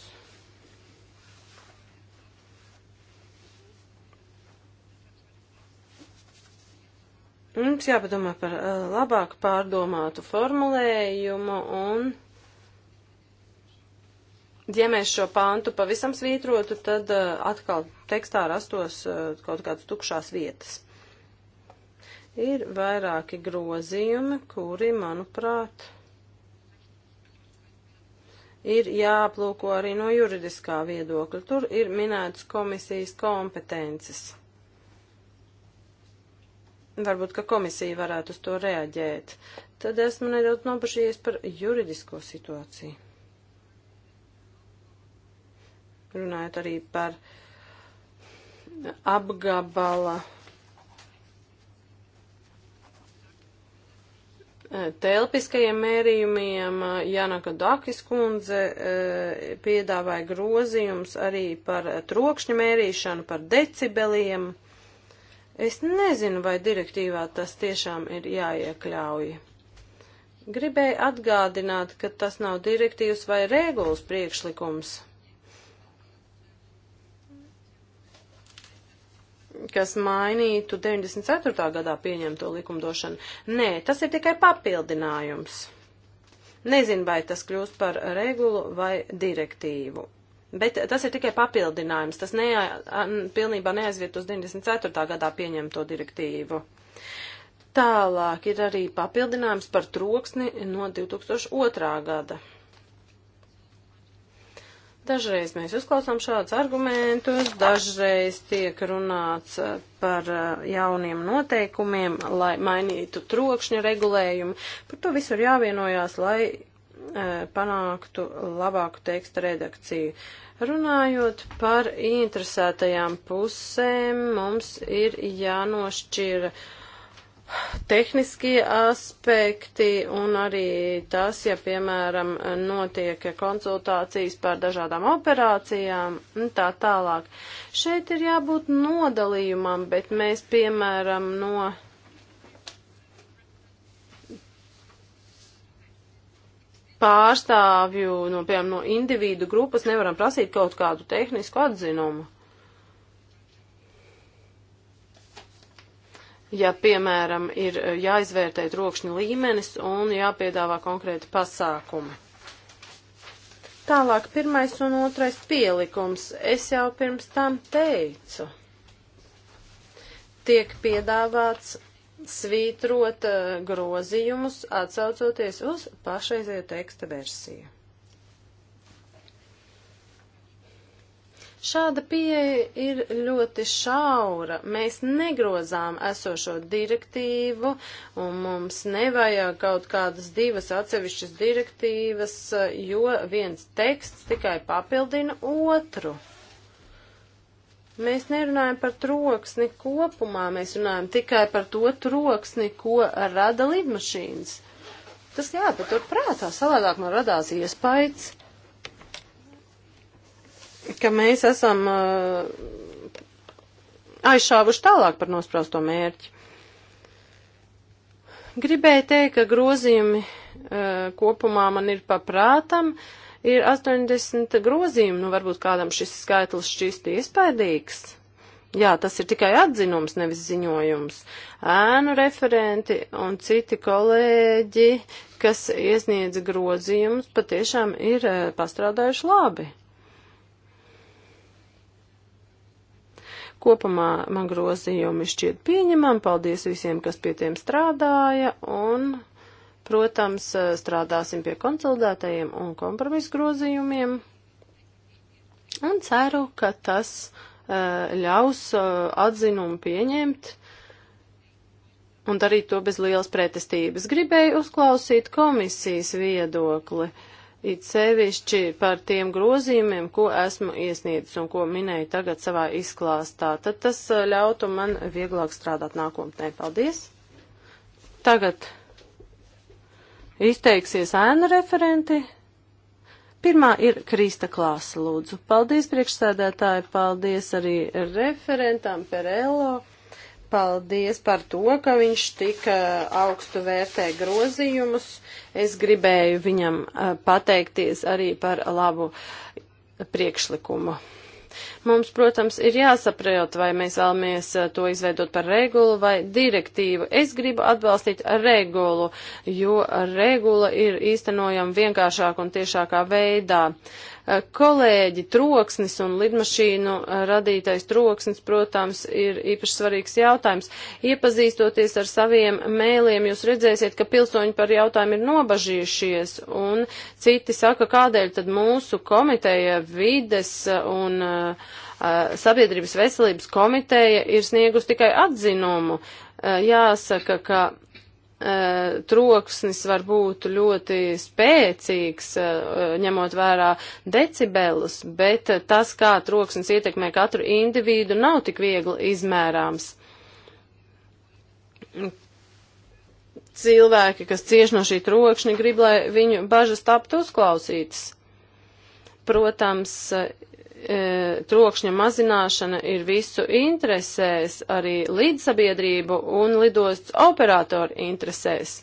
Mums jāpadomā par labāk pārdomātu formulējumu un. Ja mēs šo pāntu pavisam svītrotu, tad uh, atkal tekstā rastos uh, kaut kādas tukšās vietas. Ir vairāki grozījumi, kuri, manuprāt, ir jāaplūko arī no juridiskā viedokļa. Tur ir minētas komisijas kompetences. Varbūt, ka komisija varētu uz to reaģēt. Tad esmu nedaudz nobažījies par juridisko situāciju. Runājot arī par apgabala eh, telpiskajiem mērījumiem eh, Janaka Dakis kundze eh, piedāvāja grozījums arī par trokšņa mērīšanu, par decibeliem. Es nezinu, vai direktīvā tas tiešām ir jāiekļauj. Gribēju atgādināt, ka tas nav direktīvas vai regulas priekšlikums, kas mainītu 94. gadā pieņemto likumdošanu. Nē, tas ir tikai papildinājums. Nezinu, vai tas kļūst par regulu vai direktīvu. Bet tas ir tikai papildinājums. Tas ne, pilnībā neaizviet uz 94. gadā pieņemto direktīvu. Tālāk ir arī papildinājums par troksni no 2002. gada. Dažreiz mēs uzklausām šādus argumentus, dažreiz tiek runāts uh, par uh, jauniem noteikumiem, lai mainītu trokšņa regulējumu. Par to visur jāvienojās, lai E, panāktu labāku teksta redakciju. Runājot par interesētajām pusēm, mums ir jānošķira tehniskie aspekti un arī tas, ja, piemēram, notiek konsultācijas par dažādām operācijām un tā tālāk. Šeit ir jābūt nodalījumam, bet mēs, piemēram, no pārstāvju, no, piemēram, no individu grupas nevaram prasīt kaut kādu tehnisku atzinumu. Ja, piemēram, ir eh, jāizvērtē trokšņa līmenis un jāpiedāvā konkrēti pasākumi. Tālāk pirmais un otrais pielikums. Es jau pirms tam teicu. Tiek piedāvāts svītrot eh, grozījumus, atsaucoties uz pašreizējo teksta versiju. Šāda pieeja ir ļoti šaura. Mēs negrozām esošo direktīvu, un mums nevajag kaut kādas divas atsevišķas direktīvas, eh, jo viens teksts tikai papildina otru. Mēs nerunājam par troksni kopumā, mēs runājam tikai par to troksni, ko rada lidmašīnas. Tas jāpatur prātā, savādāk man radās iespējas, ka mēs esam uh, aizšāvuši tālāk par nospraustu mērķi. Gribēju teikt, ka grozījumi uh, kopumā man ir paprātam. Uh, ir 80 grozījumi, nu varbūt kādam šis skaitlis šķisti iespaidīgs. Jā, tas ir tikai atzinums, nevis ziņojums. Ēnu referenti un citi kolēģi, kas iesniedza grozījumus, patiešām ir eh, pastrādājuši labi. Kopumā man grozījumi šķiet pieņemami, paldies visiem, kas pie tiem strādāja, un Protams, strādāsim pie konsolidētajiem un kompromisu grozījumiem un ceru, ka tas ļaus atzinumu pieņemt un darīt to bez lielas pretestības. Gribēju uzklausīt komisijas viedokli, it sevišķi par tiem grozījumiem, ko esmu iesniedzis un ko minēju tagad savā izklāstā. Tad tas ļautu man vieglāk strādāt nākotnē. Paldies! Tagad Izteiksies ēnu referenti. Pirmā ir Krista Klāsa, lūdzu. Paldies, priekšsēdētāji, paldies arī referentam Perello. Paldies par to, ka viņš tik augstu vērtē grozījumus. Es gribēju viņam pateikties arī par labu priekšlikumu. Mums, protams, ir jāsaprot, vai mēs vēlamies eh, to izveidot par regulu vai direktīvu. Es gribu atbalstīt regulu, jo regula ir īstenojama vienkāršāk un tiešākā veidā. Uh, Eh, kolēģi, troksnis un lidmašīnu eh, radītais troksnis, protams, ir īpaši svarīgs jautājums. Iepazīstoties ar saviem mēliem, jūs redzēsiet, ka pilsoņi par jautājumu ir nobažījušies, un citi saka, kādēļ tad mūsu komiteja vides eh, un uh, sabiedrības veselības komiteja ir sniegus tikai atzinumu. Uh, jāsaka, ka Eh, troksnis var būt ļoti spēcīgs, eh, ņemot vērā decibelus, bet tas, kā troksnis ietekmē katru individu, nav tik viegli izmērāms. Cilvēki, kas cieš no šī trokšņa, grib, lai viņu bažas taptu uzklausītas. Protams, E, trokšņa mazināšana ir visu interesēs, arī līdzsabiedrību un lidosts operātoru interesēs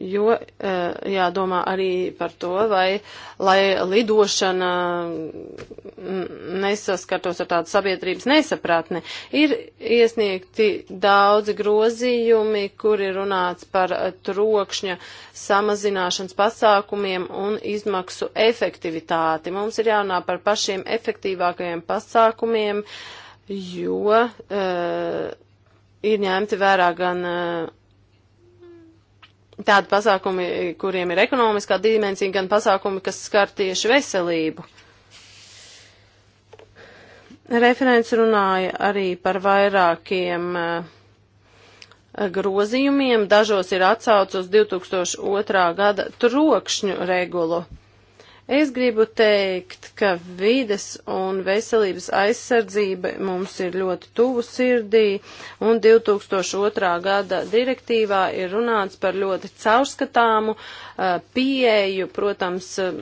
jo eh, jādomā arī par to, vai, lai lidošana mm, nesaskartos ar tādu sabiedrības nesaprātni. Ir iesniegti daudzi grozījumi, kuri runāts par trokšņa samazināšanas pasākumiem un izmaksu efektivitāti. Mums ir jārunā par pašiem efektīvākajiem pasākumiem, jo uh, ir ņemti vērā gan uh, tādi pasākumi, kuriem ir ekonomiskā dimensija, gan pasākumi, kas skar tieši veselību. Referents runāja arī par vairākiem uh, grozījumiem, dažos ir atsauc uz 2002. gada trokšņu regulu. Es gribu teikt, ka vides un veselības aizsardzība mums ir ļoti tuvu sirdī, un 2002. gada direktīvā ir runāts par ļoti caurskatāmu uh, pieeju, protams, um,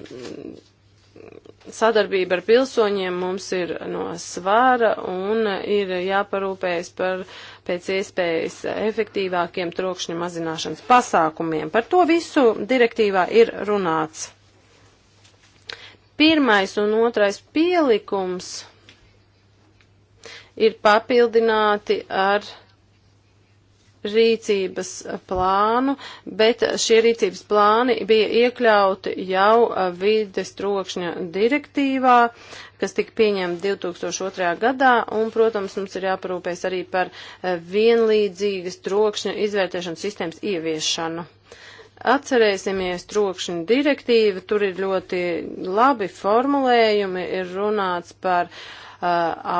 sadarbība ar pilsoņiem mums ir no svāra un ir jāparūpējas par pēc iespējas efektīvākiem trokšņa mazināšanas pasākumiem. Par to visu direktīvā ir runāts. Pirmais un otrais pielikums ir papildināti ar rīcības plānu, bet šie rīcības plāni bija iekļauti jau vides trokšņa direktīvā, kas tika pieņemta 2002. gadā, un, protams, mums ir jāparūpēs arī par vienlīdzīgas trokšņa izvērtēšanas sistēmas ieviešanu. Uh, Atcerēsimies trokšņa direktīvu, tur ir ļoti labi formulējumi, ir runāts par uh,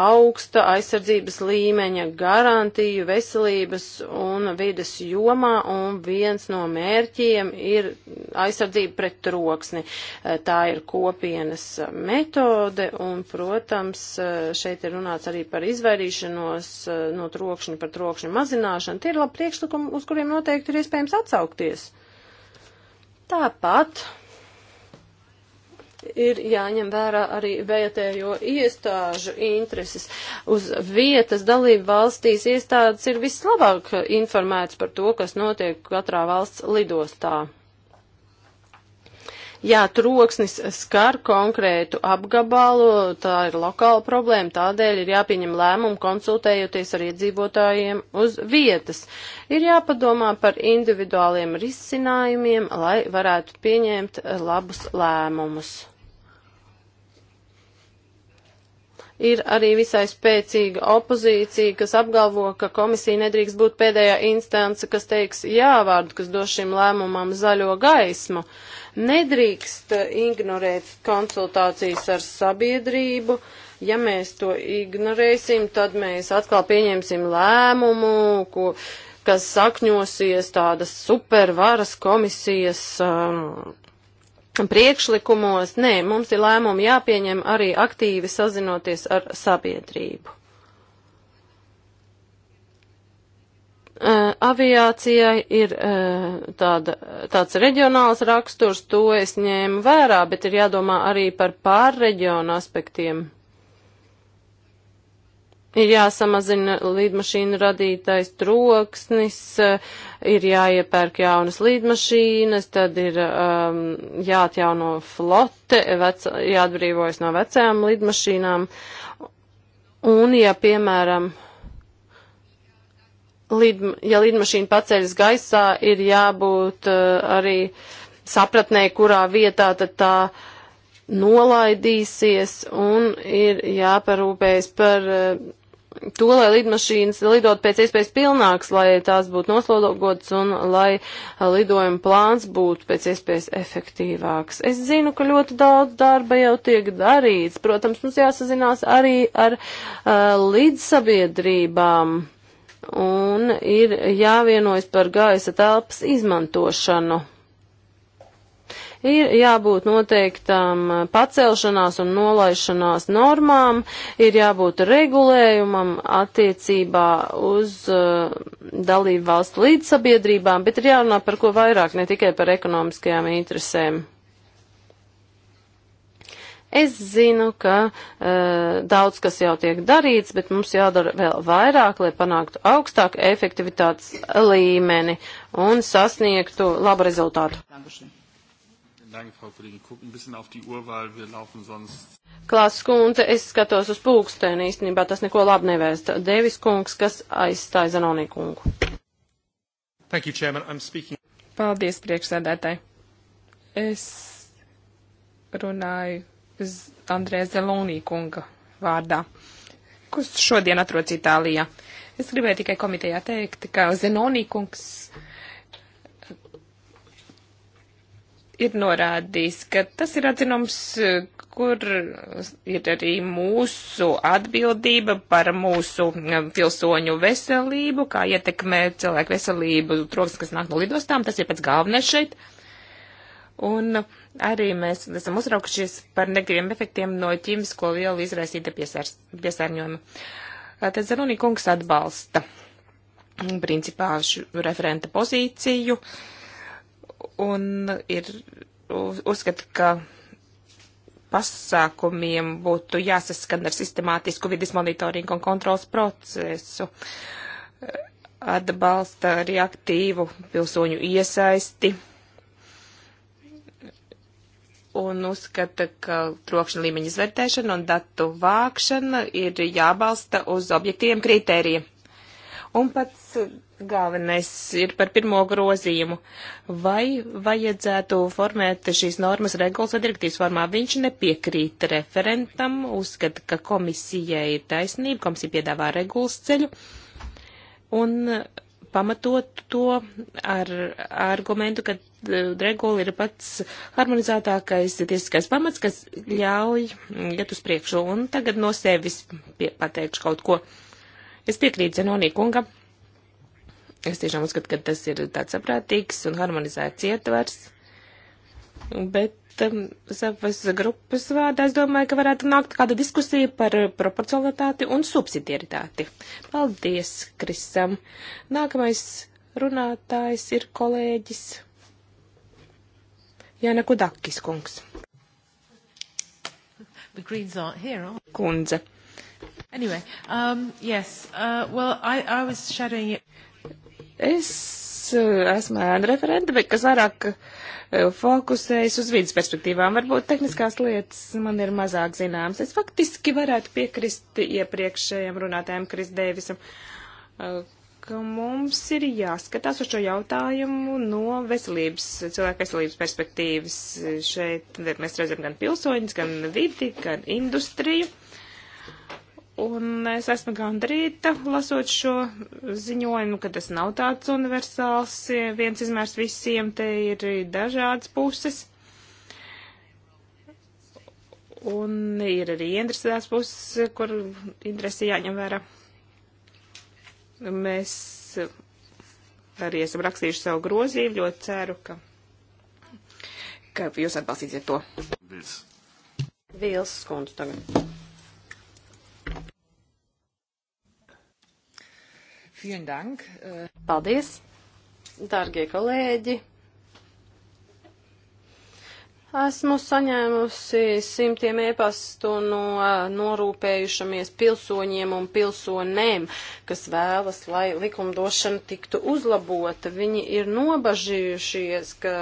augsta aizsardzības līmeņa garantiju veselības un vides jomā, un viens no mērķiem ir aizsardzība pret troksni. Uh, tā ir kopienas metode, un, protams, uh, šeit ir runāts arī par izvairīšanos uh, no trokšņa par trokšņa mazināšanu. Tie ir labi priekšlikumi, uz kuriem noteikti ir iespējams atsaukties. Tāpat ir jāņem vērā arī vietējo iestāžu intereses. Uz vietas dalību valstīs iestādes ir vislabāk informētas par to, kas notiek katrā valsts lidostā. Jā, troksnis skar konkrētu apgabalu, tā ir lokāla problēma, tādēļ ir jāpieņem lēmumu konsultējoties ar iedzīvotājiem uz vietas. Ir jāpadomā par individuāliem risinājumiem, lai varētu pieņemt labus lēmumus. Ir arī visai spēcīga opozīcija, kas apgalvo, ka komisija nedrīkst būt pēdējā instance, kas teiks jāvārdu, kas dos šim lēmumam zaļo gaismu. Nedrīkst eh, ignorēt konsultācijas ar sabiedrību. Ja mēs to ignorēsim, tad mēs atkal pieņemsim lēmumu, ko, kas sakņosies tādas supervaras komisijas. Um, priekšlikumos. Nē, mums ir lēmumi jāpieņem arī aktīvi sazinoties ar sabiedrību. Uh, aviācijai ir uh, tāda, tāds reģionāls raksturs, to es ņēmu vērā, bet ir jādomā arī par pārreģionu aspektiem ir jāsamazina līdmašīnu radītais troksnis, eh, ir jāiepērk jaunas līdmašīnas, tad ir um, jāatjauno flote, vec, jāatbrīvojas no vecajām līdmašīnām. Un, ja, piemēram, līd, ja līdmašīna paceļas gaisā, ir jābūt uh, arī sapratnē, kurā vietā tad tā. Uh, nolaidīsies un ir jāparūpējas par eh, to, lai lidmašīnas lidot pēc iespējas pilnāks, lai tās būtu noslogotas un lai lidojuma plāns būtu pēc iespējas efektīvāks. Es zinu, ka ļoti daudz darba jau tiek darīts. Protams, mums jāsazinās arī ar uh, līdzsabiedrībām un ir jāvienojas par gaisa telpas izmantošanu. Ir jābūt noteiktām eh, pacelšanās un nolaišanās normām, ir jābūt regulējumam attiecībā uz uh, dalību valstu līdzsabiedrībām, bet ir jārunā par ko vairāk, ne tikai par ekonomiskajām interesēm. Es zinu, ka e, daudz kas jau tiek darīts, bet mums jādara vēl vairāk, lai panāktu augstāku efektivitātes līmeni un sasniegtu labu rezultātu. Dankuši. Danke, Frau Kollegin. Guck ein bisschen auf die Uhr, weil wir laufen sonst. Klāsts kundze, es skatos uz pulksteni, īstenībā tas neko labi nevēst. Devis kungs, kas aizstāja Zanonī kungu. Thank you, Chairman. I'm speaking. Paldies, priekšsēdētāji. Es runāju uz Andrēs Zelonī kunga vārdā, kurš šodien atrodas Itālijā. Es gribēju tikai komitejā teikt, ka Zenonī kungs ir norādījis, ka tas ir atzinums, kur ir arī mūsu atbildība par mūsu mm, pilsoņu veselību, kā ietekmē cilvēku veselību troksnis, kas nāk no lidostām, tas ir pats galvenais šeit. Un arī mēs esam uzraukušies par negatīviem efektiem no ķīmisko lielu izraisīta piesārņojuma. Tad Zanonī kungs atbalsta principā referenta pozīciju. Uh, un ir uzskata, ka pasākumiem būtu jāsaskan ar sistemātisku vidas monitoringu un kontrols procesu. Atbalsta arī aktīvu pilsoņu iesaisti un uzskata, ka trokšņa līmeņa izvērtēšana un datu vākšana ir jābalsta uz objektīviem kritērijiem. Un pats Galvenais ir par pirmo grozījumu. Vai vajadzētu formēt šīs normas regulas vai direktīvas formā? Viņš nepiekrīt referentam, uzskata, ka komisijai ir taisnība, komisija piedāvā regulas ceļu un pamatot to ar argumentu, ka e, regula ir pats harmonizētākais tiesiskais pamats, kas ļauj iet uz priekšu. Un tagad no sevis pie, pateikšu kaut ko. Es piekrītu Zenonī kungam Es tiešām uzskatu, ka tas ir tāds saprātīgs un harmonizēts ietvers. Bet um, savas grupas vārdā es domāju, ka varētu nākt kāda diskusija par proporcionalitāti un subsidiaritāti. Paldies, Krisam. Nākamais runātājs ir kolēģis Jāna Kudakis kungs. Here, oh. Kundze. Anyway, um, yes, uh, well, I, I was shadowing it. Es eh, esmu ēna referente, bet kas vairāk eh, fokusējas uz vidas perspektīvām. Varbūt tehniskās lietas man ir mazāk zināmas. Es faktiski varētu piekrist iepriekšējiem runātājiem Kris Dēvisam, eh, ka mums ir jāskatās uz šo jautājumu no veselības, cilvēka veselības perspektīvas. Šeit mēs redzam gan pilsoņus, gan vidi, gan industriju. Un es esmu gandrīta, lasot šo ziņojumu, ka tas nav tāds universāls, viens izmērs visiem, te ir dažādas puses. Un ir arī interesētās puses, kur interesi jāņem vērā. Mēs arī esam rakstījuši savu grozību, ļoti ceru, ka, ka jūs atbalstīsiet to. Vils. Vils skundz tagad. Äh, Paldies, dārgie kolēģi! Esmu saņēmusi simtiem ēpastu no eh, norūpējušamies pilsoņiem un pilsonēm, kas vēlas, lai likumdošana tiktu uzlabota. Viņi ir nobažījušies, ka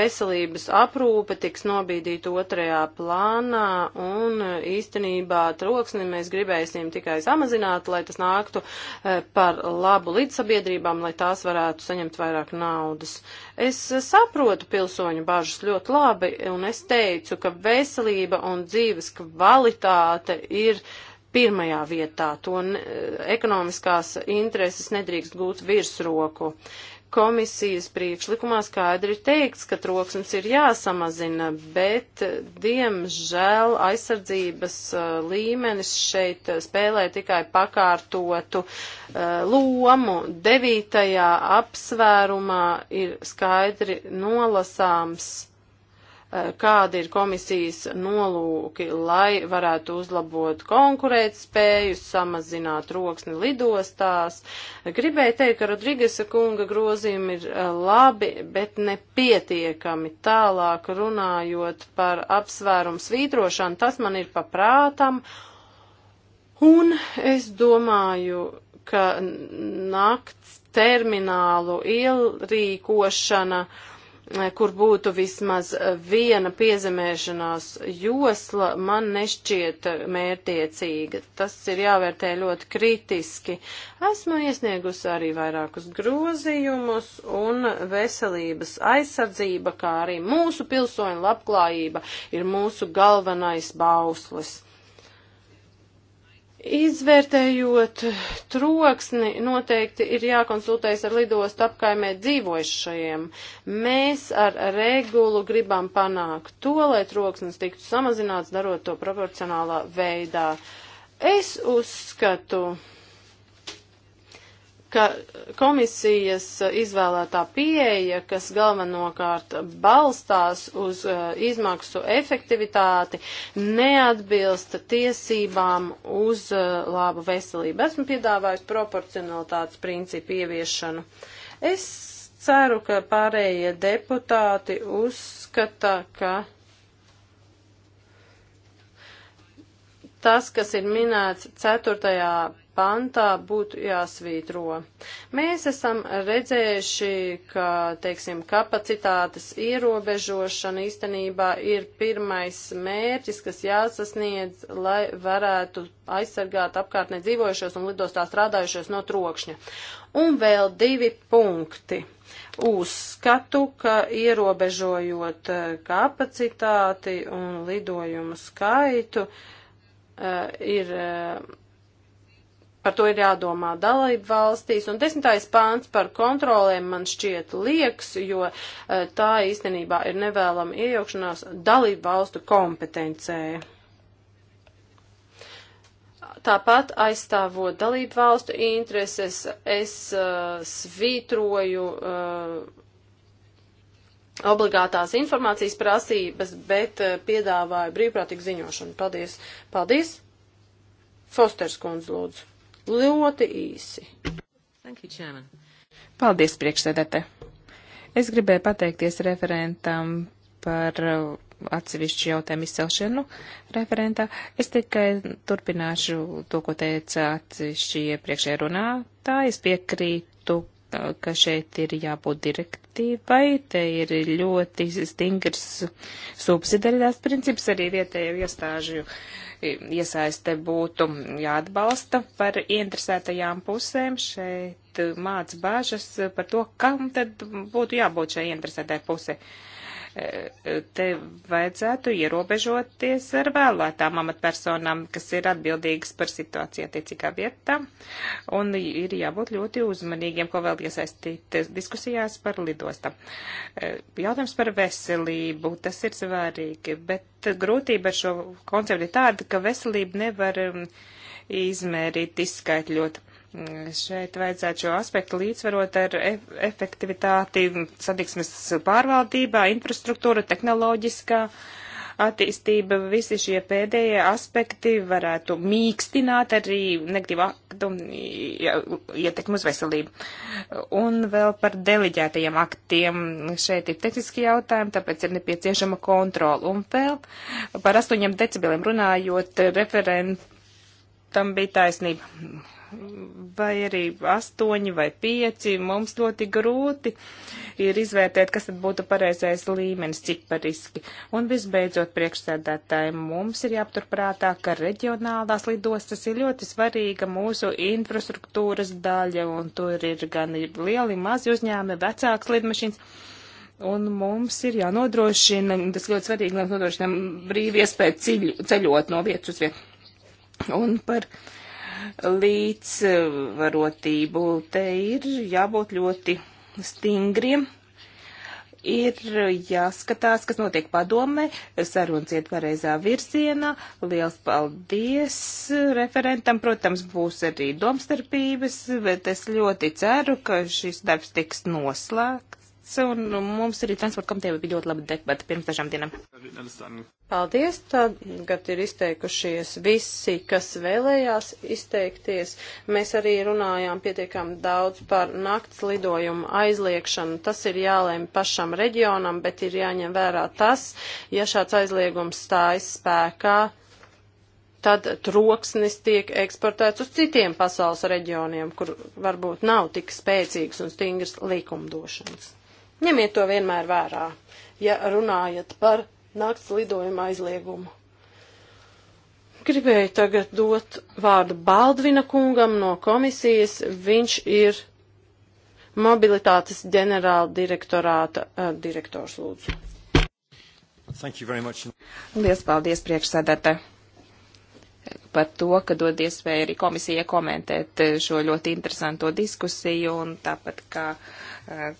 veselības aprūpe tiks nobīdīta otrajā plānā un eh, īstenībā troksni mēs gribēsim tikai samazināt, lai tas nāktu eh, par labu līdz sabiedrībām, lai tās varētu saņemt vairāk naudas. Es saprotu pilsoņu bažas ļoti labi, un es teicu, ka veselība un dzīves kvalitāte ir pirmajā vietā. To ne, ekonomiskās intereses nedrīkst gūt virsroku. Uh, Komisijas priekšlikumā skaidri teikts, ka troksnis ir jāsamazina, bet, diemžēl, aizsardzības uh, līmenis šeit spēlē tikai pakārtotu uh, lomu. Devītajā apsvērumā ir skaidri nolasāms Eh, kādi ir komisijas nolūki, lai varētu uzlabot konkurētspēju, samazināt roksni lidostās. Gribēju teikt, ka Rodrigesa kunga grozījumi ir eh, labi, bet nepietiekami. Tālāk runājot par apsvērumu svītrošanu, tas man ir paprātam. Un es domāju, ka nakts terminālu ielrīkošana uh, Eh, kur būtu vismaz eh, viena piezemēšanās josla, man nešķiet eh, mērtiecīga. Tas ir jāvērtē ļoti kritiski. Esmu iesniegusi arī vairākus grozījumus un veselības aizsardzība, kā arī mūsu pilsoņu labklājība ir mūsu galvenais bauslis. Izvērtējot troksni, noteikti ir jākonsultējas ar lidostu apkaimē dzīvojušajiem. Mēs ar regulu gribam panākt to, lai troksnis tiktu samazināts, darot to proporcionālā veidā. Es uzskatu, uh, ka komisijas izvēlētā pieeja, kas galvenokārt balstās uz uh, izmaksu efektivitāti, neatbilst tiesībām uz uh, labu veselību. Esmu piedāvājis proporcionalitātes principu ieviešanu. Es ceru, ka pārējie deputāti uzskata, ka tas, kas ir minēts 4 pantā būtu jāsvītro. Mēs esam redzējuši, ka, teiksim, kapacitātes ierobežošana īstenībā ir pirmais mērķis, kas jāsasniedz, lai varētu aizsargāt apkārtnē dzīvojušos un lidostā strādājušos no trokšņa. Un vēl divi punkti. Uzskatu, ka ierobežojot eh, kapacitāti un lidojumu skaitu, uh, ir uh, par to ir jādomā dalību valstīs. Un desmitais pāns par kontrolēm man šķiet lieks, jo e, tā īstenībā ir nevēlama iejaukšanās dalību valstu kompetencē. Tāpat aizstāvot dalību valstu intereses, es uh, svītroju uh, obligātās informācijas prasības, bet uh, piedāvāju brīvprātīgu ziņošanu. Paldies! Paldies! Fosters kundze lūdzu. Ļoti īsi. Thank you, Chairman. Paldies, priekšsēdētē. Es gribēju pateikties referentam par uh, atsevišķu jautājumu izcelšanu referentā. Es tikai turpināšu to, ko teica atsevišķi iepriekšējā runātā. Es piekrītu, uh, ka šeit ir jābūt direktīvai, te ir ļoti stingrs subsidiaritās princips arī vietējo iestāžu. Uh, iesaiste būtu jāatbalsta par interesētajām pusēm. Šeit māca bāžas par to, kam tad būtu jābūt šai interesētai pusei. Eh, te vajadzētu ierobežoties ar vēlētām amatpersonām, kas ir atbildīgas par situāciju attiecīgā vietā, un ir jābūt ļoti uzmanīgiem, ko vēl iesaistīt diskusijās par lidostu. Eh, jautājums par veselību, tas ir svarīgi, bet grūtība ar šo konceptu ir tāda, ka veselību nevar mm, izmērīt, izskaitļot Šeit vajadzētu šo aspektu līdzsvarot ar e- efektivitāti satiksmes pārvaldībā, infrastruktūra, tehnoloģiskā attīstība, visi šie pēdējie aspekti varētu mīkstināt arī negatīvu aktu ietekmu uz veselību. Un vēl par deliģētajiem aktiem. Šeit ir tehniski jautājumi, tāpēc ir nepieciešama kontrola. Un vēl par astoņiem decibeliem runājot, referentam bija taisnība vai arī astoņi vai pieci, mums ļoti grūti ir izvērtēt, kas tad būtu pareizais līmenis cipariski. Un visbeidzot, priekšsēdētāji, mums ir jāpaturprātā, ka reģionālās lidostas ir ļoti svarīga mūsu infrastruktūras daļa, un tur ir gan lieli, mazi uzņēmumi, vecāks lidmašīnas. Un mums ir jānodrošina, tas ļoti svarīgi, lai nodrošinām brīvi iespēju ceļot no vietas uz vietu. Un par uh, līdzvarotību. Te ir jābūt ļoti stingriem. Ir jāskatās, kas notiek padomē, sarunas iet pareizā virzienā. Liels paldies referentam. Protams, būs arī domstarpības, bet es ļoti ceru, ka šis darbs tiks noslēgts un mums arī transporta komitejā bija ļoti laba debata pirms dažām dienām. Paldies, tagad ir izteikušies visi, kas vēlējās izteikties. Mēs arī runājām pietiekam daudz par nakts lidojumu aizliekšanu. Tas ir jālēma pašam reģionam, bet ir jāņem vērā tas, ja šāds aizliegums stājas spēkā, tad troksnis tiek eksportēts uz citiem pasaules reģioniem, kur varbūt nav tik spēcīgs un stingrs likumdošanas. Ņemiet to vienmēr vērā, ja runājat par nakts lidojuma aizliegumu. Gribēju tagad dot vārdu Baldvina kungam no komisijas. Viņš ir mobilitātes ģenerāla direktorāta uh, direktors lūdzu. Lielas paldies priekšsēdētāji par to, ka dod iespēju arī komisijai komentēt eh, šo ļoti interesanto diskusiju un tāpat kā uh,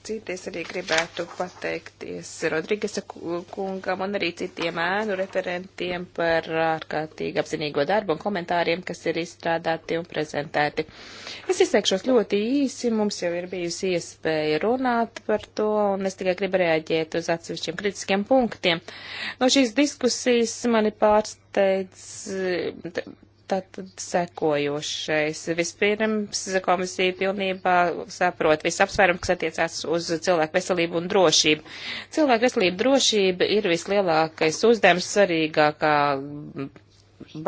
Cities arī gribētu pateikties Rodrigesa kungam un arī citiem ēnu referentiem par ārkārtīgi apzinīgo darbu un komentāriem, kas ir izstrādāti un prezentēti. Es izteikšos ļoti īsi, mums jau ir bijusi iespēja runāt par to, un es tikai gribu reaģēt uz atsevišķiem kritiskiem punktiem. No šīs diskusijas mani pārsteidz tātad sekojošais. Vispirms komisija pilnībā saprot visu apsvērumu, kas attiecās uz cilvēku veselību un drošību. Cilvēku veselība drošība ir vislielākais uzdevums, svarīgākā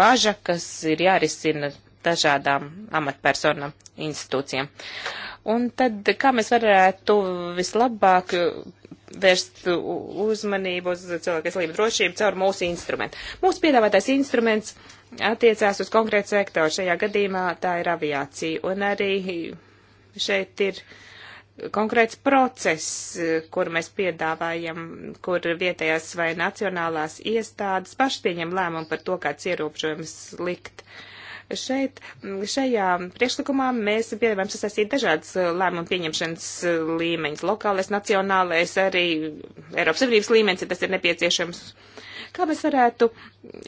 baža, kas ir jārisina dažādām amatpersonām, institūcijām. Un tad, kā mēs varētu vislabāk vērst uzmanību uz cilvēku veselību drošību caur mūsu instrumentu. Mūsu piedāvātais instruments attiecās uz konkrētu sektoru. Šajā gadījumā tā ir aviācija. Un arī šeit ir konkrēts process, kur mēs piedāvājam, kur vietējās vai nacionālās iestādes paši pieņem lēmumu par to, kāds ierobežojums likt. Uh, Šeit, šajā priekšlikumā mēs piedāvājam sasaistīt dažādas uh, lēmumu pieņemšanas uh, līmeņus - lokālais, nacionālais, arī Eiropas Savienības līmenis, ja tas ir nepieciešams. Kā mēs varētu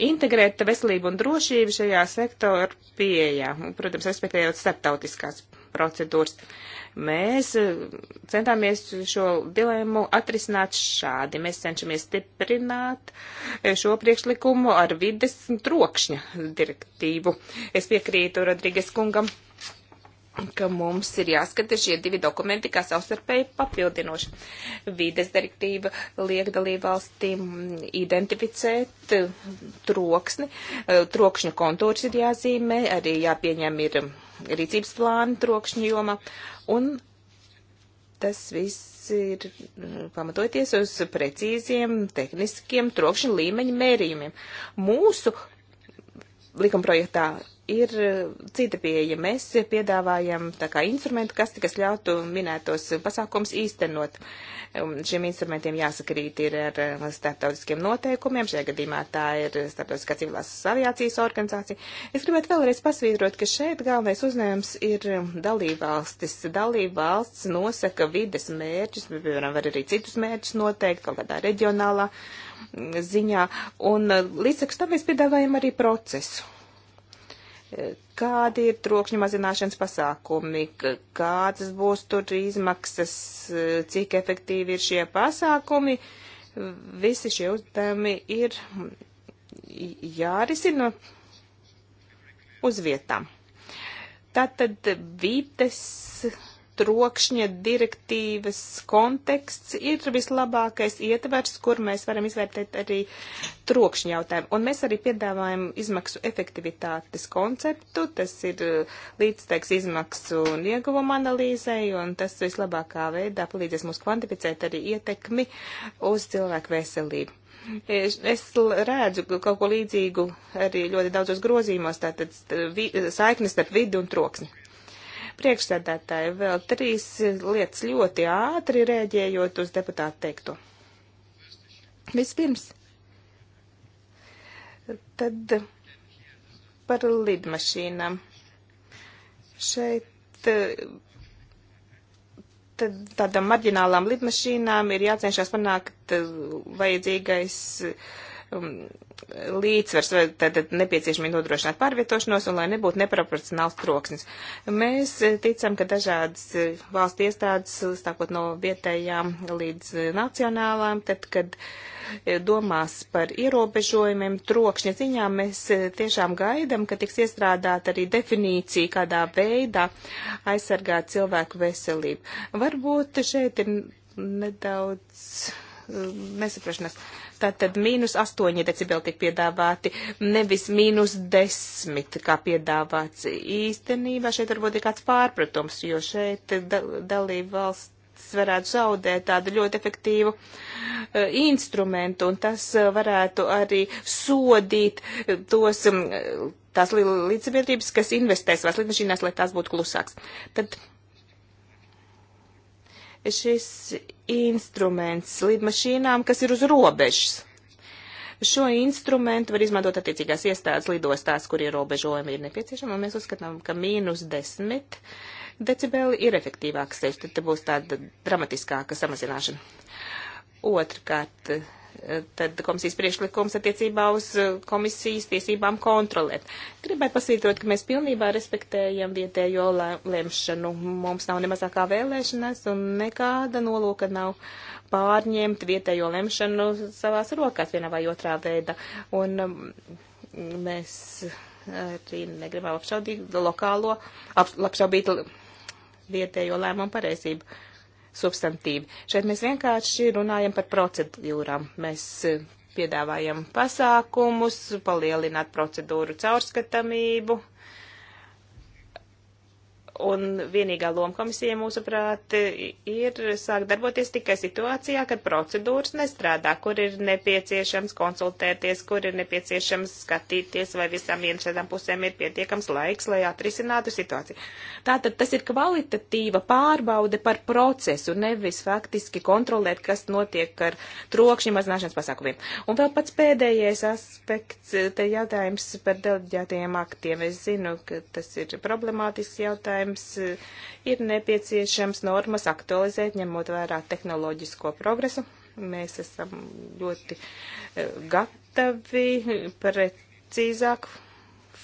integrēt veselību un drošību šajā sektoru pieejā, protams, respektējot starptautiskās procedūras. Uh, Mēs eh, centāmies šo dilemmu atrisināt šādi. Mēs cenšamies stiprināt eh, šo priekšlikumu ar vides trokšņa direktīvu. Es piekrītu Rodrīgas kungam ka mums ir jāskata šie divi dokumenti kā savstarpēji papildinoši. Vides direktīva liek dalībvalstīm identificēt eh, troksni, eh, trokšņu kontūrs ir jāzīmē, arī jāpieņem ir rīcības plāni trokšņu joma, un tas viss ir mm, pamatoties uz precīziem tehniskiem trokšņu līmeņu mērījumiem. Mūsu likumprojektā ir eh, cita pieeja. Mēs piedāvājam tā kā instrumentu kasti, kas ļautu minētos pasākums īstenot. Šiem instrumentiem jāsakrīt ir ar eh, starptautiskiem noteikumiem. Šajā gadījumā tā ir Starptautiskā civilās aviācijas organizācija. Es gribētu vēlreiz pasvītrot, ka šeit galvenais uzņēmums ir dalībvalstis. Dalībvalsts nosaka vides mērķus, piemēram, var arī citus mērķus noteikt kaut kādā reģionālā ziņā. Un e, līdz tam mēs piedāvājam arī procesu e, kādi ir trokšņa mazināšanas pasākumi, kādas būs tur izmaksas, e, cik efektīvi ir šie pasākumi. Visi šie uzdevumi ir jārisina uz vietām. Tātad vides trokšņa direktīvas konteksts ir vislabākais ietvers, kur mēs varam izvērtēt arī trokšņa jautājumu. Un mēs arī piedāvājam izmaksu efektivitātes konceptu, tas ir eh, līdzteiks izmaksu un ieguvumu analīzei, un tas vislabākā veidā palīdzēs mums kvantificēt arī ietekmi uz cilvēku veselību. Es redzu kaut ko līdzīgu arī ļoti daudzos grozījumos, tātad saiknes starp vidu un troksni. Priekšsēdētāji, vēl trīs lietas ļoti ātri rēģējot uz deputātu teikto. Vispirms, tad par lidmašīnām. Šeit tad tādām marģinālām lidmašīnām ir jācenšas panākt vajadzīgais uh, Um, līdzsvars, tad nepieciešami nodrošināt pārvietošanos un lai nebūtu neproporcionāls troksnis. Mēs eh, ticam, ka dažādas eh, valsts iestādes, stākot no vietējām līdz eh, nacionālām, tad, kad domās par ierobežojumiem trokšņa ziņā, mēs tiešām gaidam, ka tiks iestrādāta arī definīcija, kādā veidā aizsargāt cilvēku veselību. Varbūt šeit ir nedaudz nesaprašanās. Uh, Tātad mīnus 8 decibeli tiek piedāvāti, nevis mīnus 10, kā piedāvāts. Īstenībā šeit varbūt ir kāds pārpratums, jo šeit dalība valsts varētu zaudēt tādu ļoti efektīvu uh, instrumentu, un tas eh, varētu arī sodīt eh, tos, um, tās līdzsabiedrības, kas investē savās lidmašīnās, lai tās būtu klusāks. Tad šis instruments lidmašīnām, kas ir uz robežas. Šo instrumentu var izmantot attiecīgās iestādes lidostās, kur ierobežojumi ir nepieciešami, un mēs uzskatām, ka mīnus desmit decibeli ir efektīvāks ceļš, tad te būs tāda dramatiskāka samazināšana. Otrkārt, tad komisijas priekšlikums attiecībā uz eh, komisijas tiesībām kontrolēt. Gribētu pasvītrot, ka mēs pilnībā respektējam vietējo lemšanu. Mums nav ne mazākā vēlēšanās un nekāda nolūka nav pārņemt vietējo lemšanu savās rokās vienā vai otrā veidā. Un um, mēs arī negribam apšaudīt lokālo, apšaubīt vietējo lēmumu pareizību. Uh, substantīvi. Šeit mēs vienkārši runājam par procedūrām. Mēs e, piedāvājam pasākumus, palielināt procedūru caurskatamību, Un vienīgā loma komisija, mūsuprāt, ir sākt darboties tikai situācijā, kad procedūras nestrādā, kur ir nepieciešams konsultēties, kur ir nepieciešams skatīties, vai visām vienšādām pusēm ir pietiekams laiks, lai atrisinātu situāciju. Tātad tas ir kvalitatīva pārbaude par procesu, nevis faktiski kontrolēt, kas notiek ar trokšņa mazināšanas pasākumiem. Un vēl pats pēdējais aspekts, te jautājums par deleģētajiem aktiem. Es zinu, ka tas ir problemātisks jautājums jautājums eh, ir nepieciešams normas aktualizēt, ņemot vērā tehnoloģisko progresu. Mēs esam ļoti eh, gatavi precīzāk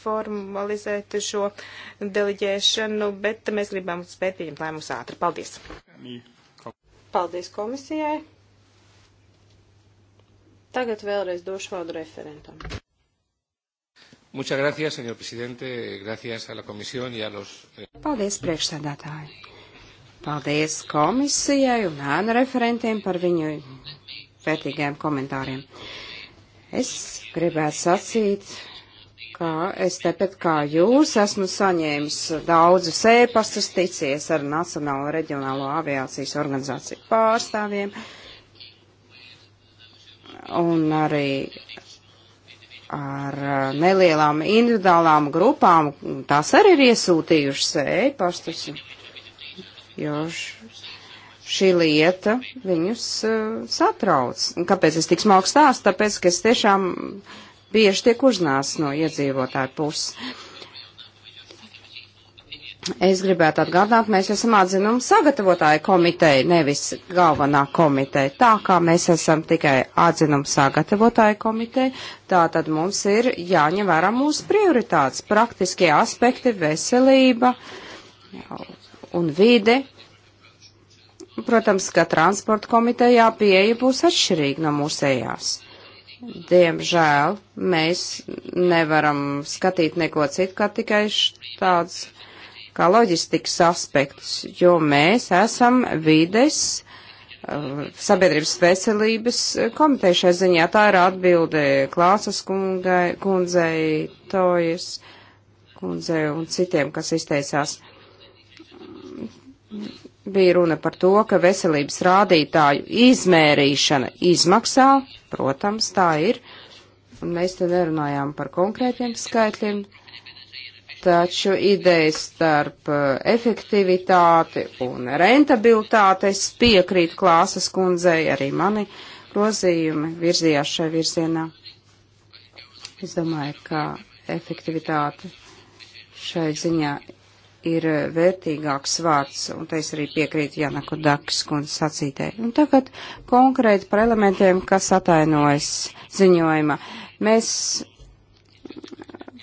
formalizēt šo deleģēšanu, bet mēs gribam spēt pieņemt lēmumus ātri. Paldies! Paldies komisijai! Tagad vēlreiz došu vārdu referentam. Muchas gracias, señor presidente. Gracias a la comisión y a los. Eh, Paldies, priekšsēdētāji. Paldies komisijai un ēnu referentiem par viņu vērtīgiem komentāriem. Es gribētu sacīt, ka es tepat kā jūs esmu saņēmis daudzus ēpastus, ticies ar Nacionālo reģionālo aviācijas organizāciju pārstāvjiem un arī ar eh, nelielām individuālām grupām, tās arī ir iesūtījušas e-pastus, jo šī lieta viņus eh, satrauc. Kāpēc es tik smalku stāstu? Tāpēc, ka es tiešām bieži tiek uznāsts no iedzīvotāju puses. Es gribētu atgādināt, mēs esam atzinumu sagatavotāju komiteja, nevis galvenā komiteja. Tā kā mēs esam tikai atzinumu sagatavotāju komiteja, tā tad mums ir jāņem vērā mūsu prioritātes, praktiskie aspekti, veselība un vide. Protams, ka transporta komitejā pieeja būs atšķirīga no mūsējās. Diemžēl mēs nevaram skatīt neko citu, kā tikai tāds kā loģistikas aspektus, jo mēs esam vides uh, sabiedrības veselības komiteja šai ziņā. Tā ir atbilde Klāsas kungai, kundzei, Tojas kundzei un citiem, kas izteicās. Bija runa par to, ka veselības rādītāju izmērīšana izmaksā, protams, tā ir, un mēs te nerunājām par konkrētiem skaitļiem, Taču idejas starp uh, efektivitāti un rentabilitāti es piekrītu klāsas kundzei, arī mani grozījumi virzījās šai virzienā. Es domāju, ka efektivitāte šai ziņā ir vērtīgāks vārds, un te es arī piekrītu Janaku Dakas kundzes sacītē. Un tagad konkrēti par elementiem, kas atainojas ziņojuma. Mēs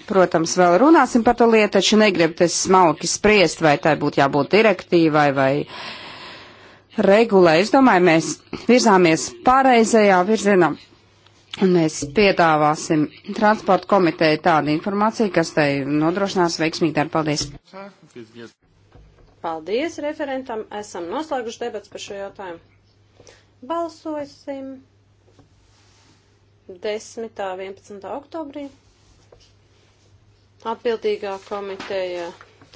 Protams, vēl runāsim par to lietu, taču negribu te smalki spriest, vai tai būtu jābūt direktīvai vai regulē. Es domāju, mēs virzāmies pareizajā virzienā. Un mēs piedāvāsim transporta komiteju tādu informāciju, kas tai nodrošinās veiksmīgi darbu. Paldies! Paldies referentam! Esam noslēguši debats par šo jautājumu. Balsosim 10. un 11. oktobrī. Atbildīgā komiteja,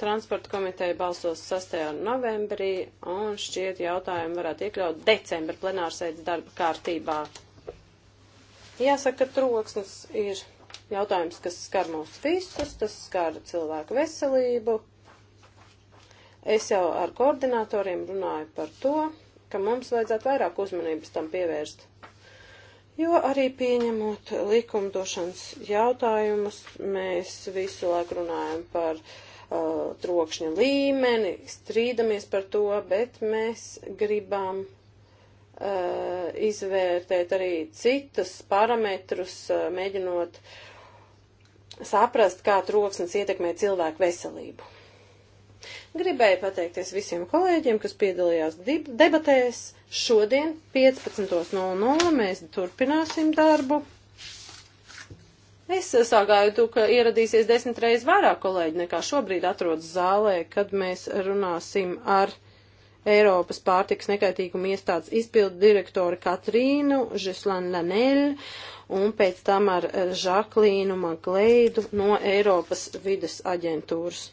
transporta komiteja balsos 6. novembrī un šķiet jautājumu varētu iekļaut decembra plenārsēdes darba kārtībā. Jāsaka, ka troksnis ir jautājums, kas skar mūs visus, tas skar cilvēku veselību. Es jau ar koordinatoriem runāju par to, ka mums vajadzētu vairāk uzmanības tam pievērst jo arī pieņemot likumdošanas jautājumus, mēs visu laiku runājam par uh, trokšņa līmeni, strīdamies par to, bet mēs gribam uh, izvērtēt arī citus parametrus, uh, mēģinot saprast, kā troksnis ietekmē cilvēku veselību. Gribēju pateikties visiem kolēģiem, kas piedalījās debatēs. Šodien 15.00 mēs turpināsim darbu. Es sagaidu, ka ieradīsies desmit reizes vairāk kolēģi nekā šobrīd atrodas zālē, kad mēs runāsim ar Eiropas pārtiks nekaitīguma iestādes izpildu direktoru Katrīnu Žeslan Laneļu un pēc tam ar Žaklīnu Maglēdu no Eiropas vides aģentūras.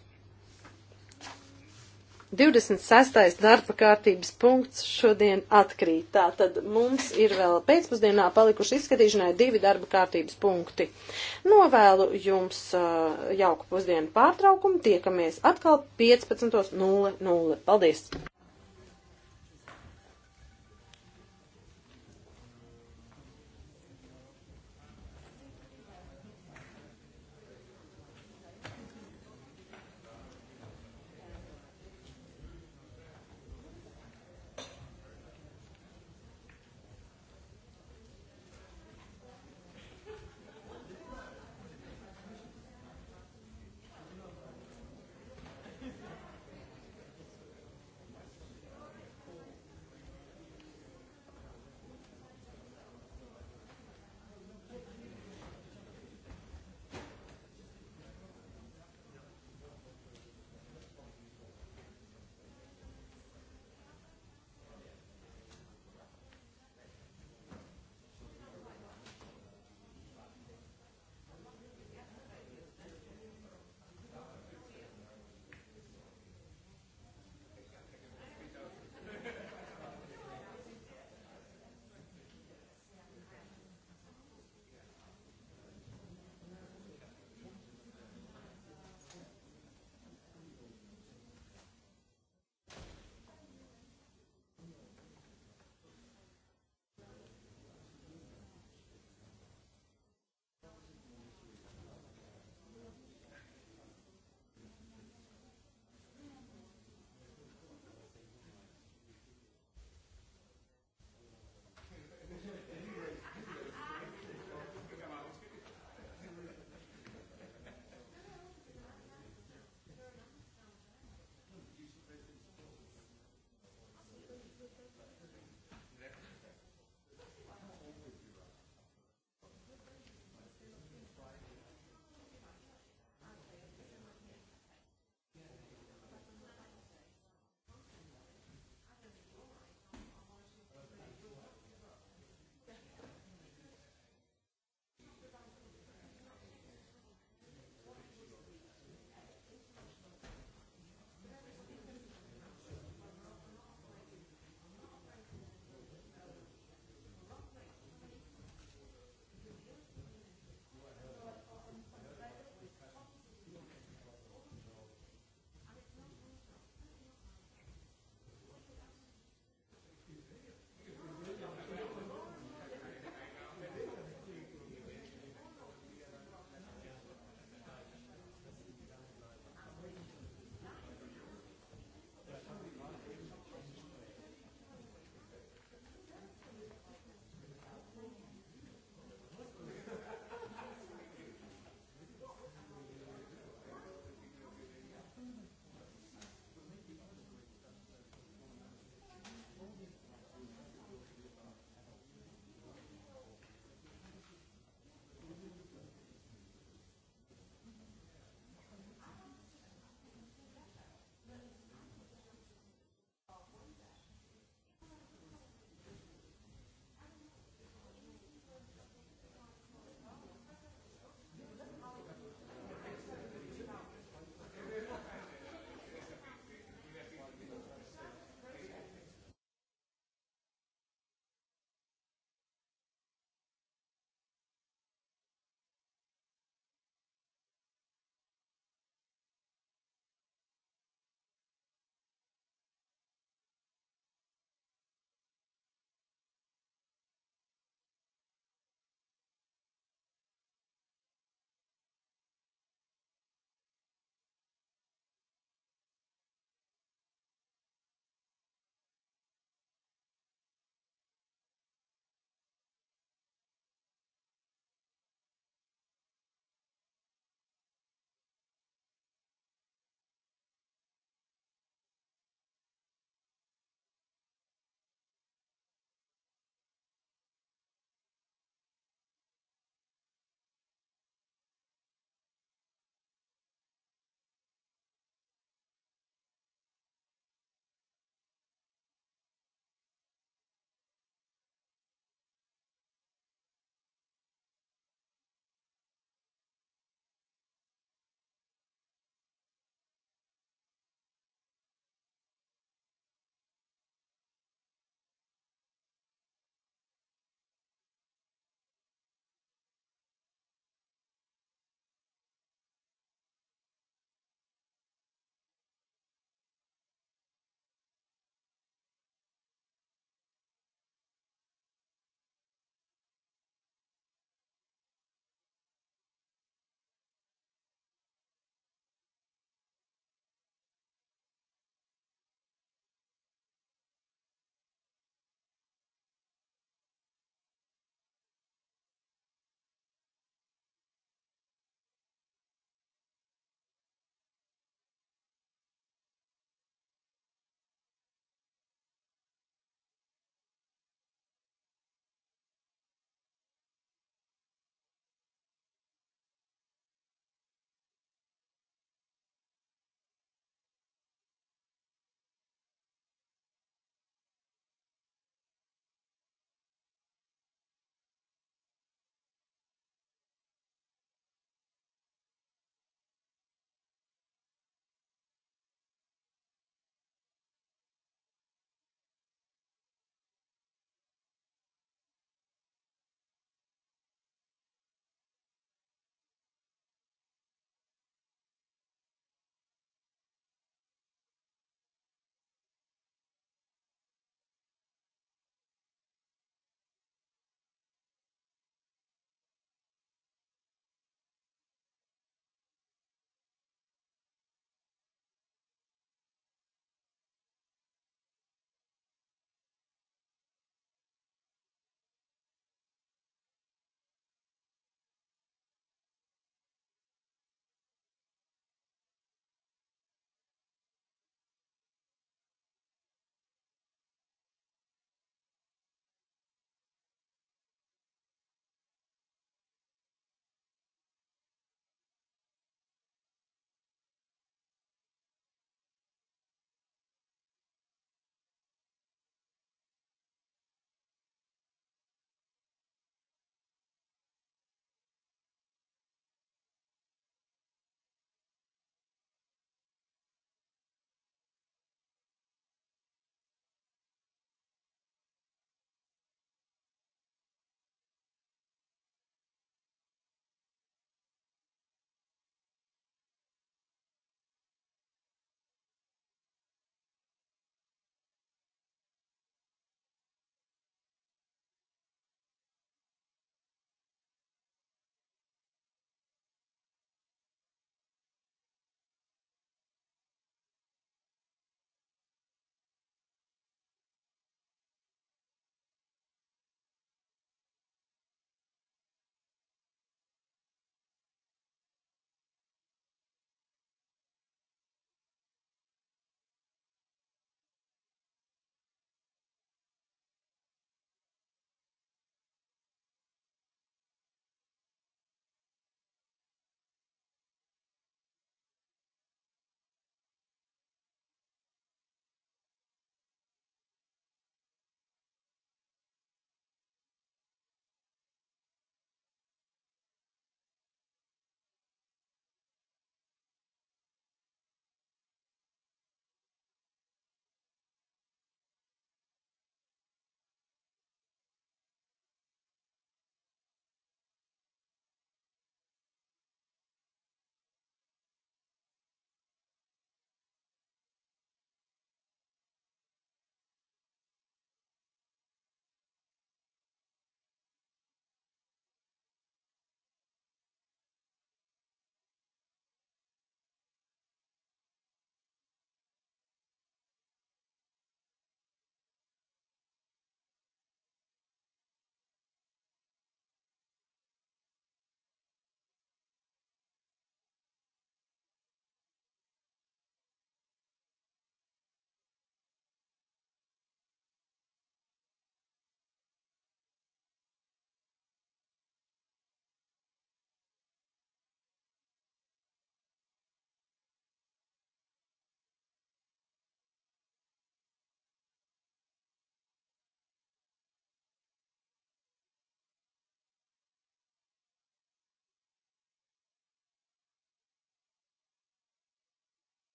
26. darba kārtības punkts šodien atkrīt. Tātad mums ir vēl pēcpusdienā palikuši izskatīšanai divi darba kārtības punkti. Novēlu jums uh, jauku pusdienu pārtraukumu. Tiekamies atkal 15.00. Paldies!